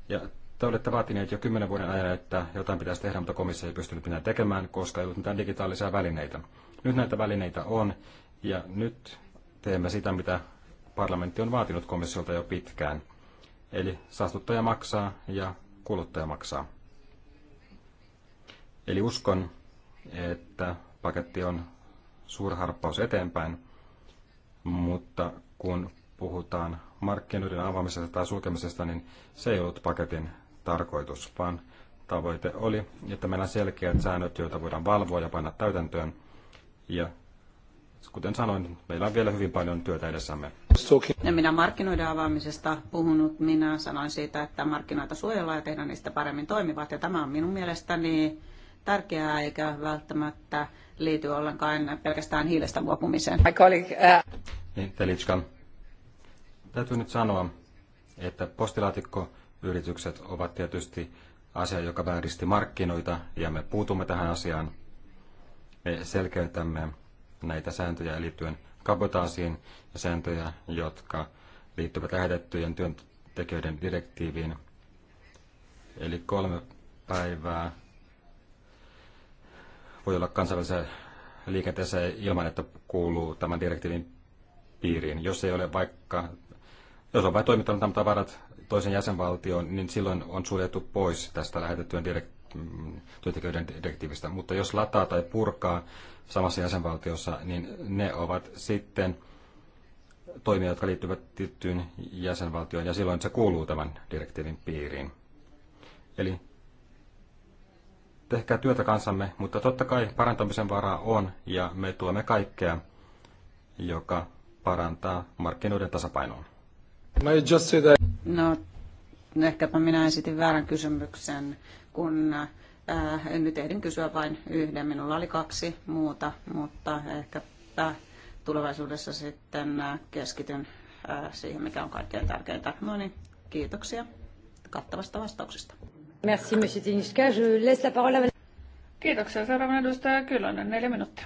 Ja te olette vaatineet jo kymmenen vuoden ajan, että jotain pitäisi tehdä, mutta komissio ei pystynyt mitään tekemään, koska ei ollut mitään digitaalisia välineitä. Nyt näitä välineitä on, ja nyt teemme sitä, mitä parlamentti on vaatinut komissiolta jo pitkään. Eli saastuttaja maksaa ja kuluttaja maksaa. Eli uskon, että paketti on harppaus eteenpäin, mutta kun puhutaan markkinoiden avaamisesta tai sulkemisesta, niin se ei ollut paketin tarkoitus, vaan tavoite oli, että meillä on selkeät säännöt, joita voidaan valvoa ja panna täytäntöön, ja kuten sanoin, meillä on vielä hyvin paljon työtä edessämme. Ja minä markkinoiden avaamisesta puhunut, minä sanoin siitä, että markkinoita suojellaan ja tehdään niistä paremmin toimivat. Ja tämä on minun mielestäni tärkeää eikä välttämättä liity ollenkaan pelkästään hiilestä luopumiseen. My colleague, uh, Niin, Telitska. Täytyy nyt sanoa, että postilaatikkoyritykset ovat tietysti asia, joka vääristi markkinoita ja me puutumme tähän asiaan. Me selkeytämme näitä sääntöjä liittyen kabotaasiin ja sääntöjä, jotka liittyvät lähetettyjen työntekijöiden direktiiviin. Eli kolme päivää voi olla kansainvälisessä liikenteessä ilman, että kuuluu tämän direktiivin piiriin. Jos ei ole vaikka, jos on vain toimittanut tavarat toisen jäsenvaltioon, niin silloin on suljettu pois tästä lähetettyjen direktiivin Mm, työntekijöiden direktiivistä. Mutta jos lataa tai purkaa samassa jäsenvaltiossa, niin ne ovat sitten toimia, jotka liittyvät tiettyyn jäsenvaltioon, ja silloin se kuuluu tämän direktiivin piiriin. Eli tehkää työtä kanssamme, mutta totta kai parantamisen varaa on, ja me tuomme kaikkea, joka parantaa markkinoiden tasapainoa. No, ehkäpä minä esitin väärän kysymyksen kun äh, nyt ehdin kysyä vain yhden. Minulla oli kaksi muuta, mutta ehkäpä tulevaisuudessa sitten äh, keskityn äh, siihen, mikä on kaikkein tärkeintä. No niin, kiitoksia kattavasta vastauksesta. Merci, monsieur Tiniska. Je laisse la parole à... Kiitoksia. Seuraavana edustaja Kyllönen, neljä minuuttia.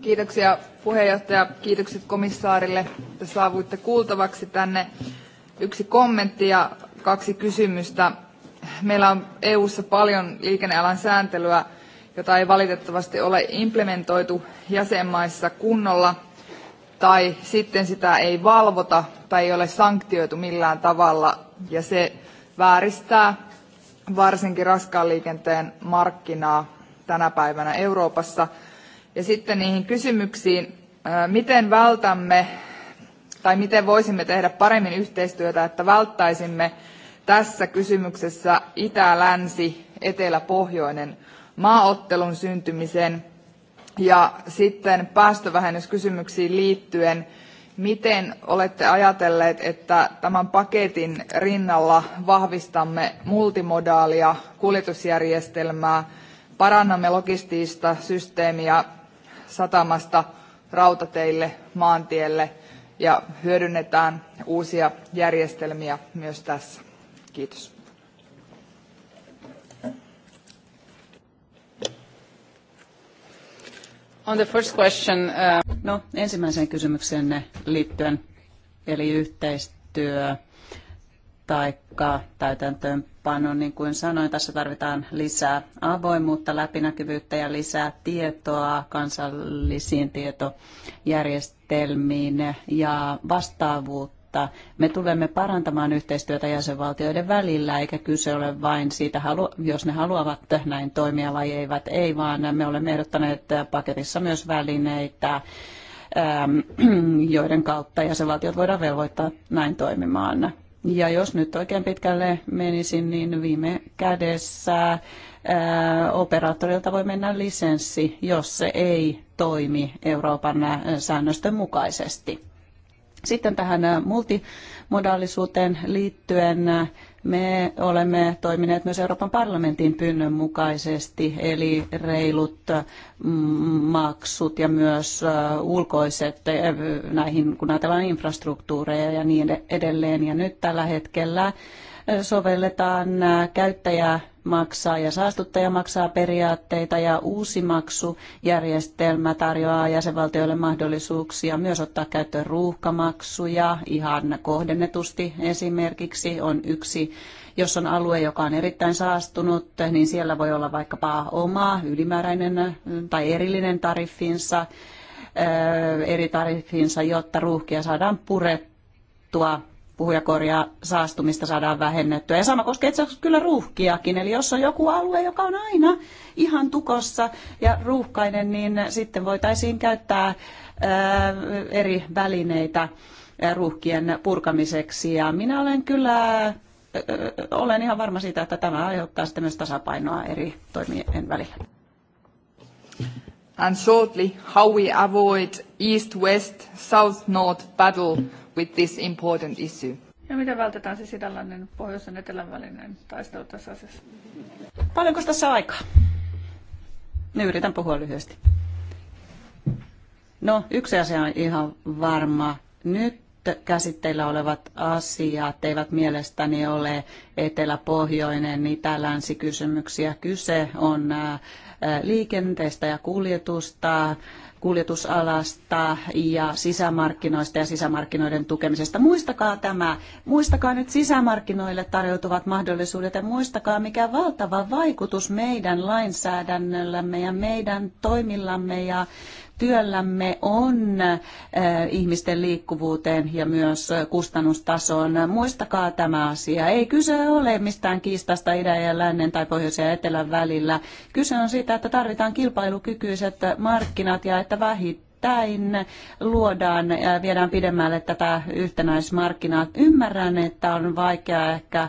Kiitoksia puheenjohtaja. Kiitokset komissaarille, että saavuitte kuultavaksi tänne. Yksi kommentti ja kaksi kysymystä meillä on EU-ssa paljon liikennealan sääntelyä, jota ei valitettavasti ole implementoitu jäsenmaissa kunnolla, tai sitten sitä ei valvota tai ei ole sanktioitu millään tavalla, ja se vääristää varsinkin raskaan liikenteen markkinaa tänä päivänä Euroopassa. Ja sitten niihin kysymyksiin, miten vältämme tai miten voisimme tehdä paremmin yhteistyötä, että välttäisimme tässä kysymyksessä itä-länsi, etelä-pohjoinen maaottelun syntymisen ja sitten päästövähennyskysymyksiin liittyen, miten olette ajatelleet, että tämän paketin rinnalla vahvistamme multimodaalia kuljetusjärjestelmää, parannamme logistista systeemiä satamasta rautateille, maantielle ja hyödynnetään uusia järjestelmiä myös tässä. Kiitos. On the first question, uh... No, ensimmäiseen kysymykseen liittyen, eli yhteistyö taikka täytäntöönpano, niin kuin sanoin, tässä tarvitaan lisää avoimuutta, läpinäkyvyyttä ja lisää tietoa kansallisiin tietojärjestelmiin ja vastaavuutta mutta me tulemme parantamaan yhteistyötä jäsenvaltioiden välillä, eikä kyse ole vain siitä, jos ne haluavat näin toimia vai eivät, ei, vaan me olemme ehdottaneet paketissa myös välineitä, ähm, joiden kautta jäsenvaltiot voidaan velvoittaa näin toimimaan. Ja jos nyt oikein pitkälle menisin, niin viime kädessä äh, operaattorilta voi mennä lisenssi, jos se ei toimi Euroopan äh, säännösten mukaisesti. Sitten tähän äh, multimodaalisuuteen liittyen äh, me olemme toimineet myös Euroopan parlamentin pyynnön mukaisesti, eli reilut äh, maksut ja myös ulkoiset näihin, kun ajatellaan infrastruktuureja ja niin edelleen. Ja nyt tällä hetkellä sovelletaan käyttäjä maksaa ja saastuttaja maksaa periaatteita ja uusi maksujärjestelmä tarjoaa jäsenvaltioille mahdollisuuksia myös ottaa käyttöön ruuhkamaksuja ihan kohdennetusti esimerkiksi on yksi jos on alue, joka on erittäin saastunut, niin siellä voi olla vaikkapa oma ylimääräinen tai erillinen tariffinsa, eri tariffinsa, jotta ruuhkia saadaan purettua puhuja korjaa, saastumista saadaan vähennettyä. Ja sama koskee itse asiassa kyllä ruuhkiakin. Eli jos on joku alue, joka on aina ihan tukossa ja ruuhkainen, niin sitten voitaisiin käyttää ää, äh, eri välineitä äh, ruuhkien purkamiseksi. Ja minä olen kyllä äh, olen ihan varma siitä, että tämä aiheuttaa sitten myös tasapainoa eri toimien välillä. And shortly, how we avoid east-west, south-north battle with this important issue. Ja miten vältetään se sidalainen pohjoisen etelän välinen taistelu tässä asiassa? Paljonko tässä aikaa? Nyt no, yritän puhua lyhyesti. No, yksi asia on ihan varma. Nyt käsitteillä olevat asiat eivät mielestäni ole eteläpohjoinen itä-länsi-kysymyksiä. Kyse on liikenteestä ja kuljetusta, kuljetusalasta ja sisämarkkinoista ja sisämarkkinoiden tukemisesta. Muistakaa tämä, muistakaa nyt sisämarkkinoille tarjoutuvat mahdollisuudet ja muistakaa mikä valtava vaikutus meidän lainsäädännöllämme ja meidän toimillamme ja työllämme on eh, ihmisten liikkuvuuteen ja myös kustannustasoon. Muistakaa tämä asia. Ei kyse ole mistään kiistasta idän ja lännen tai pohjoisen ja etelän välillä. Kyse on siitä, että tarvitaan kilpailukykyiset markkinat ja että vähit päivittäin luodaan ja eh, viedään pidemmälle tätä yhtenäismarkkinaa. Ymmärrän, että on vaikea ehkä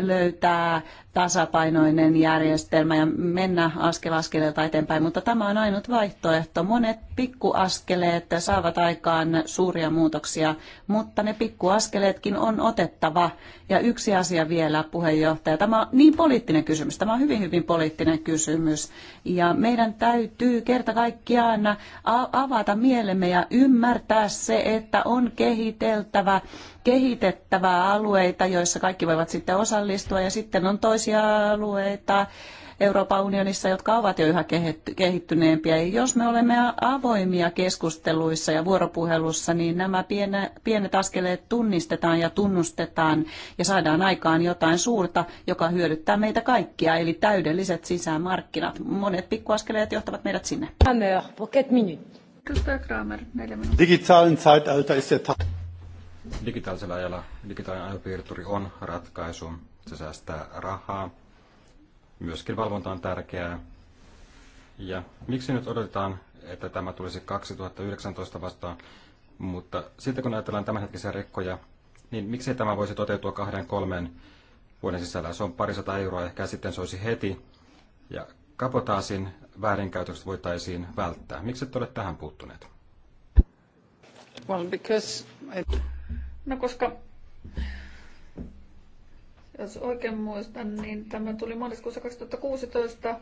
löytää tasapainoinen järjestelmä ja mennä askel askeleelta eteenpäin, mutta tämä on ainut vaihtoehto. Monet pikkuaskeleet saavat aikaan suuria muutoksia, mutta ne pikkuaskeleetkin on otettava. Ja yksi asia vielä, puheenjohtaja, tämä on niin poliittinen kysymys, tämä on hyvin hyvin poliittinen kysymys. Ja meidän täytyy kerta kaikkiaan avata mielemme ja ymmärtää se, että on kehiteltävä kehitettävää alueita, joissa kaikki voivat sitten osallistua, ja sitten on toisia alueita Euroopan unionissa, jotka ovat jo yhä kehittyneempiä. Ja jos me olemme avoimia keskusteluissa ja vuoropuhelussa, niin nämä pienet askeleet tunnistetaan ja tunnustetaan ja saadaan aikaan jotain suurta, joka hyödyttää meitä kaikkia, eli täydelliset sisämarkkinat. Monet pikkuaskeleet johtavat meidät sinne. Digitaalinen zeitalter ist digitaalisella ajalla digitaalinen ajopiirturi on ratkaisu. Se säästää rahaa. Myöskin valvonta on tärkeää. Ja miksi nyt odotetaan, että tämä tulisi 2019 vastaan? Mutta sitten kun ajatellaan tämänhetkisiä rekkoja, niin miksi tämä voisi toteutua kahden kolmen vuoden sisällä? Se on parisata euroa, ehkä sitten se olisi heti. Ja kapotaasin väärinkäytökset voitaisiin välttää. Miksi et ole tähän puuttuneet? Well, because... No koska, jos oikein muistan, niin tämä tuli maaliskuussa 2016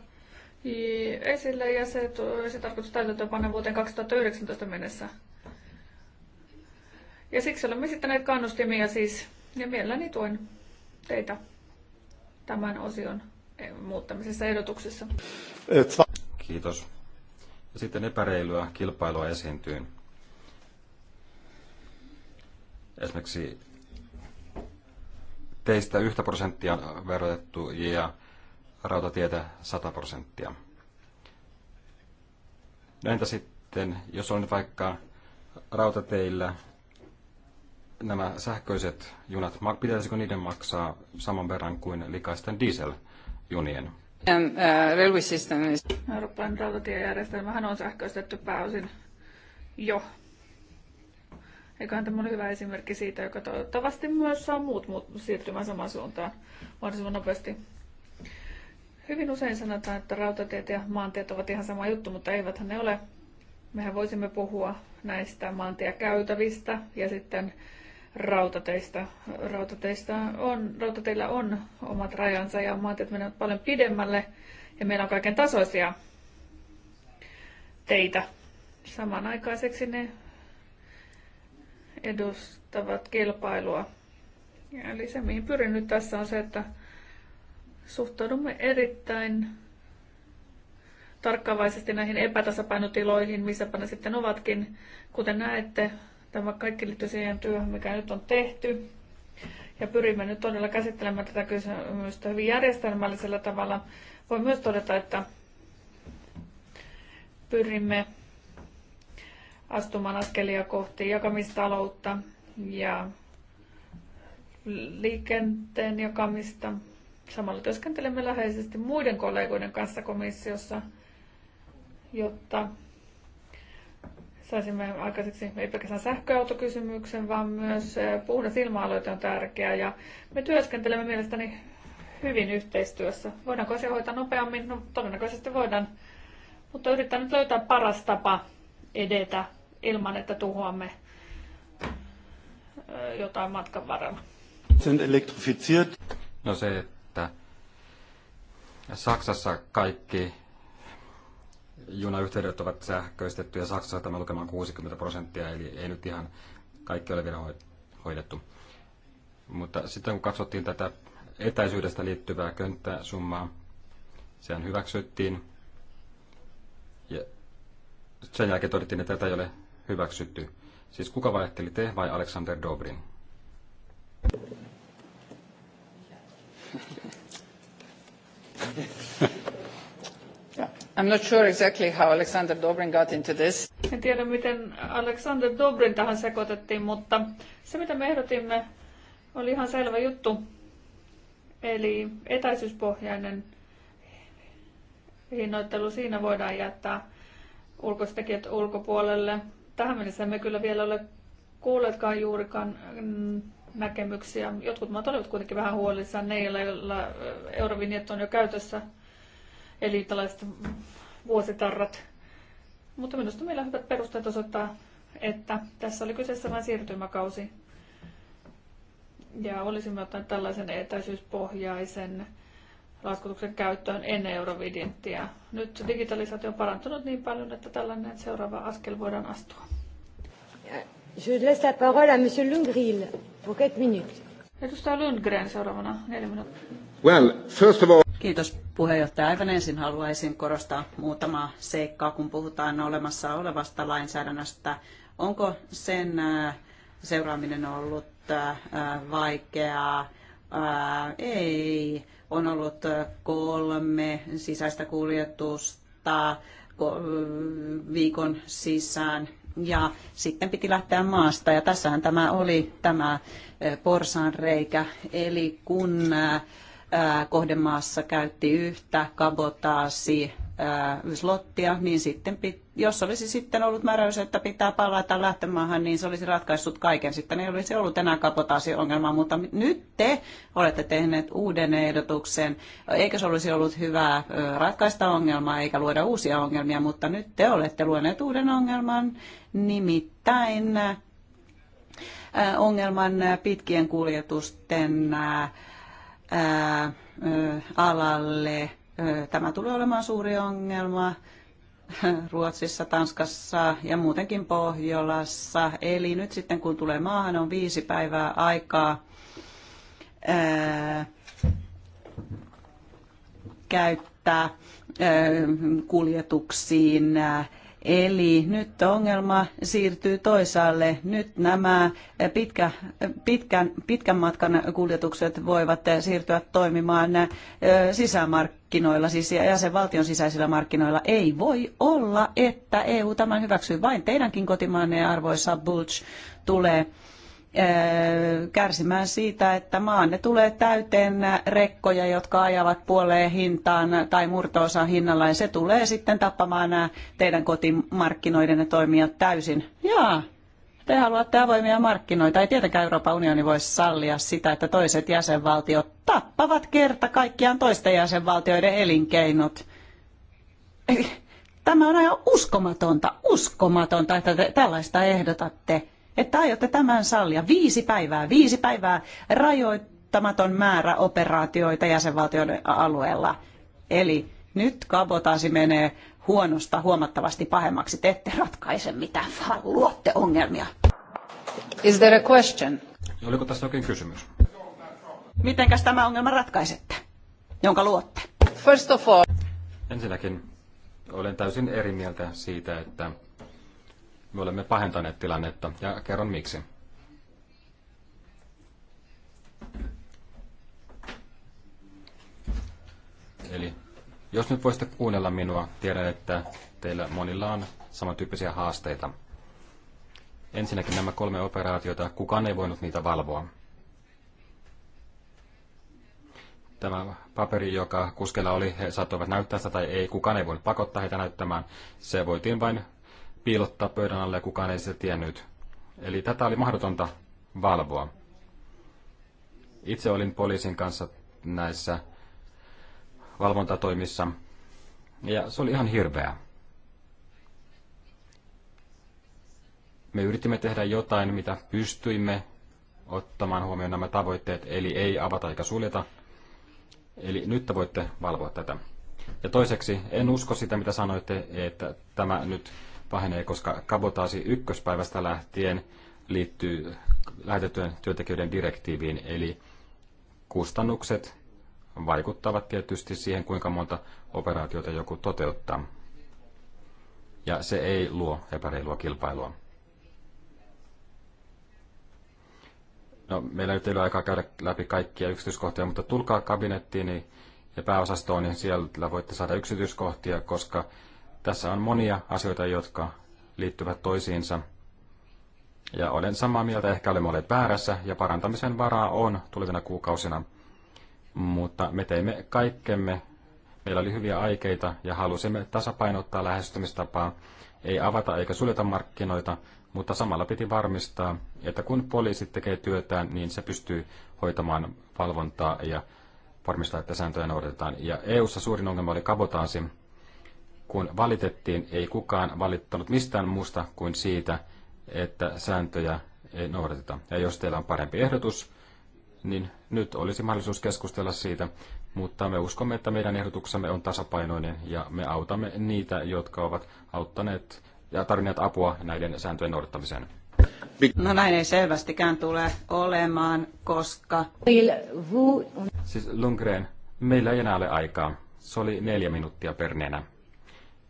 esille ja se, se tarkoitus panna vuoteen 2019 mennessä. Ja siksi olemme esittäneet kannustimia siis, ja mielelläni tuen teitä tämän osion eh, muuttamisessa ehdotuksessa. Kiitos. Ja sitten epäreilyä kilpailua esiintyy. Esimerkiksi teistä yhtä prosenttia verotettu ja rautatietä 100 prosenttia. No entä sitten, jos on vaikka rautateillä nämä sähköiset junat, pitäisikö niiden maksaa saman verran kuin likaisten dieseljunien? Um, uh, Euroopan rautatiejärjestelmähän on sähköistetty pääosin jo Eiköhän tämä ole hyvä esimerkki siitä, joka toivottavasti myös saa muut, muut siirtymään samaan suuntaan mahdollisimman nopeasti. Hyvin usein sanotaan, että rautatiet ja maantiet ovat ihan sama juttu, mutta eiväthän ne ole. Mehän voisimme puhua näistä maantiekäytävistä ja sitten rautateista. rautateista on, rautateillä on omat rajansa ja maantiet menevät paljon pidemmälle ja meillä on kaiken tasoisia teitä. Samanaikaiseksi ne edustavat kilpailua. Eli se, mihin pyrin nyt tässä on se, että suhtaudumme erittäin tarkkaavaisesti näihin epätasapainotiloihin, missäpä ne sitten ovatkin. Kuten näette, tämä kaikki liittyy siihen työhön, mikä nyt on tehty. Ja pyrimme nyt todella käsittelemään tätä kysymystä hyvin järjestelmällisellä tavalla. Voi myös todeta, että pyrimme astumaan askelia kohti jakamistaloutta ja liikenteen jakamista. Samalla työskentelemme läheisesti muiden kollegoiden kanssa komissiossa, jotta saisimme aikaiseksi ei pelkästään sähköautokysymyksen, vaan myös eh, puhdas ilma on tärkeä. Ja me työskentelemme mielestäni hyvin yhteistyössä. Voidaanko se hoitaa nopeammin? No, todennäköisesti voidaan. Mutta yritetään nyt löytää paras tapa edetä ilman, että tuhoamme jotain matkan varrella. No se, että Saksassa kaikki junayhteydet ovat sähköistetty ja Saksassa tämä lukemaan 60 prosenttia, eli ei nyt ihan kaikki ole vielä hoidettu. Mutta sitten kun katsottiin tätä etäisyydestä liittyvää könttäsummaa, sehän hyväksyttiin. Ja sen jälkeen todettiin, että tätä ei ole hyväksytty. Siis kuka vaihteli, te vai Alexander Dobrin? I'm not sure exactly how Alexander Dobrin got into this. En tiedä, miten Alexander Dobrin tähän sekoitettiin, mutta se, mitä me ehdotimme, oli ihan selvä juttu. Eli etäisyyspohjainen hinnoittelu, siinä voidaan jättää ulkoistekijät ulkopuolelle. Tähän mennessä me kyllä vielä ole kuulleetkaan juurikaan mm, näkemyksiä. Jotkut maat olivat kuitenkin vähän huolissaan ne, joilla eurovinjet on jo käytössä, eli tällaiset vuositarrat. Mutta minusta meillä on hyvät perusteet osoittaa, että tässä oli kyseessä vain siirtymäkausi. Ja olisimme ottaneet tällaisen etäisyyspohjaisen laskutuksen käyttöön ennen eurovidenttiä. Nyt digitalisaatio on parantunut niin paljon, että tällainen seuraava askel voidaan astua. Je laisse la parole à M. Lundgren pour 4 minutes. Edustaja Lundgren seuraavana, 4 minuuttia. Well, first of all... Kiitos puheenjohtaja. Aivan ensin haluaisin korostaa muutamaa seikkaa, kun puhutaan olemassa olevasta lainsäädännöstä. Onko sen äh, seuraaminen ollut äh, vaikeaa? Äh, ei. On ollut kolme sisäistä kuljetusta viikon sisään ja sitten piti lähteä maasta. Ja tässähän tämä oli tämä porsanreikä, eli kun kohdemaassa käytti yhtä kabotaasi slottia, niin sitten piti jos olisi sitten ollut määräys, että pitää palata lähtömaahan, niin se olisi ratkaissut kaiken. Sitten ei olisi ollut enää kapotaasiongelmaa, mutta nyt te olette tehneet uuden ehdotuksen. Eikö se olisi ollut hyvää ratkaista ongelmaa eikä luoda uusia ongelmia, mutta nyt te olette luoneet uuden ongelman, nimittäin ongelman pitkien kuljetusten alalle. Tämä tulee olemaan suuri ongelma Ruotsissa, Tanskassa ja muutenkin Pohjolassa. Eli nyt sitten kun tulee maahan on viisi päivää aikaa ää, käyttää ää, kuljetuksiin, ää, Eli nyt ongelma siirtyy toisaalle. Nyt nämä pitkä, pitkän, pitkän matkan kuljetukset voivat siirtyä toimimaan sisämarkkinoilla, siis jäsenvaltion sisäisillä markkinoilla. Ei voi olla, että EU tämän hyväksyy. Vain teidänkin kotimaanne arvoisa Bulch tulee Äh, kärsimään siitä, että maanne tulee täyteen rekkoja, jotka ajavat puoleen hintaan tai murtoosa hinnalla, ja se tulee sitten tappamaan nämä äh, teidän kotimarkkinoiden ja toimijat täysin. Jaa, te haluatte avoimia markkinoita. Ei tietenkään Euroopan unioni voisi sallia sitä, että toiset jäsenvaltiot tappavat kerta kaikkiaan toisten jäsenvaltioiden elinkeinot. tämä on aivan uskomatonta, uskomatonta, että te tällaista ehdotatte että aiotte tämän sallia. Viisi päivää, viisi päivää rajoittamaton määrä operaatioita jäsenvaltioiden alueella. Eli nyt kabotaasi menee huonosta huomattavasti pahemmaksi. Te ette ratkaise mitään, vaan luotte ongelmia. Is there a question? Oliko tässä jokin kysymys? Mitenkäs tämä ongelma ratkaisette, jonka luotte? First of all. Ensinnäkin olen täysin eri mieltä siitä, että me olemme pahentaneet tilannetta ja kerron miksi. Eli jos nyt voisitte kuunnella minua, tiedän, että teillä monilla on samantyyppisiä haasteita. Ensinnäkin nämä kolme operaatiota, kukaan ei voinut niitä valvoa. Tämä paperi, joka kuskella oli, he saattoivat näyttää sitä tai ei, kukaan ei voinut pakottaa heitä näyttämään. Se voitiin vain piilottaa pöydän alle ja kukaan ei sitä tiennyt. Eli tätä oli mahdotonta valvoa. Itse olin poliisin kanssa näissä valvontatoimissa ja se oli ihan hirveää. Me yritimme tehdä jotain, mitä pystyimme ottamaan huomioon nämä tavoitteet, eli ei avata eikä suljeta. Eli nyt te voitte valvoa tätä. Ja toiseksi, en usko sitä, mitä sanoitte, että tämä nyt pahenee, koska kabotaasi ykköspäivästä lähtien liittyy lähetettyjen työntekijöiden direktiiviin, eli kustannukset vaikuttavat tietysti siihen, kuinka monta operaatiota joku toteuttaa. Ja se ei luo epäreilua kilpailua. No, meillä nyt ei ole aikaa käydä läpi kaikkia yksityiskohtia, mutta tulkaa kabinettiin ja pääosastoon, niin siellä voitte saada yksityiskohtia, koska tässä on monia asioita, jotka liittyvät toisiinsa. Ja olen samaa mieltä, ehkä olemme olleet väärässä ja parantamisen varaa on tulevina kuukausina. Mutta me teimme kaikkemme. Meillä oli hyviä aikeita ja halusimme tasapainottaa lähestymistapaa. Ei avata eikä suljeta markkinoita, mutta samalla piti varmistaa, että kun poliisi tekee työtään, niin se pystyy hoitamaan valvontaa ja varmistaa, että sääntöjä noudatetaan. Ja EU-ssa suurin ongelma oli kabotaasi, kun valitettiin, ei kukaan valittanut mistään muusta kuin siitä, että sääntöjä ei noudateta. Ja jos teillä on parempi ehdotus, niin nyt olisi mahdollisuus keskustella siitä, mutta me uskomme, että meidän ehdotuksemme on tasapainoinen ja me autamme niitä, jotka ovat auttaneet ja tarvinneet apua näiden sääntöjen noudattamiseen. No näin ei selvästikään tule olemaan, koska... Siis Lundgren, meillä ei enää ole aikaa. Se oli neljä minuuttia per nenä.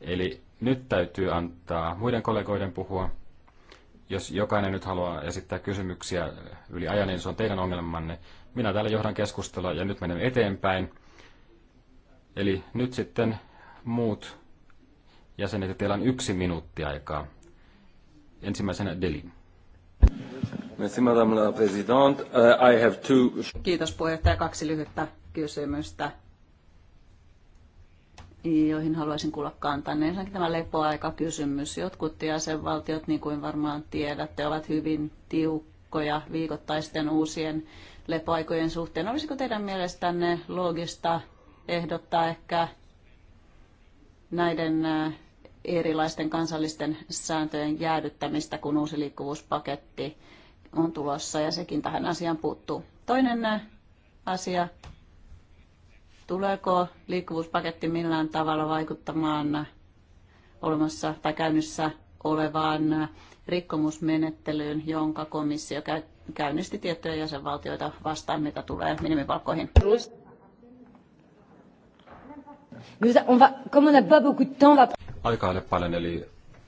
Eli nyt täytyy antaa muiden kollegoiden puhua. Jos jokainen nyt haluaa esittää kysymyksiä yli ajan, niin se on teidän ongelmanne. Minä täällä johdan keskustelua ja nyt menemme eteenpäin. Eli nyt sitten muut jäsenet, että teillä on yksi minuutti aikaa. Ensimmäisenä Deli. Merci, madame la présidente. Uh, I have two... Kiitos puheenjohtaja. Kaksi lyhyttä kysymystä joihin haluaisin kuulla kantanne. Ensinnäkin tämä lepoaikakysymys. Jotkut jäsenvaltiot, niin kuin varmaan tiedätte, ovat hyvin tiukkoja viikoittaisten uusien lepoaikojen suhteen. Olisiko teidän mielestänne loogista ehdottaa ehkä näiden erilaisten kansallisten sääntöjen jäädyttämistä, kun uusi liikkuvuuspaketti on tulossa ja sekin tähän asiaan puuttuu. Toinen asia tuleeko liikkuvuuspaketti millään tavalla vaikuttamaan olemassa tai käynnissä olevaan rikkomusmenettelyyn, jonka komissio käynnisti tiettyjä jäsenvaltioita vastaan, mitä tulee minimipalkkoihin. Aika ei ole paljon, eli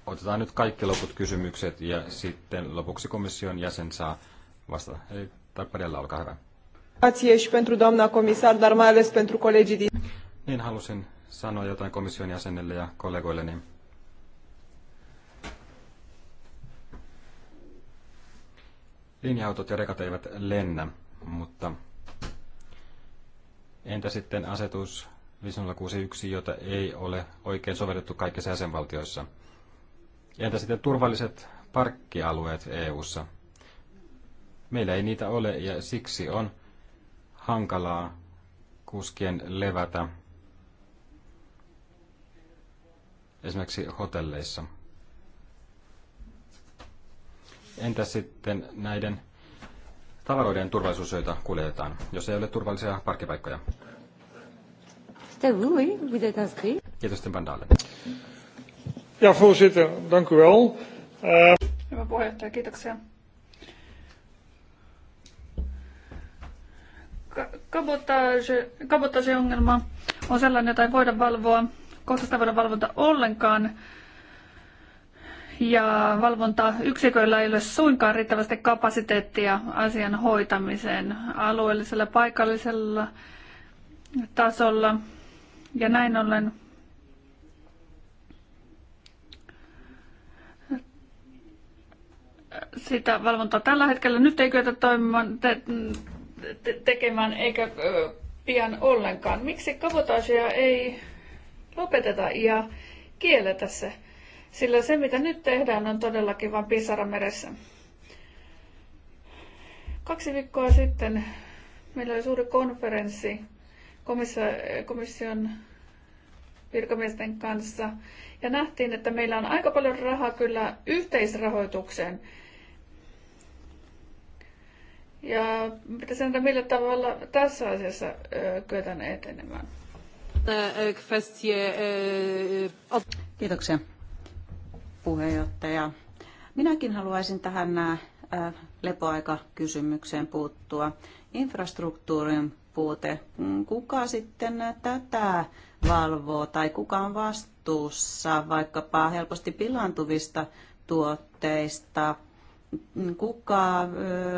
otetaan nyt kaikki loput kysymykset ja sitten lopuksi komission jäsen saa vastata. Eli Tapparella, olkaa hyvä și pentru doamna comisar, dar mai ales pentru colegii din... Niin halusin sanoa jotain komission jäsenelle ja kollegoilleni. Linja-autot ja rekat eivät lennä, mutta entä sitten asetus 5061, jota ei ole oikein sovellettu kaikissa jäsenvaltioissa? Entä sitten turvalliset parkkialueet EU:ssa? Meillä ei niitä ole ja siksi on hankalaa kuskien levätä esimerkiksi hotelleissa. Entä sitten näiden tavaroiden turvallisuus, joita kuljetetaan, jos ei ole turvallisia parkkipaikkoja? Kiitos, Tim Van Ja, voorzitter, dank u wel. Uh... Hyvä puheenjohtaja, kiitoksia. kabotaasi-ongelma on sellainen, jota ei voida valvoa, kohta sitä voida valvota ollenkaan. Ja valvonta yksiköillä ei ole suinkaan riittävästi kapasiteettia asian hoitamiseen alueellisella, paikallisella tasolla. Ja näin ollen sitä valvontaa tällä hetkellä nyt ei kyetä toimimaan, te, te- tekemään eikä pian ollenkaan. Miksi kavotaisia ei lopeteta ja kielletä se? Sillä se, mitä nyt tehdään, on todellakin vain pisara meressä. Kaksi viikkoa sitten meillä oli suuri konferenssi komission virkamiesten kanssa ja nähtiin, että meillä on aika paljon rahaa kyllä yhteisrahoitukseen – ja pitäisi nähdä, millä tavalla tässä asiassa kyetään etenemään. E, e, e, Kiitoksia puheenjohtaja. Minäkin haluaisin tähän nämä lepoaikakysymykseen puuttua. Infrastruktuurin puute. Mm, kuka sitten tätä valvoo tai kuka on vastuussa vaikkapa helposti pilantuvista tuotteista, kuka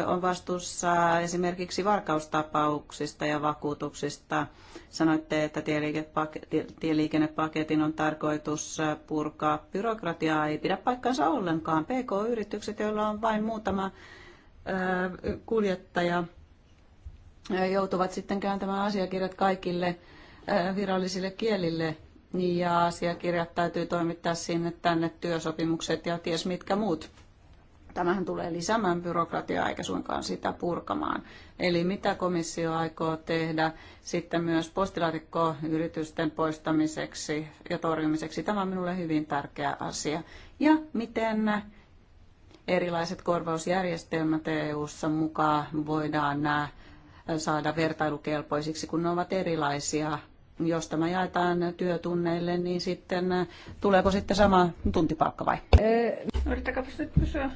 on vastuussa esimerkiksi varkaustapauksista ja vakuutuksista. Sanoitte, että tieliikennepaketin on tarkoitus purkaa byrokratiaa. Ei pidä paikkansa ollenkaan. PK-yritykset, joilla on vain muutama kuljettaja, joutuvat sitten kääntämään asiakirjat kaikille virallisille kielille ja asiakirjat täytyy toimittaa sinne tänne työsopimukset ja ties mitkä muut tämähän tulee lisäämään byrokratiaa eikä suinkaan sitä purkamaan. Eli mitä komissio aikoo tehdä sitten myös postilaatikkoyritysten poistamiseksi ja torjumiseksi? Tämä on minulle hyvin tärkeä asia. Ja miten erilaiset korvausjärjestelmät EU-ssa mukaan voidaan nämä saada vertailukelpoisiksi, kun ne ovat erilaisia jos tämä jaetaan työtunneille, niin sitten tuleeko sitten sama tuntipalkka vai? Yrittäkääpä nyt pysyä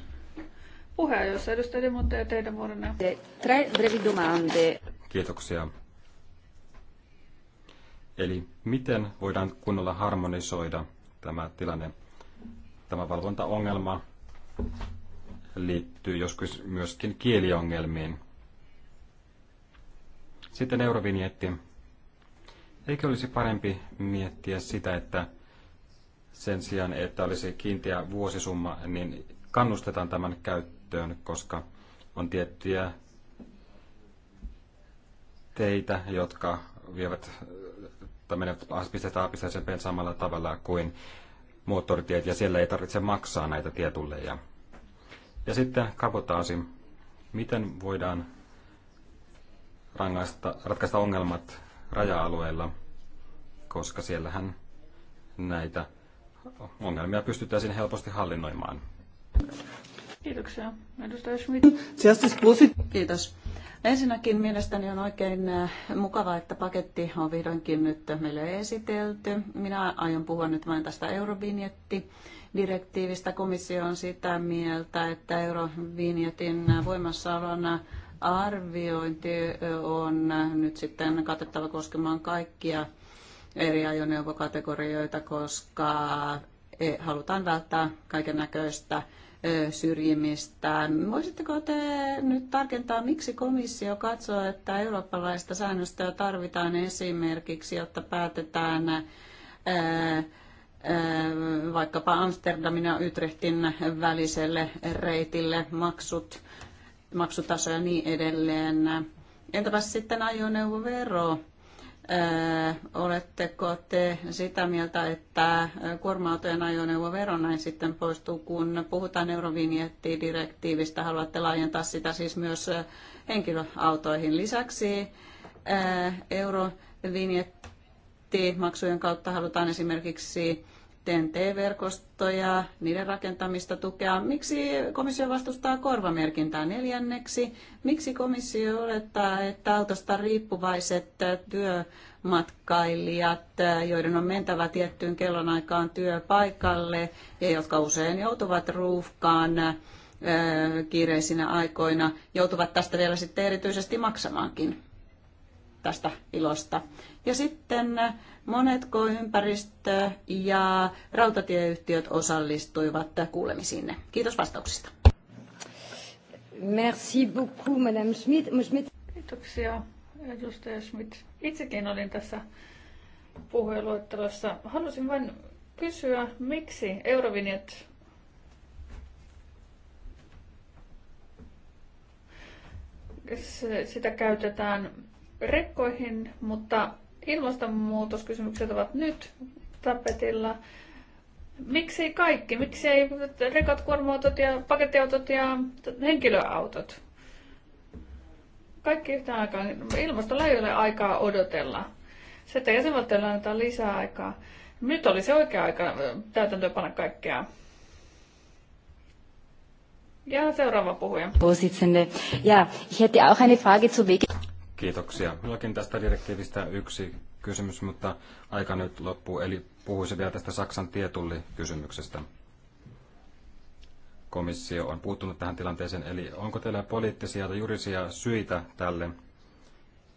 puheenjohtaja, edustaja Dimonte ja teidän vuoronne. Tre brevi domande. Kiitoksia. Eli miten voidaan kunnolla harmonisoida tämä tilanne? Tämä valvontaongelma liittyy joskus myöskin kieliongelmiin. Sitten Eurovinietti. Eikö olisi parempi miettiä sitä, että sen sijaan, että olisi kiinteä vuosisumma, niin kannustetaan tämän käyttöön? käyttöön, koska on tiettyjä teitä, jotka vievät tai menevät pisteestä A pisteeseen B samalla tavalla kuin moottoritiet, ja siellä ei tarvitse maksaa näitä tietulleja. Ja sitten kabotaasi. Miten voidaan rangaista, ratkaista ongelmat raja-alueilla, koska siellähän näitä ongelmia pystytään helposti hallinnoimaan. Kiitoksia. Edustaja Schmidt. Kiitos. Ensinnäkin mielestäni on oikein äh, mukavaa, että paketti on vihdoinkin nyt meille esitelty. Minä aion puhua nyt vain tästä eurovinjetti direktiivistä. Komissio on sitä mieltä, että eurovinjetin voimassaolon arviointi on äh, nyt sitten katettava koskemaan kaikkia eri ajoneuvokategorioita, koska e, halutaan välttää kaiken näköistä syrjimistään. Voisitteko te nyt tarkentaa, miksi komissio katsoo, että eurooppalaista säännöstöä tarvitaan esimerkiksi, jotta päätetään vaikkapa Amsterdamin ja Utrechtin väliselle reitille maksut, maksutaso ja niin edelleen. Entäpä sitten ajoneuvovero? oletteko te sitä mieltä, että kuorma-autojen ajoneuvovero näin sitten poistuu, kun puhutaan eurovinjettidirektiivistä, haluatte laajentaa sitä siis myös henkilöautoihin lisäksi. Eurovinjettimaksujen kautta halutaan esimerkiksi TNT-verkostoja, niiden rakentamista tukea. Miksi komissio vastustaa korvamerkintää neljänneksi? Miksi komissio olettaa, että autosta riippuvaiset työmatkailijat, joiden on mentävä tiettyyn kellonaikaan työpaikalle ja jotka usein joutuvat ruuhkaan kiireisinä aikoina, joutuvat tästä vielä sitten erityisesti maksamaankin tästä ilosta. Ja sitten Monetko ympäristö- ja rautatieyhtiöt osallistuivat kuulemisiinne? Kiitos vastauksista. Merci beaucoup, Madame Schmidt. Schmidt. Kiitoksia, edustaja Schmidt. Itsekin olin tässä puheenluettelossa. Halusin vain kysyä, miksi Eurovinjet sitä käytetään rekkoihin, mutta Ilmastonmuutoskysymykset ovat nyt tapetilla. Miksi kaikki? Miksi ei rekat, kuorma-autot ja pakettiautot ja henkilöautot? Kaikki yhtä aikaa. Ilmastolla ei ole aikaa odotella. Se, että jäsenvaltioille annetaan lisää aikaa. Nyt oli se oikea aika täytäntöönpanna kaikkea. Ja seuraava puhuja. Ja, ich hätte auch eine Frage zu Wege. Kiitoksia. Minullakin tästä direktiivistä yksi kysymys, mutta aika nyt loppuu. Eli puhuisin vielä tästä Saksan tietullikysymyksestä. Komissio on puuttunut tähän tilanteeseen, eli onko teillä poliittisia tai juridisia syitä tälle,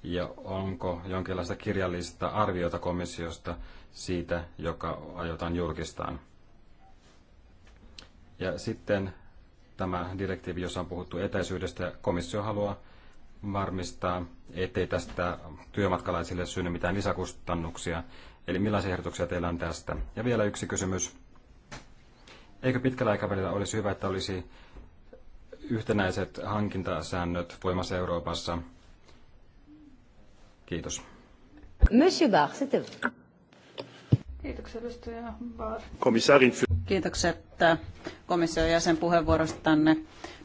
ja onko jonkinlaista kirjallista arviota komissiosta siitä, joka aiotaan julkistaan? Ja sitten tämä direktiivi, jossa on puhuttu etäisyydestä, komissio haluaa varmistaa, ettei tästä työmatkalaisille synny mitään lisäkustannuksia? Eli millaisia ehdotuksia teillä on tästä? Ja vielä yksi kysymys. Eikö pitkällä aikavälillä olisi hyvä, että olisi yhtenäiset hankintasäännöt voimassa Euroopassa? Kiitos. Monsieur Bar, c'est vous. Kiitoksia edustaja Bar. Kiitokset äh, komission jäsen puheenvuorostanne.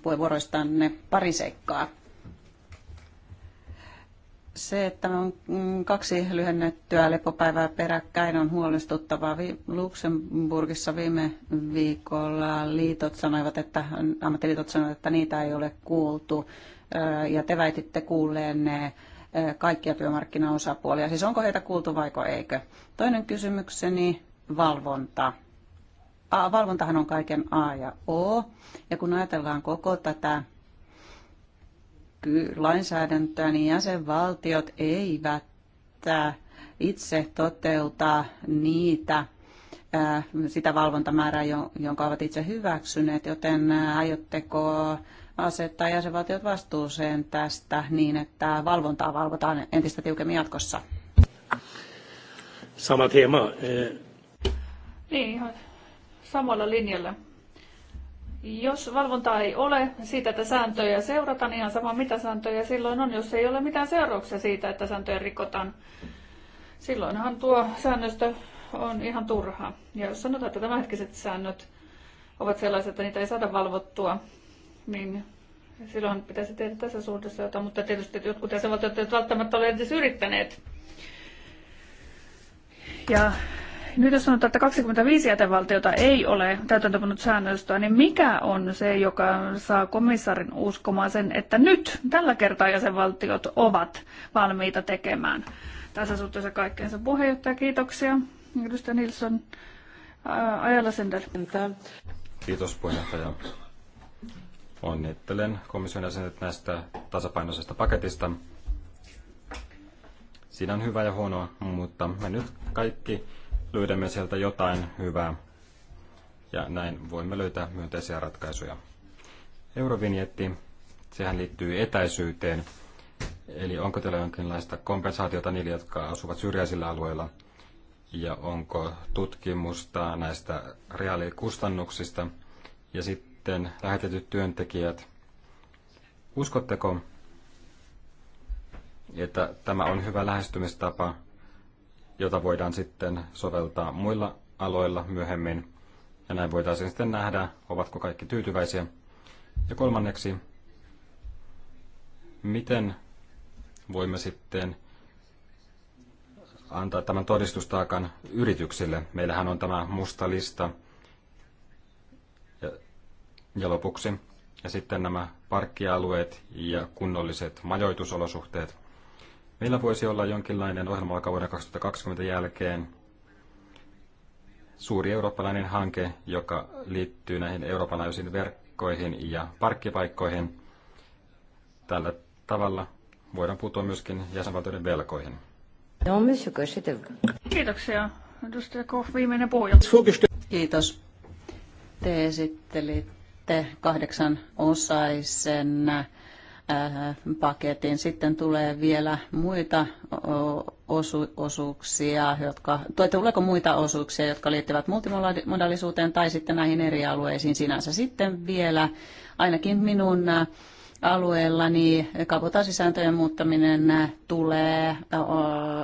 puheenvuoroistanne. Pari seikkaa se, että on mm, kaksi lyhennettyä lepopäivää peräkkäin, on huolestuttavaa. Luxemburgissa viime viikolla liitot sanoivat, että, ammattiliitot sanoivat, että niitä ei ole kuultu. Ja te väititte ne kaikkia työmarkkinaosapuolia. Siis onko heitä kuultu vai eikö? Toinen kysymykseni, valvonta. Valvontahan on kaiken A ja O. Ja kun ajatellaan koko tätä lainsäädäntöä, niin jäsenvaltiot eivät äh, itse toteuta niitä äh, sitä valvontamäärää, jonka ovat itse hyväksyneet, joten äh, aiotteko asettaa jäsenvaltiot vastuuseen tästä niin, että valvontaa valvotaan entistä tiukemmin jatkossa? Sama teema. Eh. Niin, ihan samalla linjalla. Jos valvontaa ei ole siitä, että sääntöjä seurataan, ihan sama mitä sääntöjä silloin on, jos ei ole mitään seurauksia siitä, että sääntöjä rikotaan, silloinhan tuo säännöstö on ihan turha. Ja jos sanotaan, että tämänhetkiset säännöt ovat sellaiset, että niitä ei saada valvottua, niin silloin pitäisi tehdä tässä suhteessa jotain, mutta tietysti jotkut jäsenvaltiot eivät välttämättä ole edes yrittäneet. Ja nyt jos sanotaan, että 25 jätevaltiota ei ole täytäntöpannut säännöstöä, niin mikä on se, joka saa komissarin uskomaan sen, että nyt tällä kertaa jäsenvaltiot ovat valmiita tekemään tässä suhteessa kaikkeensa. Puheenjohtaja, kiitoksia. Edustaja Nilsson, Ajala Sender. Kiitos puheenjohtaja. Onnittelen komission jäsenet näistä tasapainoisesta paketista. Siinä on hyvä ja huonoa, mutta me nyt kaikki löydämme sieltä jotain hyvää ja näin voimme löytää myönteisiä ratkaisuja. Eurovinjetti, sehän liittyy etäisyyteen, eli onko teillä jonkinlaista kompensaatiota niille, jotka asuvat syrjäisillä alueilla, ja onko tutkimusta näistä reaalikustannuksista, ja sitten lähetetyt työntekijät. Uskotteko, että tämä on hyvä lähestymistapa jota voidaan sitten soveltaa muilla aloilla myöhemmin. Ja näin voitaisiin sitten nähdä, ovatko kaikki tyytyväisiä. Ja kolmanneksi, miten voimme sitten antaa tämän todistustaakan yrityksille. Meillähän on tämä musta lista. Ja, ja lopuksi, ja sitten nämä parkkialueet ja kunnolliset majoitusolosuhteet. Meillä voisi olla jonkinlainen ohjelma vuoden 2020 jälkeen, suuri eurooppalainen hanke, joka liittyy näihin eurooppalaisiin verkkoihin ja parkkipaikkoihin. Tällä tavalla voidaan puuttua myöskin jäsenvaltioiden velkoihin. Kiitoksia. Edustaja Koff, viimeinen puhuja. Kiitos. Te esittelitte kahdeksan osaisen Äh, paketin. Sitten tulee vielä muita osu- osuuksia, jotka, tai tuleeko muita osuuksia, jotka liittyvät multimodallisuuteen tai sitten näihin eri alueisiin sinänsä. Sitten vielä ainakin minun äh, alueellani kabotaasisääntöjen muuttaminen äh, tulee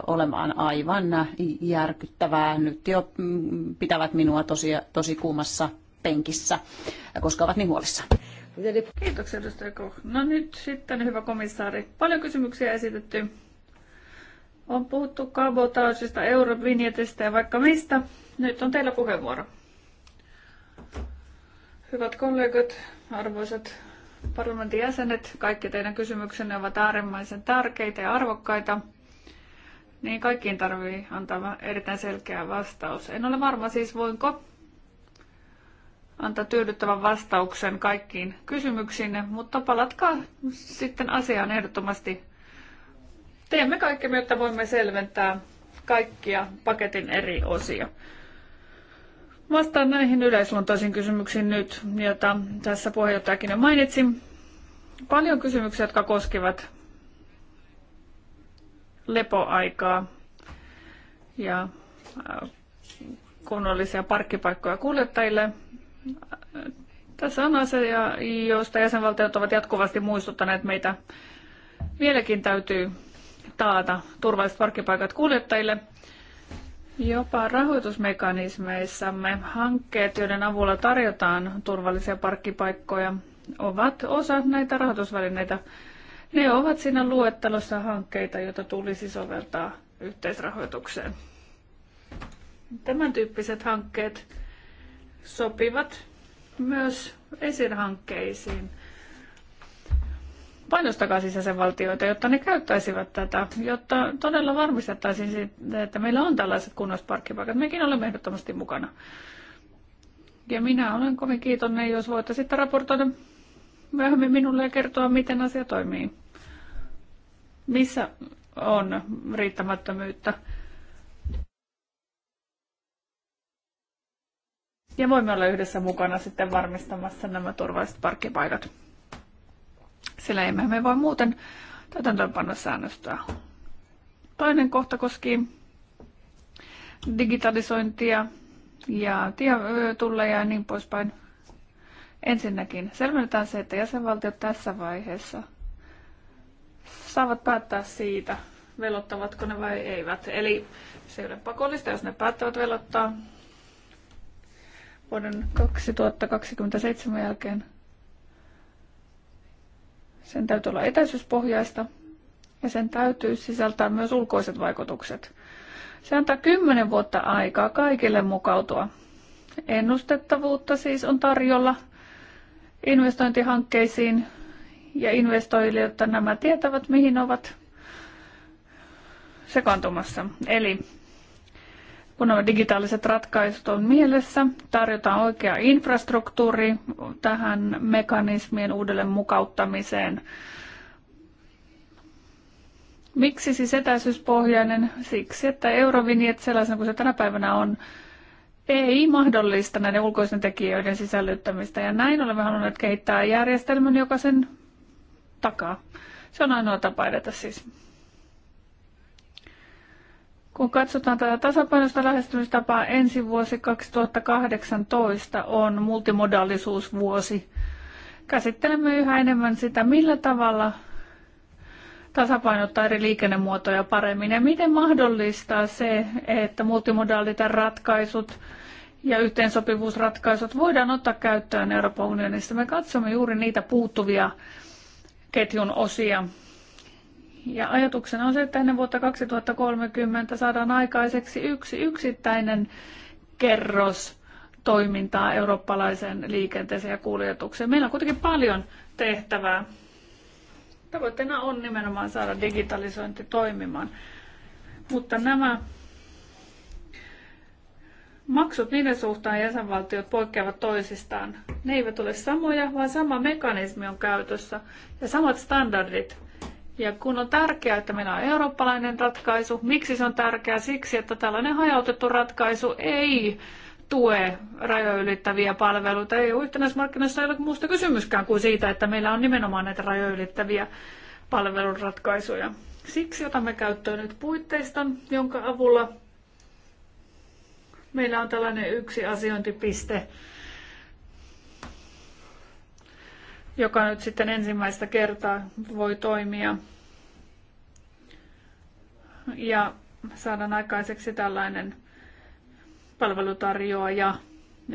olemaan aivan järkyttävää. Nyt jo mm, pitävät minua tosi, tosi kuumassa penkissä, koska ovat niin huolissaan. Kiitoksia edustaja Koch. No nyt sitten hyvä komissaari. Paljon kysymyksiä esitetty. On puhuttu kabotaasista, eurovinjetistä ja vaikka mistä. Nyt on teillä puheenvuoro. Hyvät kollegat, arvoisat parlamentin jäsenet, kaikki teidän kysymyksenne ovat äärimmäisen tärkeitä ja arvokkaita. Niin kaikkiin tarvii antaa erittäin selkeä vastaus. En ole varma siis, voinko antaa tyydyttävän vastauksen kaikkiin kysymyksiin, mutta palatkaa sitten asiaan ehdottomasti. Teemme kaikki, jotta voimme selventää kaikkia paketin eri osia. Vastaan näihin yleisluontoisiin kysymyksiin nyt, joita tässä puheenjohtajakin jo mainitsin. Paljon kysymyksiä, jotka koskivat lepoaikaa ja äh, kunnollisia parkkipaikkoja kuljettajille. Tässä on asia, josta jäsenvaltiot ovat jatkuvasti muistuttaneet meitä. Vieläkin täytyy taata turvalliset parkkipaikat kuljettajille. Jopa rahoitusmekanismeissamme hankkeet, joiden avulla tarjotaan turvallisia parkkipaikkoja, ovat osa näitä rahoitusvälineitä. Ne ovat siinä luettelossa hankkeita, joita tulisi soveltaa yhteisrahoitukseen. Tämän tyyppiset hankkeet sopivat myös esirhankkeisiin. Painostakaa siis jotta ne käyttäisivät tätä, jotta todella varmistettaisiin että meillä on tällaiset kunnosparkkipaikat. Mekin olemme ehdottomasti mukana. Ja minä olen kovin kiitollinen, jos voitte sitten raportoida myöhemmin minulle ja kertoa, miten asia toimii. Missä on riittämättömyyttä? Ja voimme olla yhdessä mukana sitten varmistamassa nämä turvalliset parkkipaikat. Sillä emme me voi muuten täytäntöönpanna säännöstöä. Toinen kohta koski digitalisointia ja tietulleja ja niin poispäin. Ensinnäkin selvennetään se, että jäsenvaltiot tässä vaiheessa saavat päättää siitä, velottavatko ne vai eivät. Eli se ei ole pakollista, jos ne päättävät velottaa, vuoden 2027 jälkeen. Sen täytyy olla etäisyyspohjaista ja sen täytyy sisältää myös ulkoiset vaikutukset. Se antaa kymmenen vuotta aikaa kaikille mukautua. Ennustettavuutta siis on tarjolla investointihankkeisiin ja investoijille, jotta nämä tietävät, mihin ovat sekaantumassa. Eli kun nämä digitaaliset ratkaisut on mielessä, tarjotaan oikea infrastruktuuri tähän mekanismien uudelleen mukauttamiseen. Miksi siis etäisyyspohjainen? Siksi, että Eurovinjet sellaisena kuin se tänä päivänä on, ei mahdollista näiden ulkoisten tekijöiden sisällyttämistä. Ja näin olemme halunneet kehittää järjestelmän, joka sen takaa. Se on ainoa tapa edetä siis. Kun katsotaan tätä tasapainosta lähestymistapaa, ensi vuosi 2018 on multimodaalisuusvuosi. Käsittelemme yhä enemmän sitä, millä tavalla tasapainottaa eri liikennemuotoja paremmin ja miten mahdollistaa se, että multimodaaliset ratkaisut ja yhteensopivuusratkaisut voidaan ottaa käyttöön Euroopan unionissa. Me katsomme juuri niitä puuttuvia ketjun osia ja ajatuksena on se, että ennen vuotta 2030 saadaan aikaiseksi yksi yksittäinen kerros toimintaa eurooppalaisen liikenteeseen ja kuljetukseen. Meillä on kuitenkin paljon tehtävää. Tavoitteena on nimenomaan saada digitalisointi toimimaan. Mutta nämä maksut niiden suhtaan jäsenvaltiot poikkeavat toisistaan. Ne eivät ole samoja, vaan sama mekanismi on käytössä ja samat standardit. Ja kun on tärkeää, että meillä on eurooppalainen ratkaisu, miksi se on tärkeää? Siksi, että tällainen hajautettu ratkaisu ei tue rajoja ylittäviä palveluita. Ei yhtenäismarkkinassa ei ole muusta kysymyskään kuin siitä, että meillä on nimenomaan näitä rajoja ylittäviä palveluratkaisuja. Siksi otamme käyttöön nyt puitteiston, jonka avulla meillä on tällainen yksi asiointipiste, joka nyt sitten ensimmäistä kertaa voi toimia ja saadaan aikaiseksi tällainen palvelutarjoaja,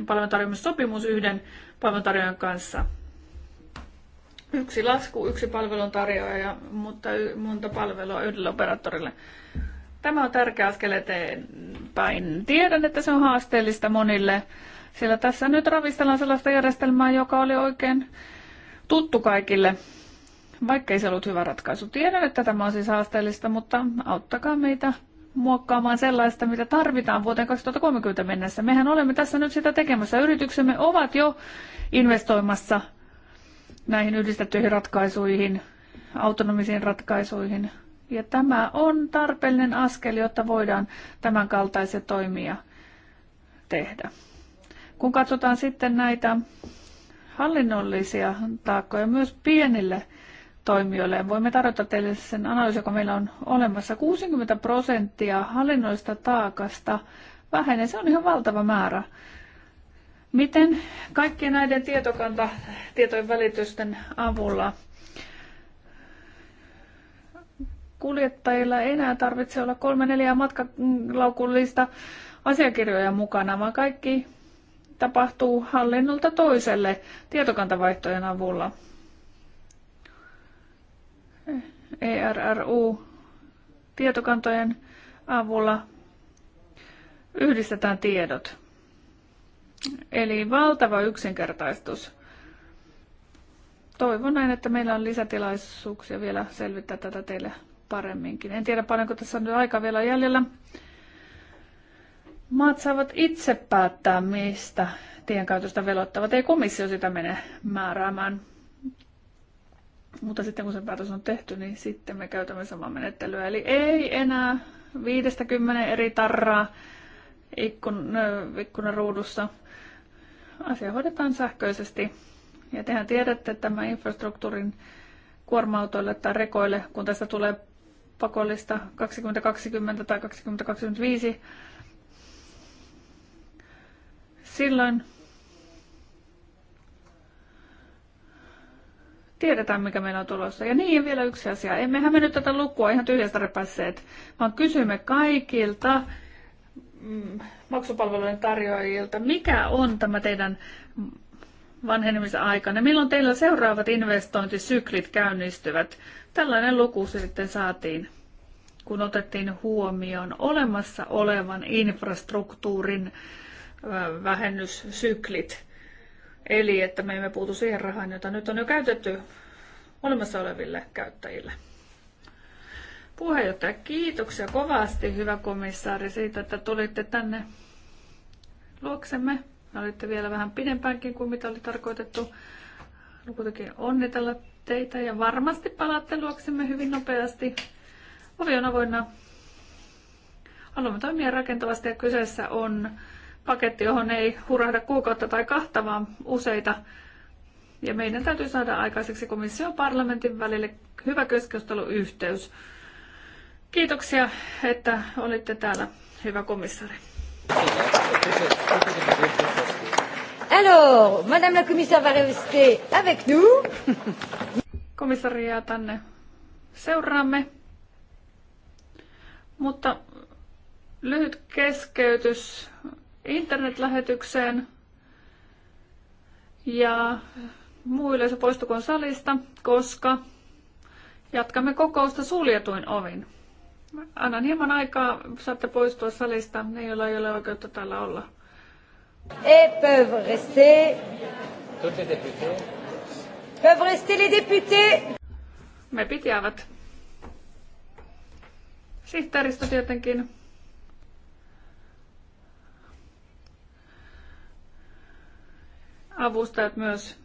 palveluntarjoamissopimus yhden palveluntarjoajan kanssa. Yksi lasku, yksi palveluntarjoaja, mutta monta palvelua yhdelle operaattorille. Tämä on tärkeä askel eteenpäin. Tiedän, että se on haasteellista monille, sillä tässä nyt ravistellaan sellaista järjestelmää, joka oli oikein tuttu kaikille, vaikka ei se ollut hyvä ratkaisu. Tiedän, että tämä on siis haasteellista, mutta auttakaa meitä muokkaamaan sellaista, mitä tarvitaan vuoteen 2030 mennessä. Mehän olemme tässä nyt sitä tekemässä. Yrityksemme ovat jo investoimassa näihin yhdistettyihin ratkaisuihin, autonomisiin ratkaisuihin. Ja tämä on tarpeellinen askel, jotta voidaan tämän kaltaisia toimia tehdä. Kun katsotaan sitten näitä hallinnollisia taakkoja myös pienille toimijoille. Voimme tarjota teille sen analyysin, joka meillä on olemassa. 60 prosenttia hallinnollista taakasta vähenee. Se on ihan valtava määrä. Miten kaikkien näiden tietokanta tietojen välitysten avulla kuljettajilla ei enää tarvitse olla kolme neljä matkalaukullista asiakirjoja mukana, vaan kaikki tapahtuu hallinnolta toiselle tietokantavaihtojen avulla. ERRU tietokantojen avulla yhdistetään tiedot. Eli valtava yksinkertaistus. Toivon näin, että meillä on lisätilaisuuksia vielä selvittää tätä teille paremminkin. En tiedä paljonko tässä on nyt aika vielä jäljellä. Maat saavat itse päättää, mistä tienkäytöstä velottavat. Ei komissio sitä mene määräämään. Mutta sitten kun se päätös on tehty, niin sitten me käytämme samaa menettelyä. Eli ei enää 50 eri tarraa ikkun, ikkunan ruudussa. Asia hoidetaan sähköisesti. Ja tehän tiedätte, että tämä infrastruktuurin kuorma-autoille tai rekoille, kun tästä tulee pakollista 2020 tai 2025, Silloin tiedetään, mikä meillä on tulossa. Ja niin, ja vielä yksi asia. Emmehän me nyt tätä lukua ihan tyhjästä repäisseet, vaan kysymme kaikilta mm, maksupalvelujen tarjoajilta, mikä on tämä teidän vanhenemisen aikana, milloin teillä seuraavat investointisyklit käynnistyvät. Tällainen luku se sitten saatiin, kun otettiin huomioon olemassa olevan infrastruktuurin vähennyssyklit. Eli että me emme puutu siihen rahaan, jota nyt on jo käytetty olemassa oleville käyttäjille. Puheenjohtaja, kiitoksia kovasti, hyvä komissaari, siitä, että tulitte tänne luoksemme. Olitte vielä vähän pidempäänkin kuin mitä oli tarkoitettu. No kuitenkin onnitella teitä ja varmasti palaatte luoksemme hyvin nopeasti. Ovi on avoinna. Haluamme toimia rakentavasti ja kyseessä on paketti, johon ei hurahda kuukautta tai kahta, vaan useita. Ja meidän täytyy saada aikaiseksi komission parlamentin välille hyvä keskusteluyhteys. Kiitoksia, että olitte täällä, hyvä komissaari. Alors, Madame la commissaire va rester avec nous. Komissaria tänne seuraamme. Mutta lyhyt keskeytys internetlähetykseen. Ja muu yleisö poistukoon salista, koska jatkamme kokousta suljetuin ovin. Annan hieman aikaa, saatte poistua salista, ne joilla ei ole oikeutta täällä olla. Et peuvent rester. Toutes les députés. Peuvent rester les députés. Me pitävät. Sihteeristö tietenkin. avustajat myös